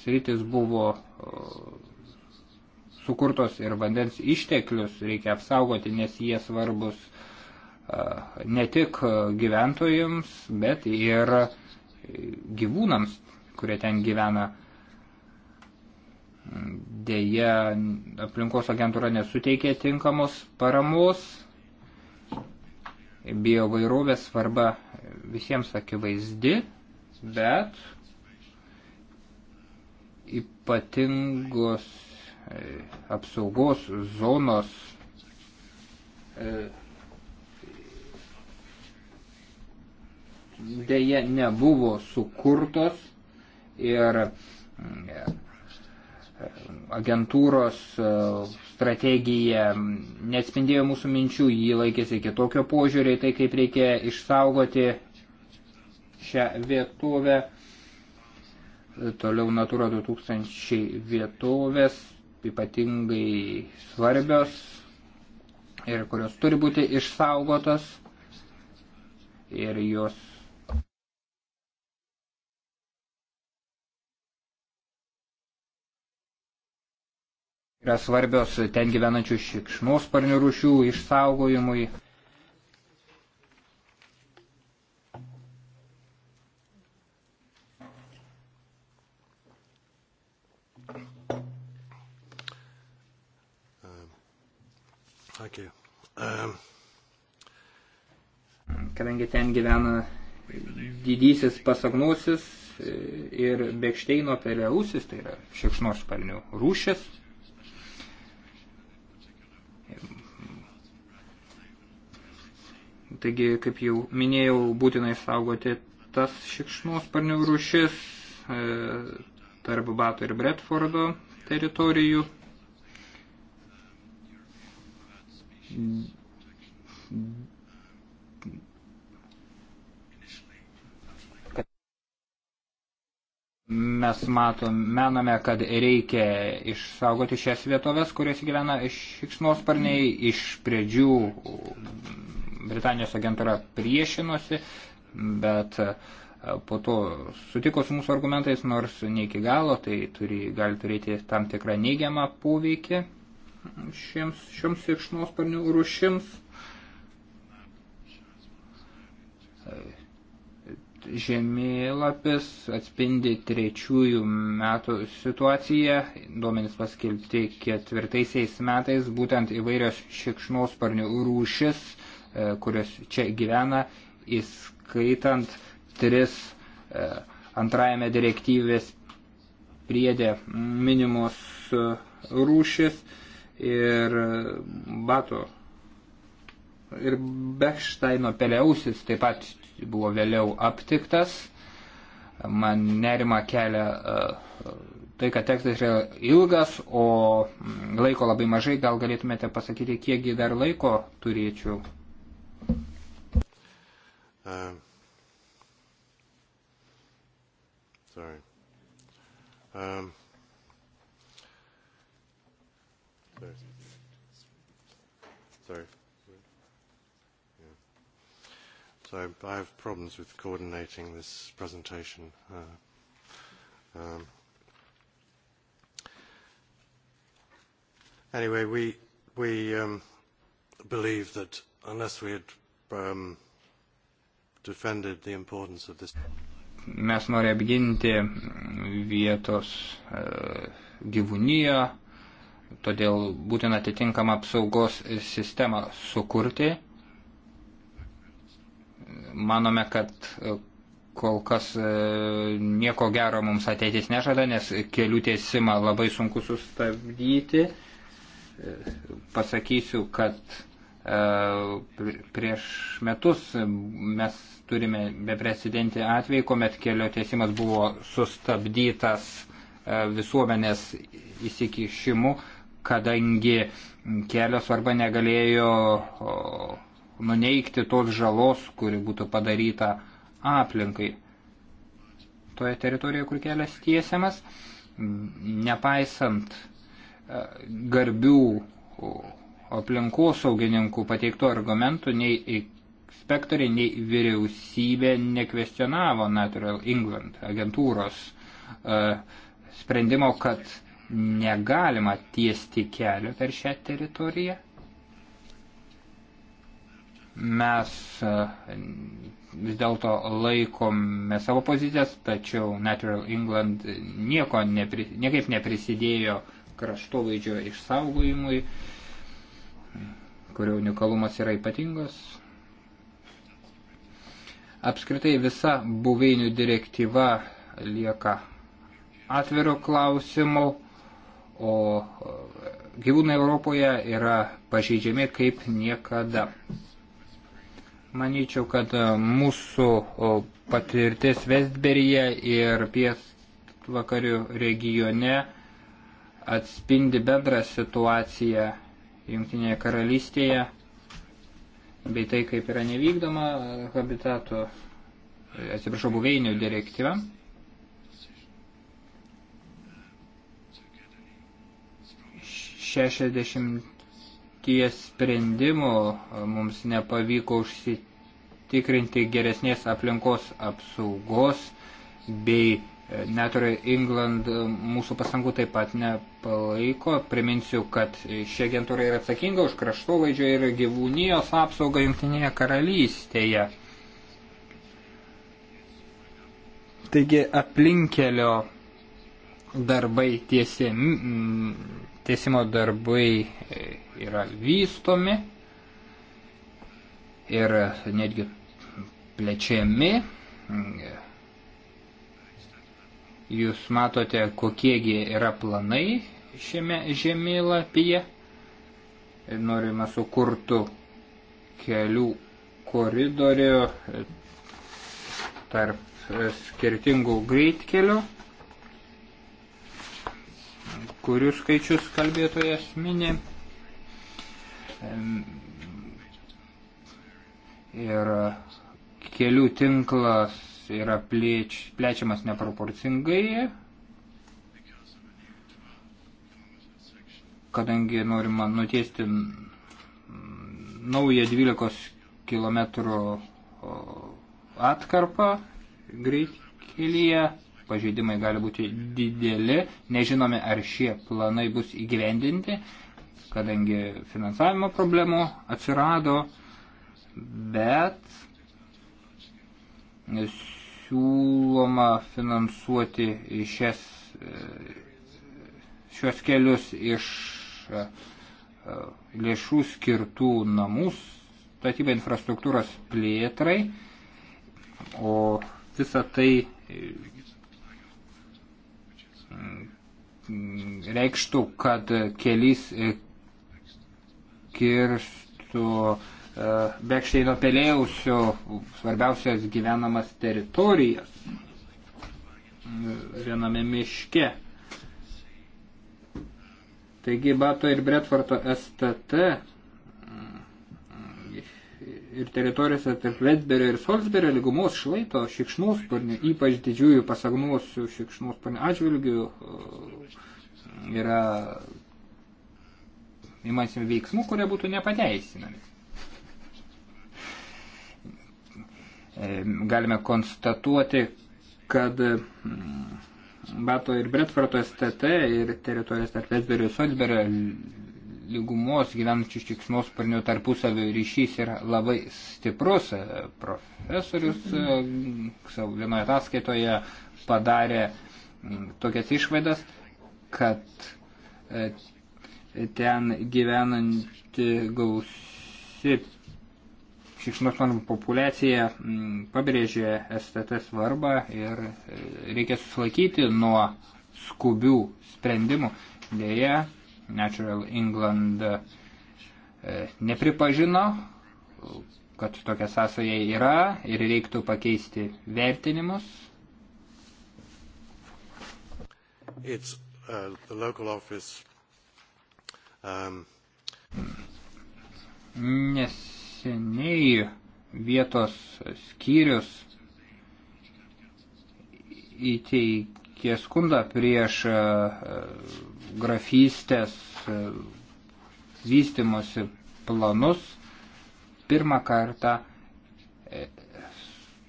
sritis buvo sukurtos ir vandens išteklius reikia apsaugoti, nes jie svarbus e, ne tik gyventojams, bet ir gyvūnams, kurie ten gyvena. Deja, aplinkos agentūra nesuteikė tinkamos paramos, biovairovės svarba visiems akivaizdi, bet ypatingos E, apsaugos zonos dėje nebuvo sukurtos ir e, agentūros e, strategija neatspindėjo mūsų minčių, jį laikėsi kitokio požiūrį, tai kaip reikia išsaugoti šią vietovę, toliau Natura 2000 vietovės ypatingai svarbios ir kurios turi būti išsaugotos ir jos yra svarbios ten gyvenančių šikšnosparnių rūšių išsaugojimui. Thank you. Um... Kadangi ten gyvena didysis pasagnusis e, ir Bekšteino peleusis, tai yra šikšnosparnių rūšis. Taigi, kaip jau minėjau, būtinai saugoti tas šikšnosparnių rūšis e, tarp Bato ir Bretfordo teritorijų. Mes matom, mename, kad reikia išsaugoti šias vietovės, kuriuose gyvena šiksnosparniai. Iš pradžių Britanijos agentūra priešinosi, bet e, po to sutiko su mūsų argumentais, nors ne iki galo, tai turi, gali turėti tam tikrą neigiamą poveikį šiems, šioms iešnosparnių rušims. Žemėlapis atspindi trečiųjų metų situaciją, duomenys paskelbti ketvirtaisiais metais, būtent įvairios šikšnosparnių rūšis, e, kurios čia gyvena, įskaitant tris e, antrajame direktyvės priedė minimos e, rūšis. E, ir Bato ir Bechsteino peliausis taip pat buvo vėliau aptiktas. Man nerima kelia e, tai, kad tekstas yra ilgas, o mm, laiko labai mažai. Gal galėtumėte pasakyti, kiekgi dar laiko turėčiau? Uh, sorry. Um. So I have problems with coordinating this presentation. Uh, um, anyway, we, we um, believe that unless we had um, defended the importance of this mes nori apginti vietos e, gyvūniją, todėl būtina atitinkamą apsaugos sistemą sukurti manome, kad e, kol kas e, nieko gero mums ateitis nežada, nes kelių tiesimą labai sunku sustabdyti. E, pasakysiu, kad prieš metus mes turime beprecedentį atvejį, kuomet kelio tiesimas buvo sustabdytas visuomenės įsikišimu, kadangi kelio svarba negalėjo nuneikti tos žalos, kuri būtų padaryta aplinkai toje teritorijoje, kur kelias tiesiamas, nepaisant e, garbių aplinkosaugininkų pateiktų argumentų, nei inspektoriai, nei vyriausybė nekvestionavo Natural England agentūros uh, sprendimo, kad negalima tiesti kelio per šią teritoriją. Mes e, vis dėlto laikome savo pozicijas, tačiau Natural England nieko nepri, niekaip neprisidėjo kraštovaizdžio išsaugojimui, kurio unikalumas yra ypatingas. Apskritai visa buveinių direktyva lieka atviro klausimu, o gyvūnai Europoje yra pažeidžiami kaip niekada. Manyčiau, kad e, mūsų patirtis Vestberyje ir pietvakarių regione atspindi bendrą situaciją Junktinėje karalystėje bei tai, kaip yra nevykdoma habitatų, atsiprašau, buveinių direktyva. Šešiasdešimt ties sprendimu mums nepavyko užsitikrinti geresnės aplinkos apsaugos bei e, Natural England mūsų pasangų taip pat nepalaiko. Priminsiu, kad ši agentūra yra atsakinga už kraštovaizdžio ir gyvūnijos apsaugą Junktinėje karalystėje. Taigi aplinkelio darbai tiesi, tiesimo darbai e, yra vystomi ir netgi plečiami. Jūs matote, kokiegi yra planai šiame žemėlapyje. Norime sukurtų kelių koridorių tarp skirtingų greitkelių, kurių skaičius kalbėtojas minė ir e, kelių tinklas yra plėč, plečiamas neproporcingai, kadangi norima nutiesti naują 12 km atkarpą greitkelyje, pažeidimai gali būti dideli, nežinome ar šie planai bus įgyvendinti, kadangi finansavimo problemų atsirado, bet siūloma finansuoti šias, šios kelius iš e, lėšų skirtų namus, statybą infrastruktūros plėtrai, o visa tai e, reikštų, kad kelis kirstų e, Bekšteino pelėjausio svarbiausias gyvenamas teritorijas e, viename miške. Taigi Bato ir Bretforto STT mm, ir teritorijose tarp Redberio ir Solsberio lygumos šlaito šikšnusparnių, ypač didžiųjų pasagnuosių šikšnusparnių atžvilgių, e, yra imansime veiksmų, kurie būtų nepateisinami. E, galime konstatuoti, kad mm, Bato ir Bretforto STT ir teritorijos tarp Esberio ir Solsberio lygumos gyvenančių šikšnosparnių tarpusavio ryšys yra labai stiprus. E, profesorius e, savo vienoje ataskaitoje padarė mm, tokias išvaidas, kad ten gyvenanti gausi šikšnosparnų populiacija mm, pabrėžė STT svarbą ir e, reikia susilaikyti nuo skubių sprendimų. Deja, Natural England e, nepripažino, kad tokia sąsaja yra ir reiktų pakeisti vertinimus. It's, uh, the local office Um... Neseniai vietos skyrius įteikė skundą prieš e, grafystės e, vystimosi planus. Pirmą kartą e,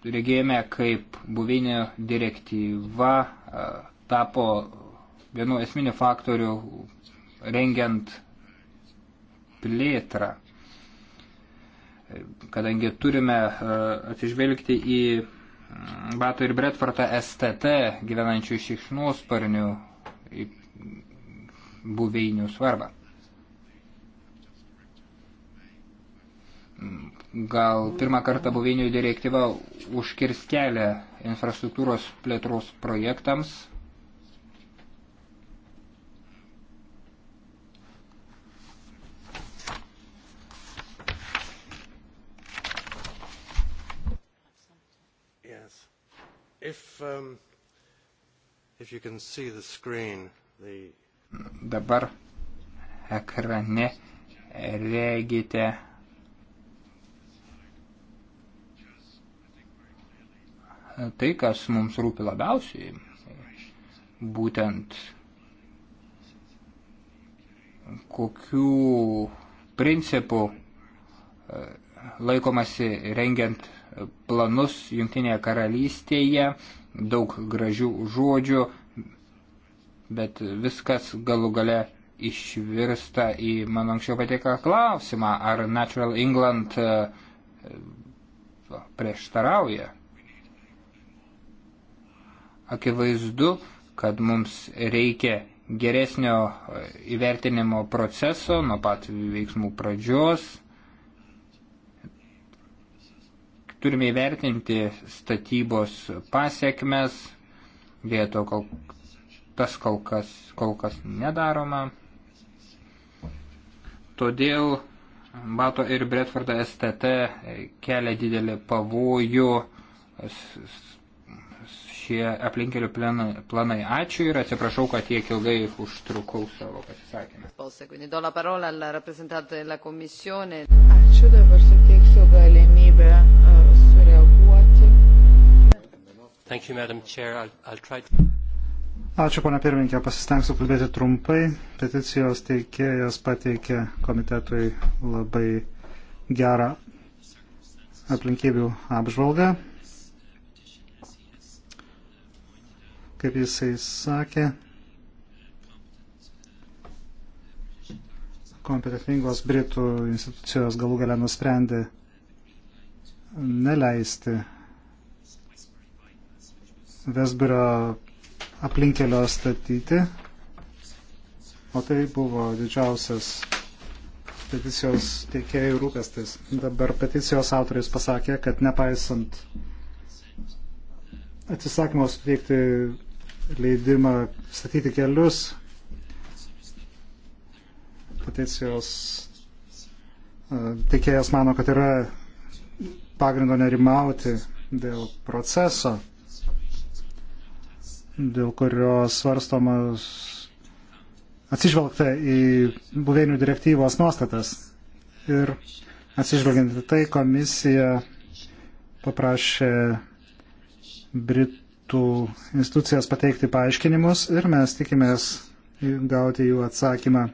regėjome, kaip buveinių direktyva tapo vienu esminiu faktoriu rengiant plėtrą, kadangi turime e, atsižvelgti į mm, Bato ir Bretfortą STT gyvenančių iš išnuosparnių buveinių svarbą. Gal pirmą kartą buveinių direktyva užkirs kelią infrastruktūros plėtros projektams – um, if you can see the screen, the... Dabar ekrane regite tai, kas mums rūpi labiausiai, būtent kokių principų e, laikomasi rengiant planus Junktinėje karalystėje, daug gražių žodžių, bet viskas galų gale išvirsta į man anksčiau pateiką klausimą, ar Natural England e, prieštarauja. Akivaizdu, kad mums reikia geresnio e, įvertinimo proceso nuo pat veiksmų pradžios, Turime įvertinti statybos pasiekmes, vieto kol, tas kol kas, kol kas nedaroma. Todėl Bato ir Bretfordo STT kelia didelį pavojų šie aplinkelių planai. Ačiū ir atsiprašau, kad tiek ilgai užtrukau savo pasisakymą. Ačiū, dabar suteiksiu galimybę Thank you, Madam Chair. I'll, I'll try to... Ačiū, ponia pirmininkė, pasistengsiu kalbėti trumpai. Peticijos teikėjas pateikė komitetui labai gerą aplinkybių apžvalgą. Kaip jisai sakė, kompetentingos Britų institucijos galų galę nusprendė neleisti Vesbirio aplinkelio statyti. O tai buvo didžiausias peticijos teikėjų rūpestis. Dabar peticijos autorius pasakė, kad nepaisant atsisakymo suteikti leidimą statyti kelius, peticijos e, teikėjas mano, kad yra pagrindo nerimauti dėl proceso dėl kurios svarstomas atsižvelgta į buveinių direktyvos nuostatas. Ir atsižvelgiant į tai, komisija paprašė Britų institucijas pateikti paaiškinimus ir mes tikimės gauti jų atsakymą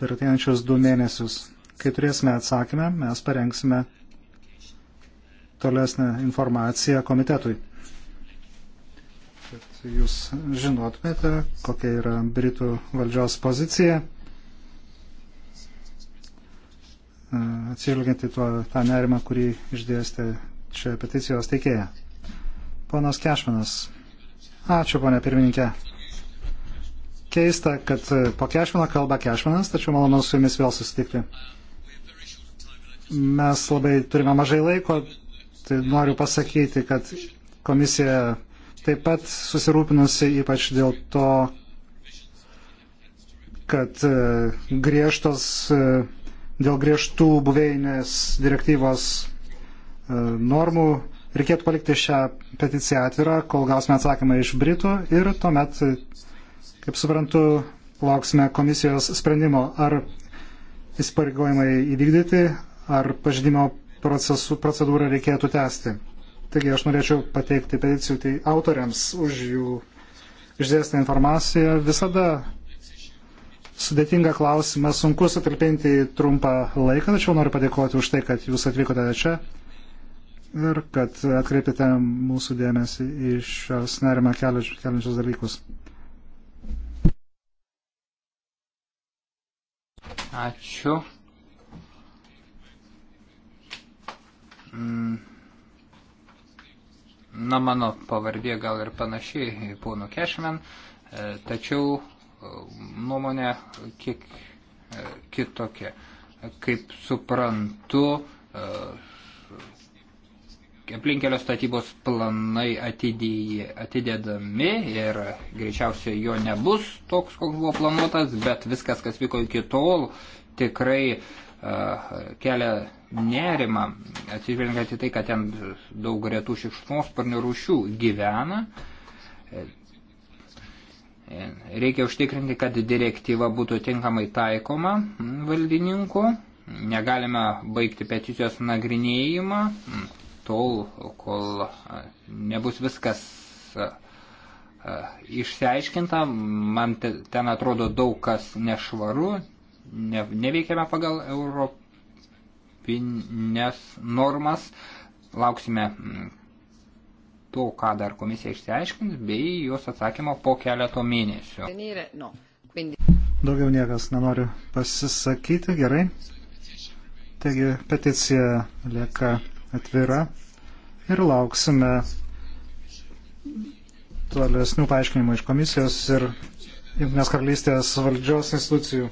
per ateinančius du mėnesius. Kai turėsime atsakymą, mes parengsime tolesnę informaciją komitetui. Tai jūs žinotumėte, kokia yra Britų valdžios pozicija. E, atsižvelgiant į tą nerimą, kurį išdėstė šioje peticijos teikėja. Ponas Kešmanas. Ačiū, ponė pirmininkė. Keista, kad po Kešmano kalba Kešmanas, tačiau malonu su jumis vėl susitikti. Mes labai turime mažai laiko, tai noriu pasakyti, kad komisija taip pat susirūpinusi ypač dėl to, kad e, griežtos, e, dėl griežtų buveinės direktyvos e, normų reikėtų palikti šią peticiją atvirą, kol gausime atsakymą iš Britų ir tuomet, kaip suprantu, lauksime komisijos sprendimo, ar įsipareigojimai įvykdyti, ar pažydimo procedūrą reikėtų tęsti. Taigi aš norėčiau pateikti peticijų tai autoriams už jų išdėstą informaciją. Visada sudėtingą klausimą, sunku sutalpinti į trumpą laiką, tačiau noriu padėkoti už tai, kad jūs atvykote čia ir kad atkreipėte mūsų dėmesį į šios nerimą keliančius dalykus. Ačiū. Mm, na mano pavardė gal ir panašiai pono Kešmen, e, tačiau e, nuomonė kiek e, kitokia. Kaip suprantu, aplinkelio statybos planai atidėj, atidėdami ir greičiausiai jo nebus toks, koks buvo planuotas, bet viskas, kas vyko iki tol, tikrai uh, kelia nerimą, atsižvelgiant į tai, kad ten daug retų šikšnosparnių rūšių gyvena. Reikia užtikrinti, kad direktyva būtų tinkamai taikoma valdininkų. Negalime baigti peticijos nagrinėjimą tol, kol nebus viskas išsiaiškinta. Man ten atrodo daug kas nešvaru. Ne, neveikiame pagal Europą europinės normas. Lauksime mm, to, ką dar komisija išsiaiškins, bei jos atsakymo po keleto mėnesių. Daugiau niekas nenori pasisakyti, gerai. Taigi peticija lieka atvira ir lauksime tolesnių paaiškinimų iš komisijos ir Junktinės karalystės valdžios institucijų.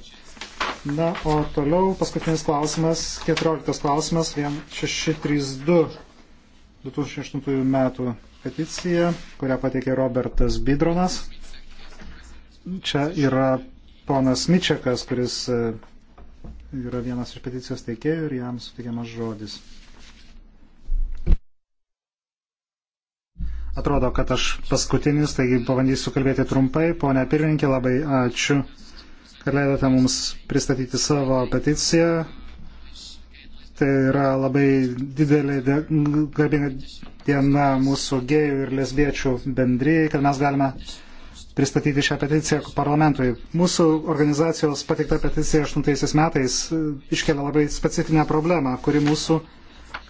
Na, o toliau paskutinis klausimas, 14 klausimas, 1632 2008 metų peticija, kurią pateikė Robertas Bidronas. Čia yra ponas Mičekas, kuris e, yra vienas iš peticijos teikėjų ir jam sutikiamas žodis. Atrodo, kad aš paskutinis, taigi pabandysiu kalbėti trumpai. Pone pirmininkė, labai ačiū kad leidote mums pristatyti savo peticiją. Tai yra labai didelė garbinga diena mūsų gėjų ir lesbiečių bendryjai, kad mes galime pristatyti šią peticiją parlamentui. Mūsų organizacijos pateikta peticija 8 metais e, iškelia labai specifinę problemą, kuri mūsų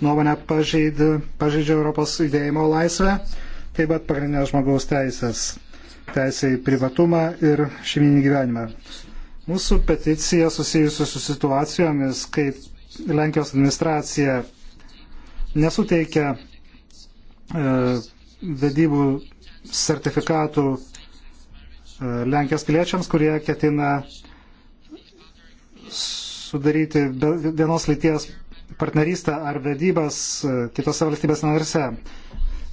nuomonę pažeidė, pažeidžia Europos judėjimo laisvę, taip pat pagrindinės žmogaus teisės, teisė į privatumą ir šeiminį gyvenimą. Mūsų peticija susijusi su situacijomis, kai Lenkijos administracija nesuteikia e, vedybų sertifikatų e, Lenkijos piliečiams, kurie ketina sudaryti vienos lyties partnerystę ar vedybas e, kitose valstybės narėse.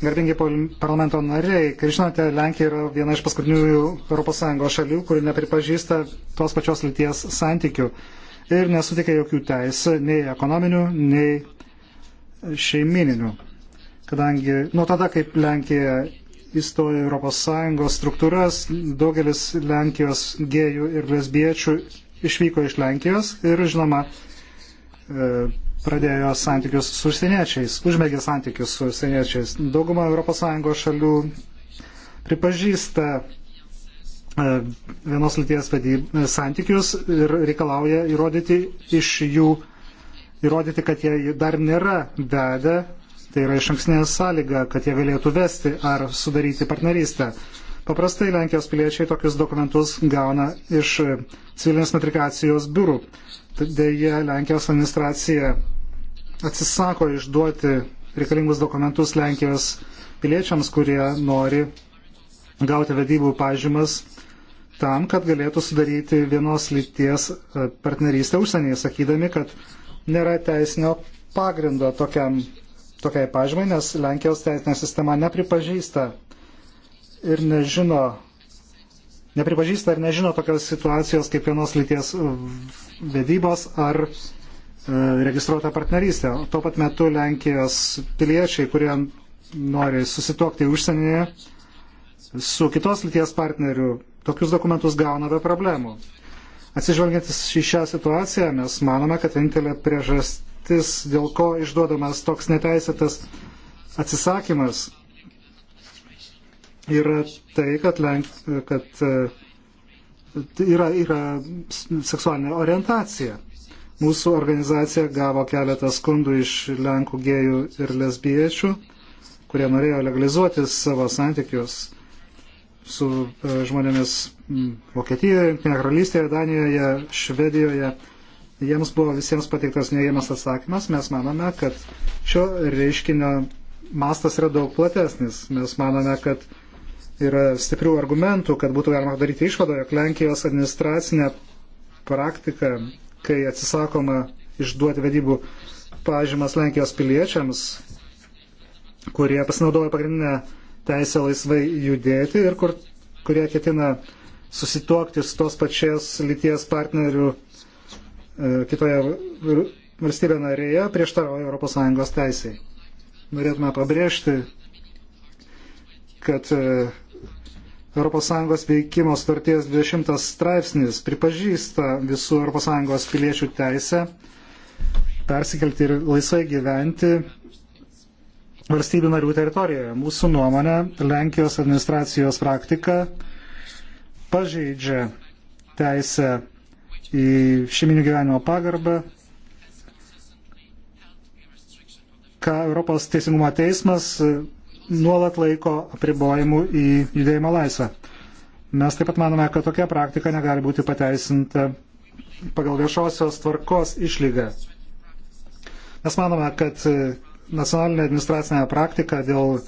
Garbingi parlamento nariai, kai žinote, Lenkija yra viena iš paskutinių ES šalių, kuri nepripažįsta tos pačios lyties santykių ir nesutikia jokių teisų, nei ekonominių, nei šeimininių. Kadangi nuo tada, kaip Lenkija įstojo ES struktūras, daugelis Lenkijos gėjų ir lesbiečių išvyko iš Lenkijos ir, žinoma, e, pradėjo santykius su užsieniečiais, užmėgė santykius su užsieniečiais. Dauguma ES šalių pripažįsta e, vienos lyties e, santykius ir reikalauja įrodyti iš jų, įrodyti, kad jie dar nėra vedę, tai yra iš anksnės sąlyga, kad jie galėtų vesti ar sudaryti partnerystę. Paprastai Lenkijos piliečiai tokius dokumentus gauna iš civilinės metrikacijos biurų dėja Lenkijos administracija atsisako išduoti reikalingus dokumentus Lenkijos piliečiams, kurie nori gauti vedybų pažymas tam, kad galėtų sudaryti vienos lyties e, partnerystę užsienyje, sakydami, kad nėra teisinio pagrindo tokiam, tokiai pažymai, nes Lenkijos teisinė sistema nepripažįsta ir nežino, nepripažįsta ir nežino tokios situacijos kaip vienos lyties vedybos ar e, registruota partnerystė. Tuo pat metu Lenkijos piliečiai, kurie nori susituokti užsienyje su kitos lyties partneriu, tokius dokumentus gauna be problemų. Atsižvelgiantis į šią situaciją, mes manome, kad vienintelė priežastis, dėl ko išduodamas toks neteisėtas atsisakymas, yra tai, kad, Lenk... kad uh, Tai yra, yra seksualinė orientacija. Mūsų organizacija gavo keletą skundų iš Lenkų gėjų ir lesbiečių, kurie norėjo legalizuoti savo santykius su e, žmonėmis Vokietijoje, Junktinėje karalystėje, Danijoje, Švedijoje. Jiems buvo visiems pateiktas neįjimas atsakymas. Mes manome, kad šio reiškinio mastas yra daug platesnis. Mes manome, kad yra stiprių argumentų, kad būtų galima daryti išvadą, jog Lenkijos administracinė praktika, kai atsisakoma išduoti vedybų pažymas Lenkijos piliečiams, kurie pasinaudoja pagrindinę teisę laisvai judėti ir kur, kurie ketina susituokti su tos pačios lyties partnerių e, kitoje valstybė narėje prieštarauja ES teisėjai. Norėtume pabrėžti, kad e, ES veikimo sutarties 20 straipsnis pripažįsta visų ES piliečių teisę persikelti ir laisvai gyventi valstybių narių teritorijoje. Mūsų nuomonė, Lenkijos administracijos praktika pažeidžia teisę į šeiminių gyvenimo pagarbą, ką Europos teisingumo teismas nuolat laiko apribojimų į judėjimo laisvę. Mes taip pat manome, kad tokia praktika negali būti pateisinta pagal viešosios tvarkos išlygą. Mes manome, kad nacionalinė administracinė praktika dėl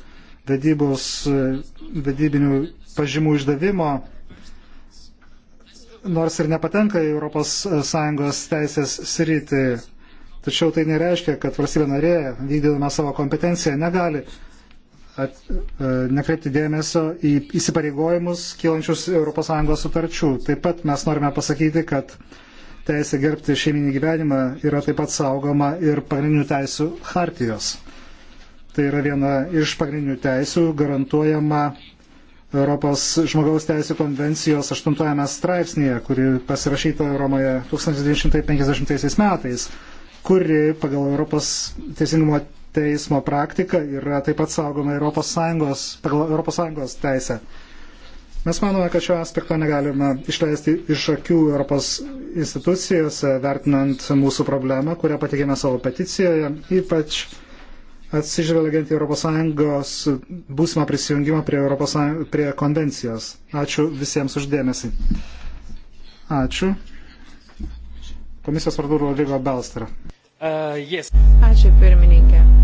vedybos, vedybinių pažymų išdavimo, nors ir nepatenka į ES teisės sritį, tačiau tai nereiškia, kad valstybė narė, vykdydama savo kompetenciją, negali at, e, nekreipti dėmesio į įsipareigojimus kylančius ES sutarčių. Taip pat mes norime pasakyti, kad teisė gerbti šeiminį gyvenimą yra taip pat saugoma ir pagrindinių teisų hartijos. Tai yra viena iš pagrindinių teisų garantuojama Europos žmogaus teisų konvencijos 8 straipsnėje, kuri pasirašyta Romoje 1950 metais, kuri pagal Europos teisingumo teismo praktika yra taip pat saugoma ES, pagal ES teisę. Mes manome, kad šio aspekto negalime išleisti iš akių Europos institucijose, vertinant mūsų problemą, kurią patikėme savo peticijoje, ypač atsižvelgiant į ES būsimą prisijungimą prie, Europos, prie konvencijos. Ačiū visiems uždėmesi. Ačiū. Komisijos vardu Rodrigo Belstra. Uh, yes. Ačiū pirmininkė.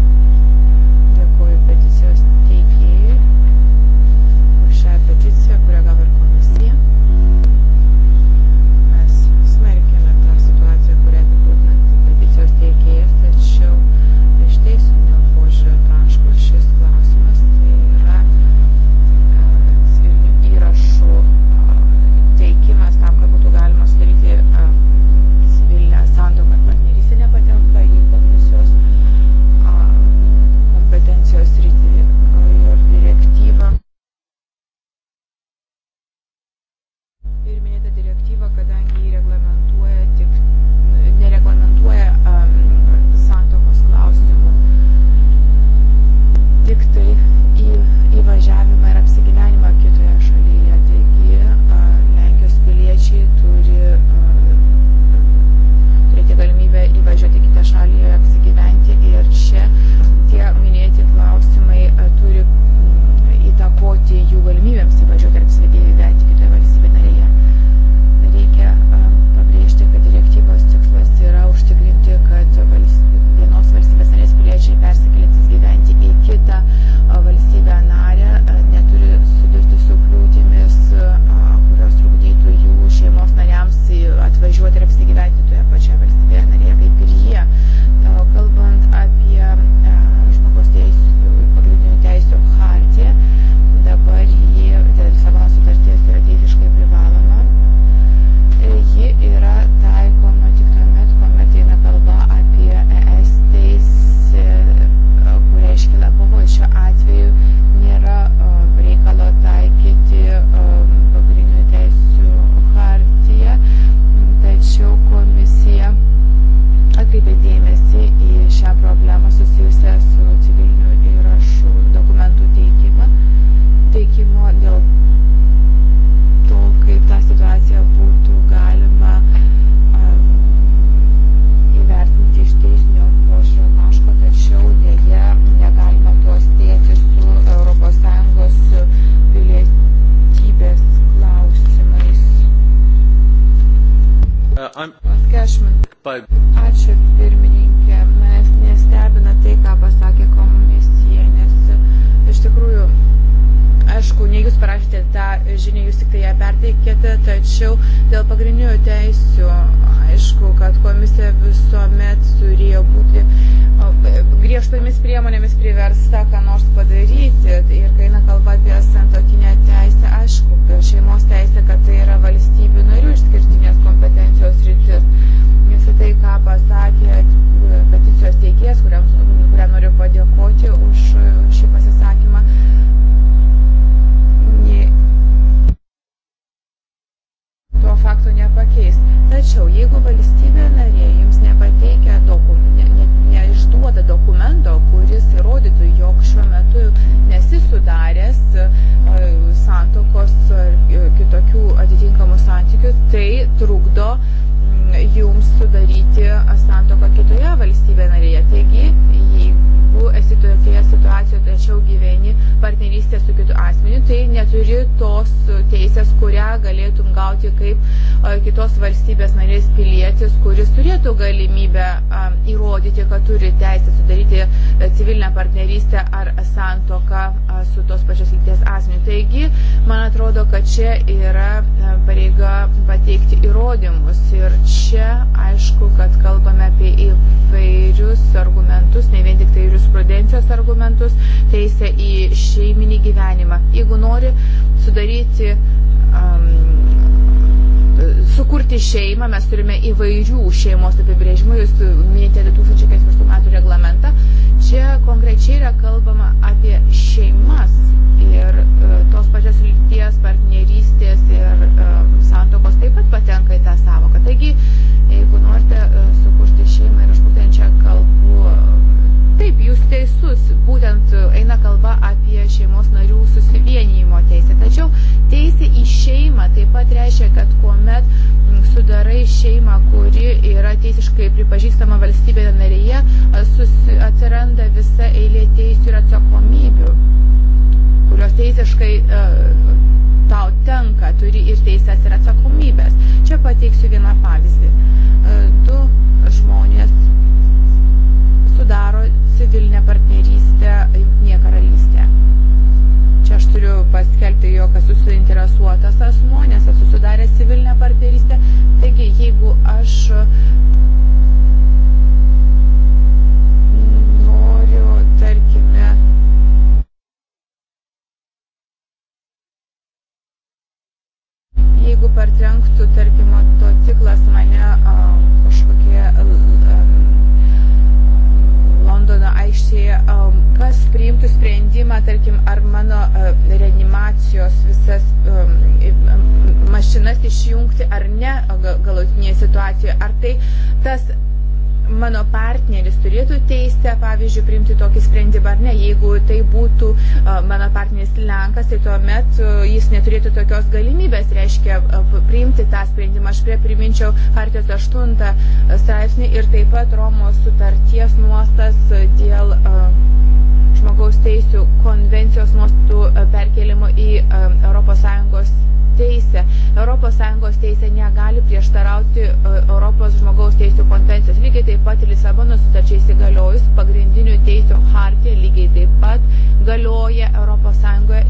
partnerystė su kitu neturi tos teisės, kurią galėtum gauti kaip kitos valstybės narės pilietis, kuris turėtų galimybę įrodyti, kad turi teisę sudaryti e, civilinę partnerystę ar santoką su tos pačios lyties asmeniu. Taigi, man atrodo, kad čia yra e, pareiga pateikti įrodymus. Ir čia aišku, kad kalbame apie įvairius argumentus, ne vien tik tai jurisprudencijos argumentus, teisę į šeiminį gyvenimą. Jeigu nori sudaryti, um, sukurti šeimą, mes turime įvairių šeimos apibrėžimų, jūs minėjote 2004 metų reglamentą, čia konkrečiai yra kalbama apie šeimas ir uh, tos pačios lyties partnerystės ir uh, e, santokos taip pat patenka į tą savoką. Taigi, jeigu norite uh, sukurti šeimą ir aš būtent čia kalbu, Taip, jūs teisus, būtent e, eina kalba apie šeimos narių susivienijimo teisę. Tačiau teisė į šeimą taip pat reiškia, kad kuomet sudarai šeimą, kuri yra teisiškai pripažįstama valstybėje narėje, e, susi, atsiranda visa eilė teisų ir atsakomybių, kurios teisiškai uh, tau tenka, turi ir teisės ir atsakomybės. Čia pateiksiu vieną pavyzdį civilinę partnerystę Junktinėje karalystėje. Čia aš turiu paskelbti, jog esu suinteresuotas asmuo, nes esu sudaręs civilinę partnerystę. Taigi, jeigu aš noriu, tarkime, jeigu partrenktų, tarkim, to tiklas mane a, kažkokie Londono aikštėje, um, kas priimtų sprendimą, tarkim, ar mano uh, reanimacijos visas um, mašinas išjungti ar ne galutinėje situacijoje, ar tai tas mano partneris turėtų teisę, pavyzdžiui, priimti tokį sprendimą ar ne. Jeigu tai būtų mano partneris Lenkas, tai tuomet jis neturėtų tokios galimybės, reiškia, priimti tą sprendimą. Aš prie priminčiau Hartijos 8 straipsnį ir taip pat Romos sutarties nuostas dėl žmogaus teisų konvencijos nuostų perkelimo į ES teisė, ES teisė negali prieštarauti e, Europos žmogaus teisų konvencijos. Lygiai taip pat Lisabono sutarčiai įsigaliojus pagrindinių teisų hartija lygiai taip pat galioja ES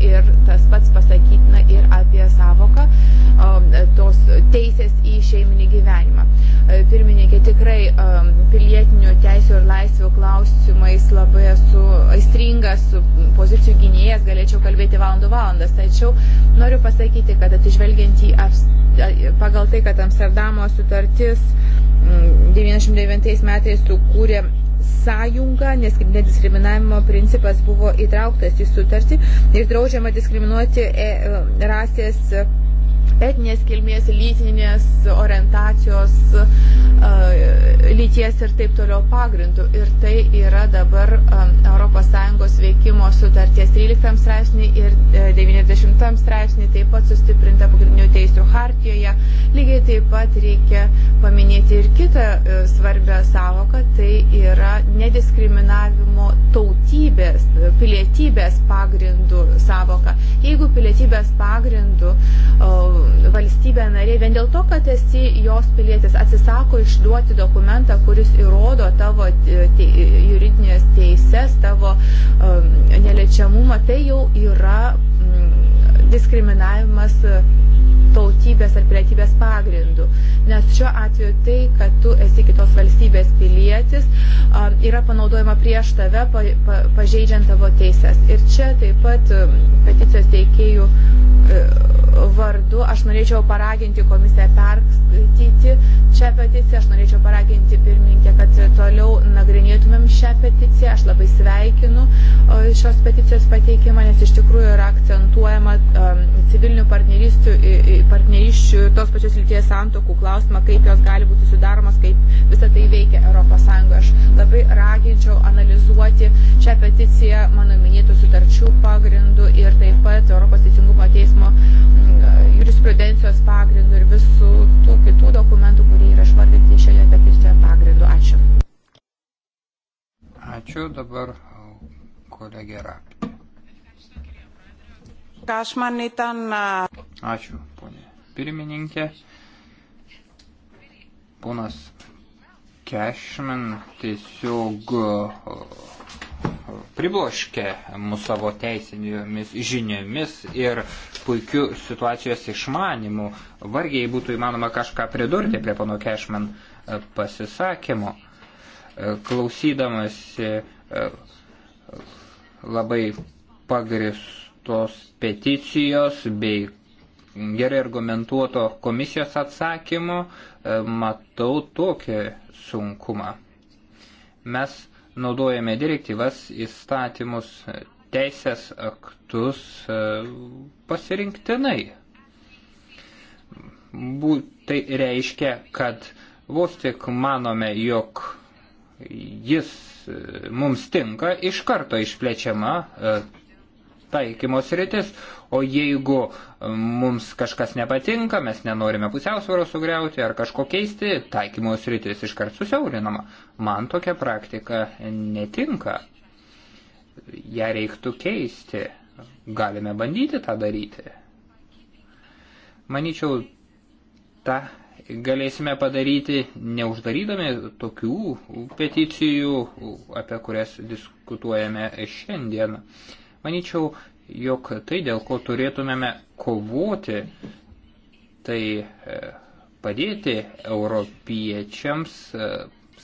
ir tas pats pasakytina ir apie savoką um, tos teisės į šeiminį gyvenimą. E, pirmininkė, tikrai um, pilietinių teisų ir laisvių klausimais labai esu aistringas, pozicijų gynėjas, galėčiau kalbėti valandų valandas, tačiau noriu pasakyti, kad atsižvelgiant į pagal tai, kad Amsterdamo sutartis 99 mm, metais sukūrė sąjunga, nes nediskriminavimo principas buvo įtrauktas į sutartį ir draudžiama diskriminuoti e, e, rasės etninės kilmės, lytinės orientacijos, e, lyties ir taip toliau pagrindų. Ir tai yra dabar ES veikimo sutarties 13 straipsnį ir 90 e, straipsnį taip pat sustiprinta pagrindinių teisų hartijoje. Lygiai taip pat reikia paminėti ir kitą e, svarbę savoką, tai yra nediskriminavimo tautybės, pilietybės pagrindų savoka. Jeigu pilietybės pagrindų o, valstybė narė vien dėl to, kad esi jos pilietis, atsisako išduoti dokumentą, kuris įrodo tavo e, te, juridinės teises, tavo um, neliečiamumą, tai jau yra um, diskriminavimas tautybės ar pilietybės pagrindų. Nes šiuo atveju tai, kad tu esi kitos valstybės pilietis, yra panaudojama prieš tave, pa, pa, pažeidžiant tavo teises. Ir čia taip pat peticijos teikėjų vardu aš norėčiau paraginti komisiją perskaityti šią peticiją, aš norėčiau paraginti pirmininkę, kad toliau nagrinėtumėm šią peticiją. Aš labai sveikinu šios peticijos pateikimą, nes iš tikrųjų yra akcentuojama civilinių partnerystų partneriščių ir tos pačios lyties santokų klausimą, kaip jos gali būti sudaromas, kaip visą tai veikia ES. Aš labai raginčiau analizuoti šią peticiją mano minėtų sutarčių pagrindų ir taip pat Europos teisingumo teismo mm, jurisprudencijos pagrindų ir visų tų kitų dokumentų, kurie yra išvardyti šioje peticijoje pagrindu. Ačiū. Ačiū dabar kolegė Rapti. Kašman ήταν... Ačiū, ponė pirmininkė. Ponas Kešman tiesiog pribloškė mūsų savo teisinėmis žiniomis ir puikiu situacijos išmanimu. Vargiai būtų įmanoma kažką pridurti prie pono Kešman pasisakymo. Klausydamas labai pagristų tos peticijos bei gerai argumentuoto komisijos atsakymo e, matau tokį sunkumą. Mes naudojame direktyvas, įstatymus, teisės aktus e, pasirinktinai. Tai reiškia, kad vos tik manome, jog jis e, mums tinka, iš karto išplečiama taikymos rytis, o jeigu e, mums kažkas nepatinka, mes nenorime pusiausvėros sugriauti ar kažko keisti, taikymos rytis iškart susiaurinama. Man tokia praktika netinka. Ja reiktų keisti. Galime bandyti tą daryti. Maničiau, tą galėsime padaryti neuždarydami tokių peticijų, apie kurias diskutuojame šiandien. Maničiau, jog tai, dėl ko turėtumėme kovoti, tai e, padėti europiečiams e,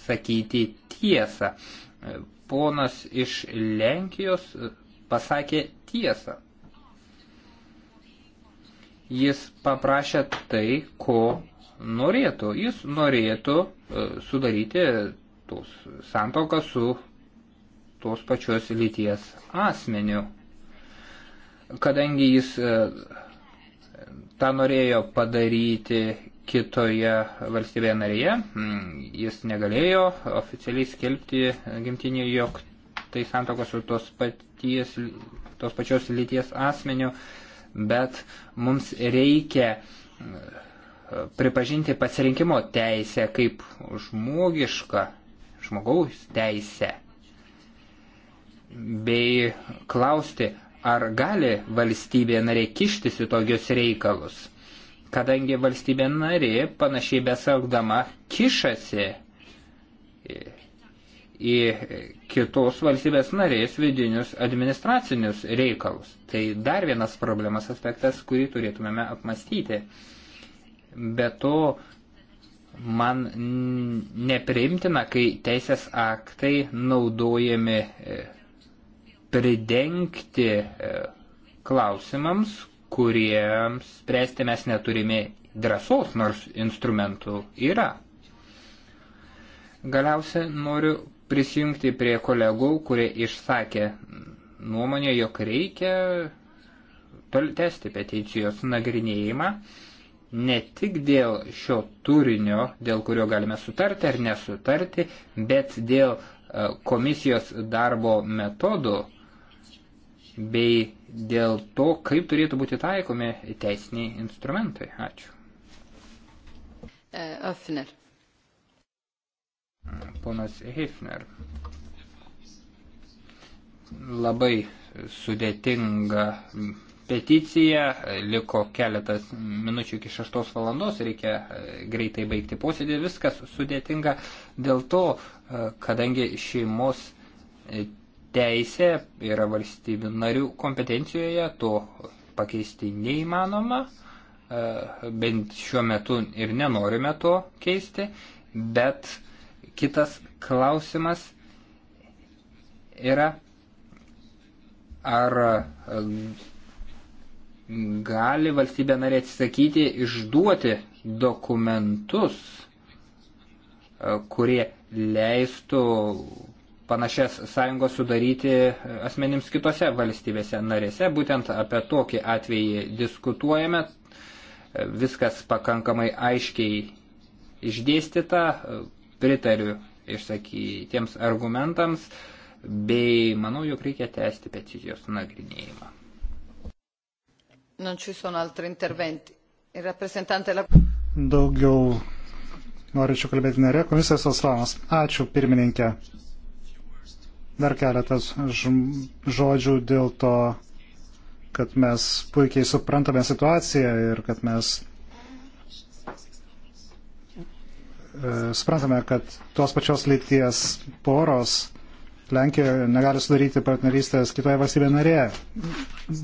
sakyti tiesą. E, ponas iš Lenkijos pasakė tiesą. Jis paprašė tai, ko norėtų. Jis norėtų sudaryti tos santoką su tos pačios lyties asmeniu, kadangi jis e, tą norėjo padaryti kitoje valstybėje narėje, jis negalėjo oficialiai skelbti gimtinį, jog tai santokos su tos, paties, tos pačios lyties asmeniu, bet mums reikia e, pripažinti pasirinkimo teisę kaip žmogišką, žmogaus teisę bei klausti, ar gali valstybė narė kištis į tokius reikalus. Kadangi valstybė narė panašiai besaugdama kišasi į kitos valstybės narės vidinius administracinius reikalus. Tai dar vienas problemas aspektas, kurį turėtumėme apmastyti. Be to, man nepriimtina, kai teisės aktai naudojami e, pridengti e, klausimams, kuriems spręsti mes neturime drąsos, nors instrumentų yra. Galiausia, noriu prisijungti prie kolegų, kurie išsakė nuomonę, jog reikia tęsti peticijos nagrinėjimą ne tik dėl šio turinio, dėl kurio galime sutarti ar nesutarti, bet dėl e, komisijos darbo metodų bei dėl to, kaip turėtų būti taikomi teisiniai instrumentai. Ačiū. E, Öfner. Ponas Hefner. Labai sudėtinga peticija, liko keletas minučių iki šeštos valandos, reikia e, greitai baigti posėdį, viskas sudėtinga dėl to, e, kadangi šeimos teisė yra valstybių narių kompetencijoje, to pakeisti neįmanoma, e, bent šiuo metu ir nenorime to keisti, bet kitas klausimas yra, ar e, gali valstybė narė atsisakyti išduoti dokumentus, e, kurie leistų panašias sąjungos sudaryti e, asmenims kitose valstybėse narėse. Būtent apie tokį atvejį diskutuojame. E, viskas pakankamai aiškiai išdėstyta. E, pritariu išsakytiems argumentams bei manau, jog reikia tęsti peticijos nagrinėjimą. Non ci sono altri interventi. Il rappresentante la... Daugiau norėčiau kalbėti nėra. Komisijos atstovas. Ačiū, pirmininkė. Dar keletas žodžių dėl to, kad mes puikiai suprantame situaciją ir kad mes e, suprantame, kad tos pačios lyties poros Lenkijoje negali sudaryti partnerystės kitoje valstybėje narėje.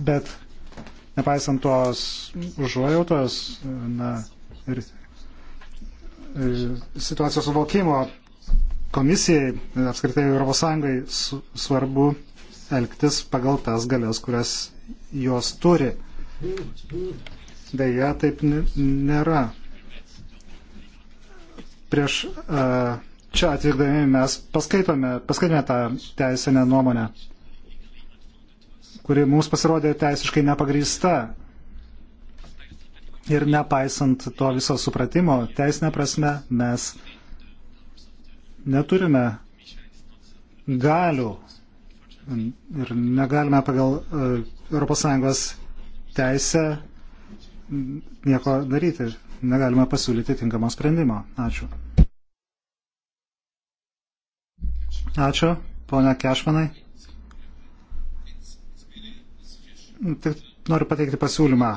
Bet nepaisant tos užuojautos na, ir, ir situacijos suvokimo, komisijai, apskritai ES svarbu elgtis pagal tas galės, kurias jos turi. Deja, taip nėra. Prieš čia atvykdami mes paskaitome, paskaitome tą teisinę nuomonę, kuri mums pasirodė teisiškai nepagrįsta. Ir nepaisant to viso supratimo, teisinė prasme mes neturime galių ir negalime pagal ES teisę nieko daryti. Negalime pasiūlyti tinkamo sprendimo. Ačiū. Ačiū, ponia Kešmanai. Tik noriu pateikti pasiūlymą.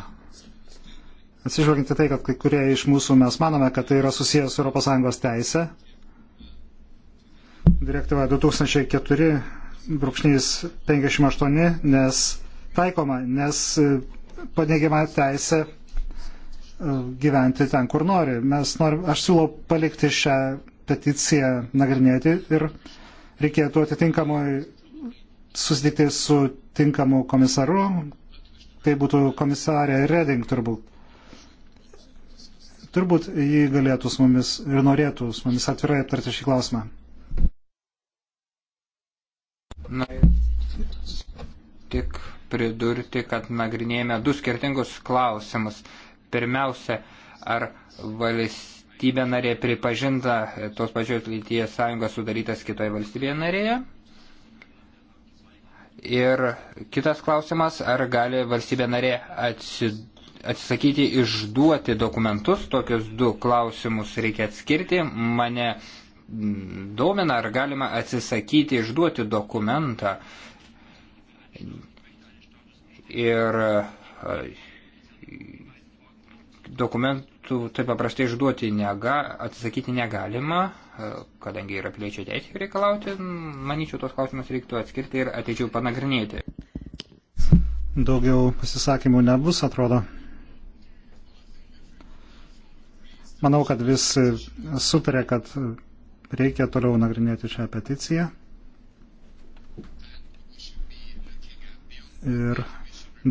Atsižvelginti tai, kad kai kurie iš mūsų mes manome, kad tai yra susijęs su ES teise, direktyva 2004-58, nes taikoma, nes e, paneigiama teisė e, gyventi ten, kur nori. Mes norim, aš siūlau palikti šią peticiją nagrinėti ir reikėtų atitinkamui susitikti su tinkamu komisaru, tai būtų komisarė Reding turbūt. Turbūt jį galėtų su mumis ir norėtų su mumis atvirai aptarti šį klausimą. Na, tik pridurti, kad nagrinėjame du skirtingus klausimus. Pirmiausia, ar valstybė narė pripažinta tos pačios lyties sąjungos sudarytas kitoje valstybėje narėje? Ir kitas klausimas, ar gali valstybė narė atsidurti atsisakyti išduoti dokumentus, tokius du klausimus reikia atskirti. Mane domina, ar galima atsisakyti išduoti dokumentą. Ir e, dokumentų taip paprastai išduoti nega, atsisakyti negalima, e, kadangi yra piliečio teisė reikalauti, manyčiau, tos klausimus reiktų atskirti ir ateičiau panagrinėti. Daugiau pasisakymų nebus, atrodo. Manau, kad visi sutarė, kad Reikia toliau nagrinėti šią peticiją. Ir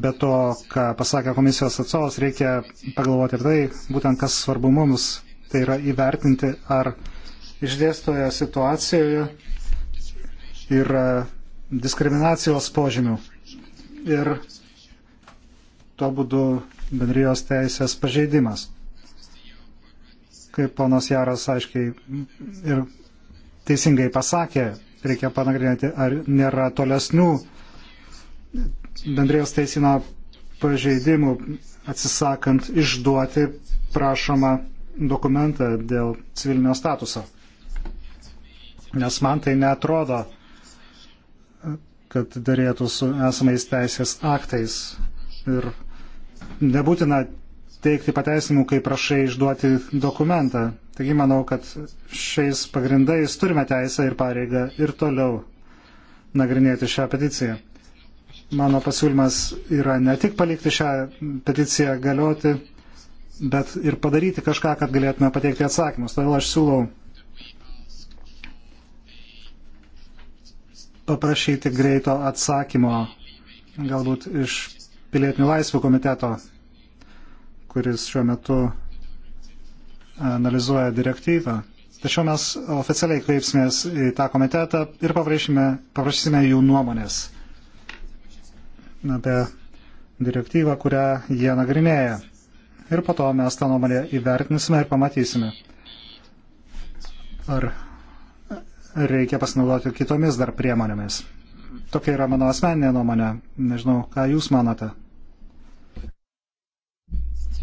be to, ką pasakė komisijos atstovas, reikia pagalvoti ir tai, būtent kas svarbu mums, tai yra įvertinti, ar išdėstoje situacijoje yra diskriminacijos požymių. Ir tuo būdu bendrijos teisės pažeidimas kaip ponas Jaras aiškiai ir teisingai pasakė, reikia panagrinėti, ar nėra tolesnių bendrijos teisino pažeidimų atsisakant išduoti prašomą dokumentą dėl civilinio statuso. Nes man tai netrodo, kad darėtų su esamais teisės aktais ir nebūtina teikti pateisinimų, kai prašai išduoti dokumentą. Taigi manau, kad šiais pagrindais turime teisę ir pareigą ir toliau nagrinėti šią peticiją. Mano pasiūlymas yra ne tik palikti šią peticiją galioti, bet ir padaryti kažką, kad galėtume pateikti atsakymus. Todėl aš siūlau paprašyti greito atsakymo, galbūt iš pilietinių laisvų komiteto kuris šiuo metu analizuoja direktyvą. Tačiau mes oficialiai kreipsimės į tą komitetą ir paprašysime jų nuomonės apie direktyvą, kurią jie nagrinėja. Ir po to mes tą nuomonę įvertinsime ir pamatysime, ar reikia pasinaudoti kitomis dar priemonėmis. Tokia yra mano asmeninė nuomonė. Nežinau, ką Jūs manote.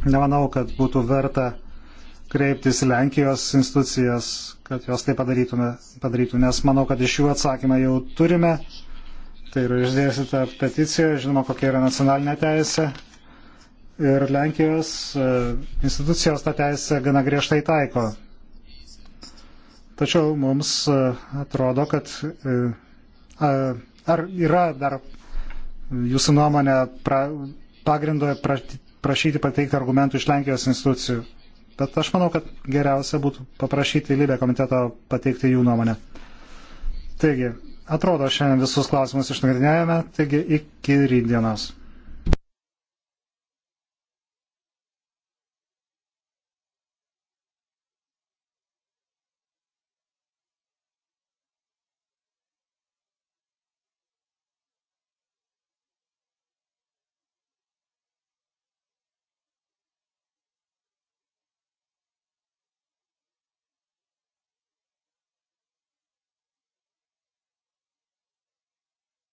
Nemanau, kad būtų verta kreiptis į Lenkijos institucijas, kad jos tai padarytų, nes manau, kad iš jų atsakymą jau turime. Tai yra išdėstyta peticija, žinoma, kokia yra nacionalinė teisė. Ir Lenkijos e, institucijos tą teisę gana griežtai taiko. Tačiau mums e, atrodo, kad e, ar yra dar jūsų nuomonė pra, pagrindo prašyti pateikti argumentų iš Lenkijos institucijų. Bet aš manau, kad geriausia būtų paprašyti Libė komiteto pateikti jų nuomonę. Taigi, atrodo, šiandien visus klausimus išnagrinėjame, taigi iki rydienos.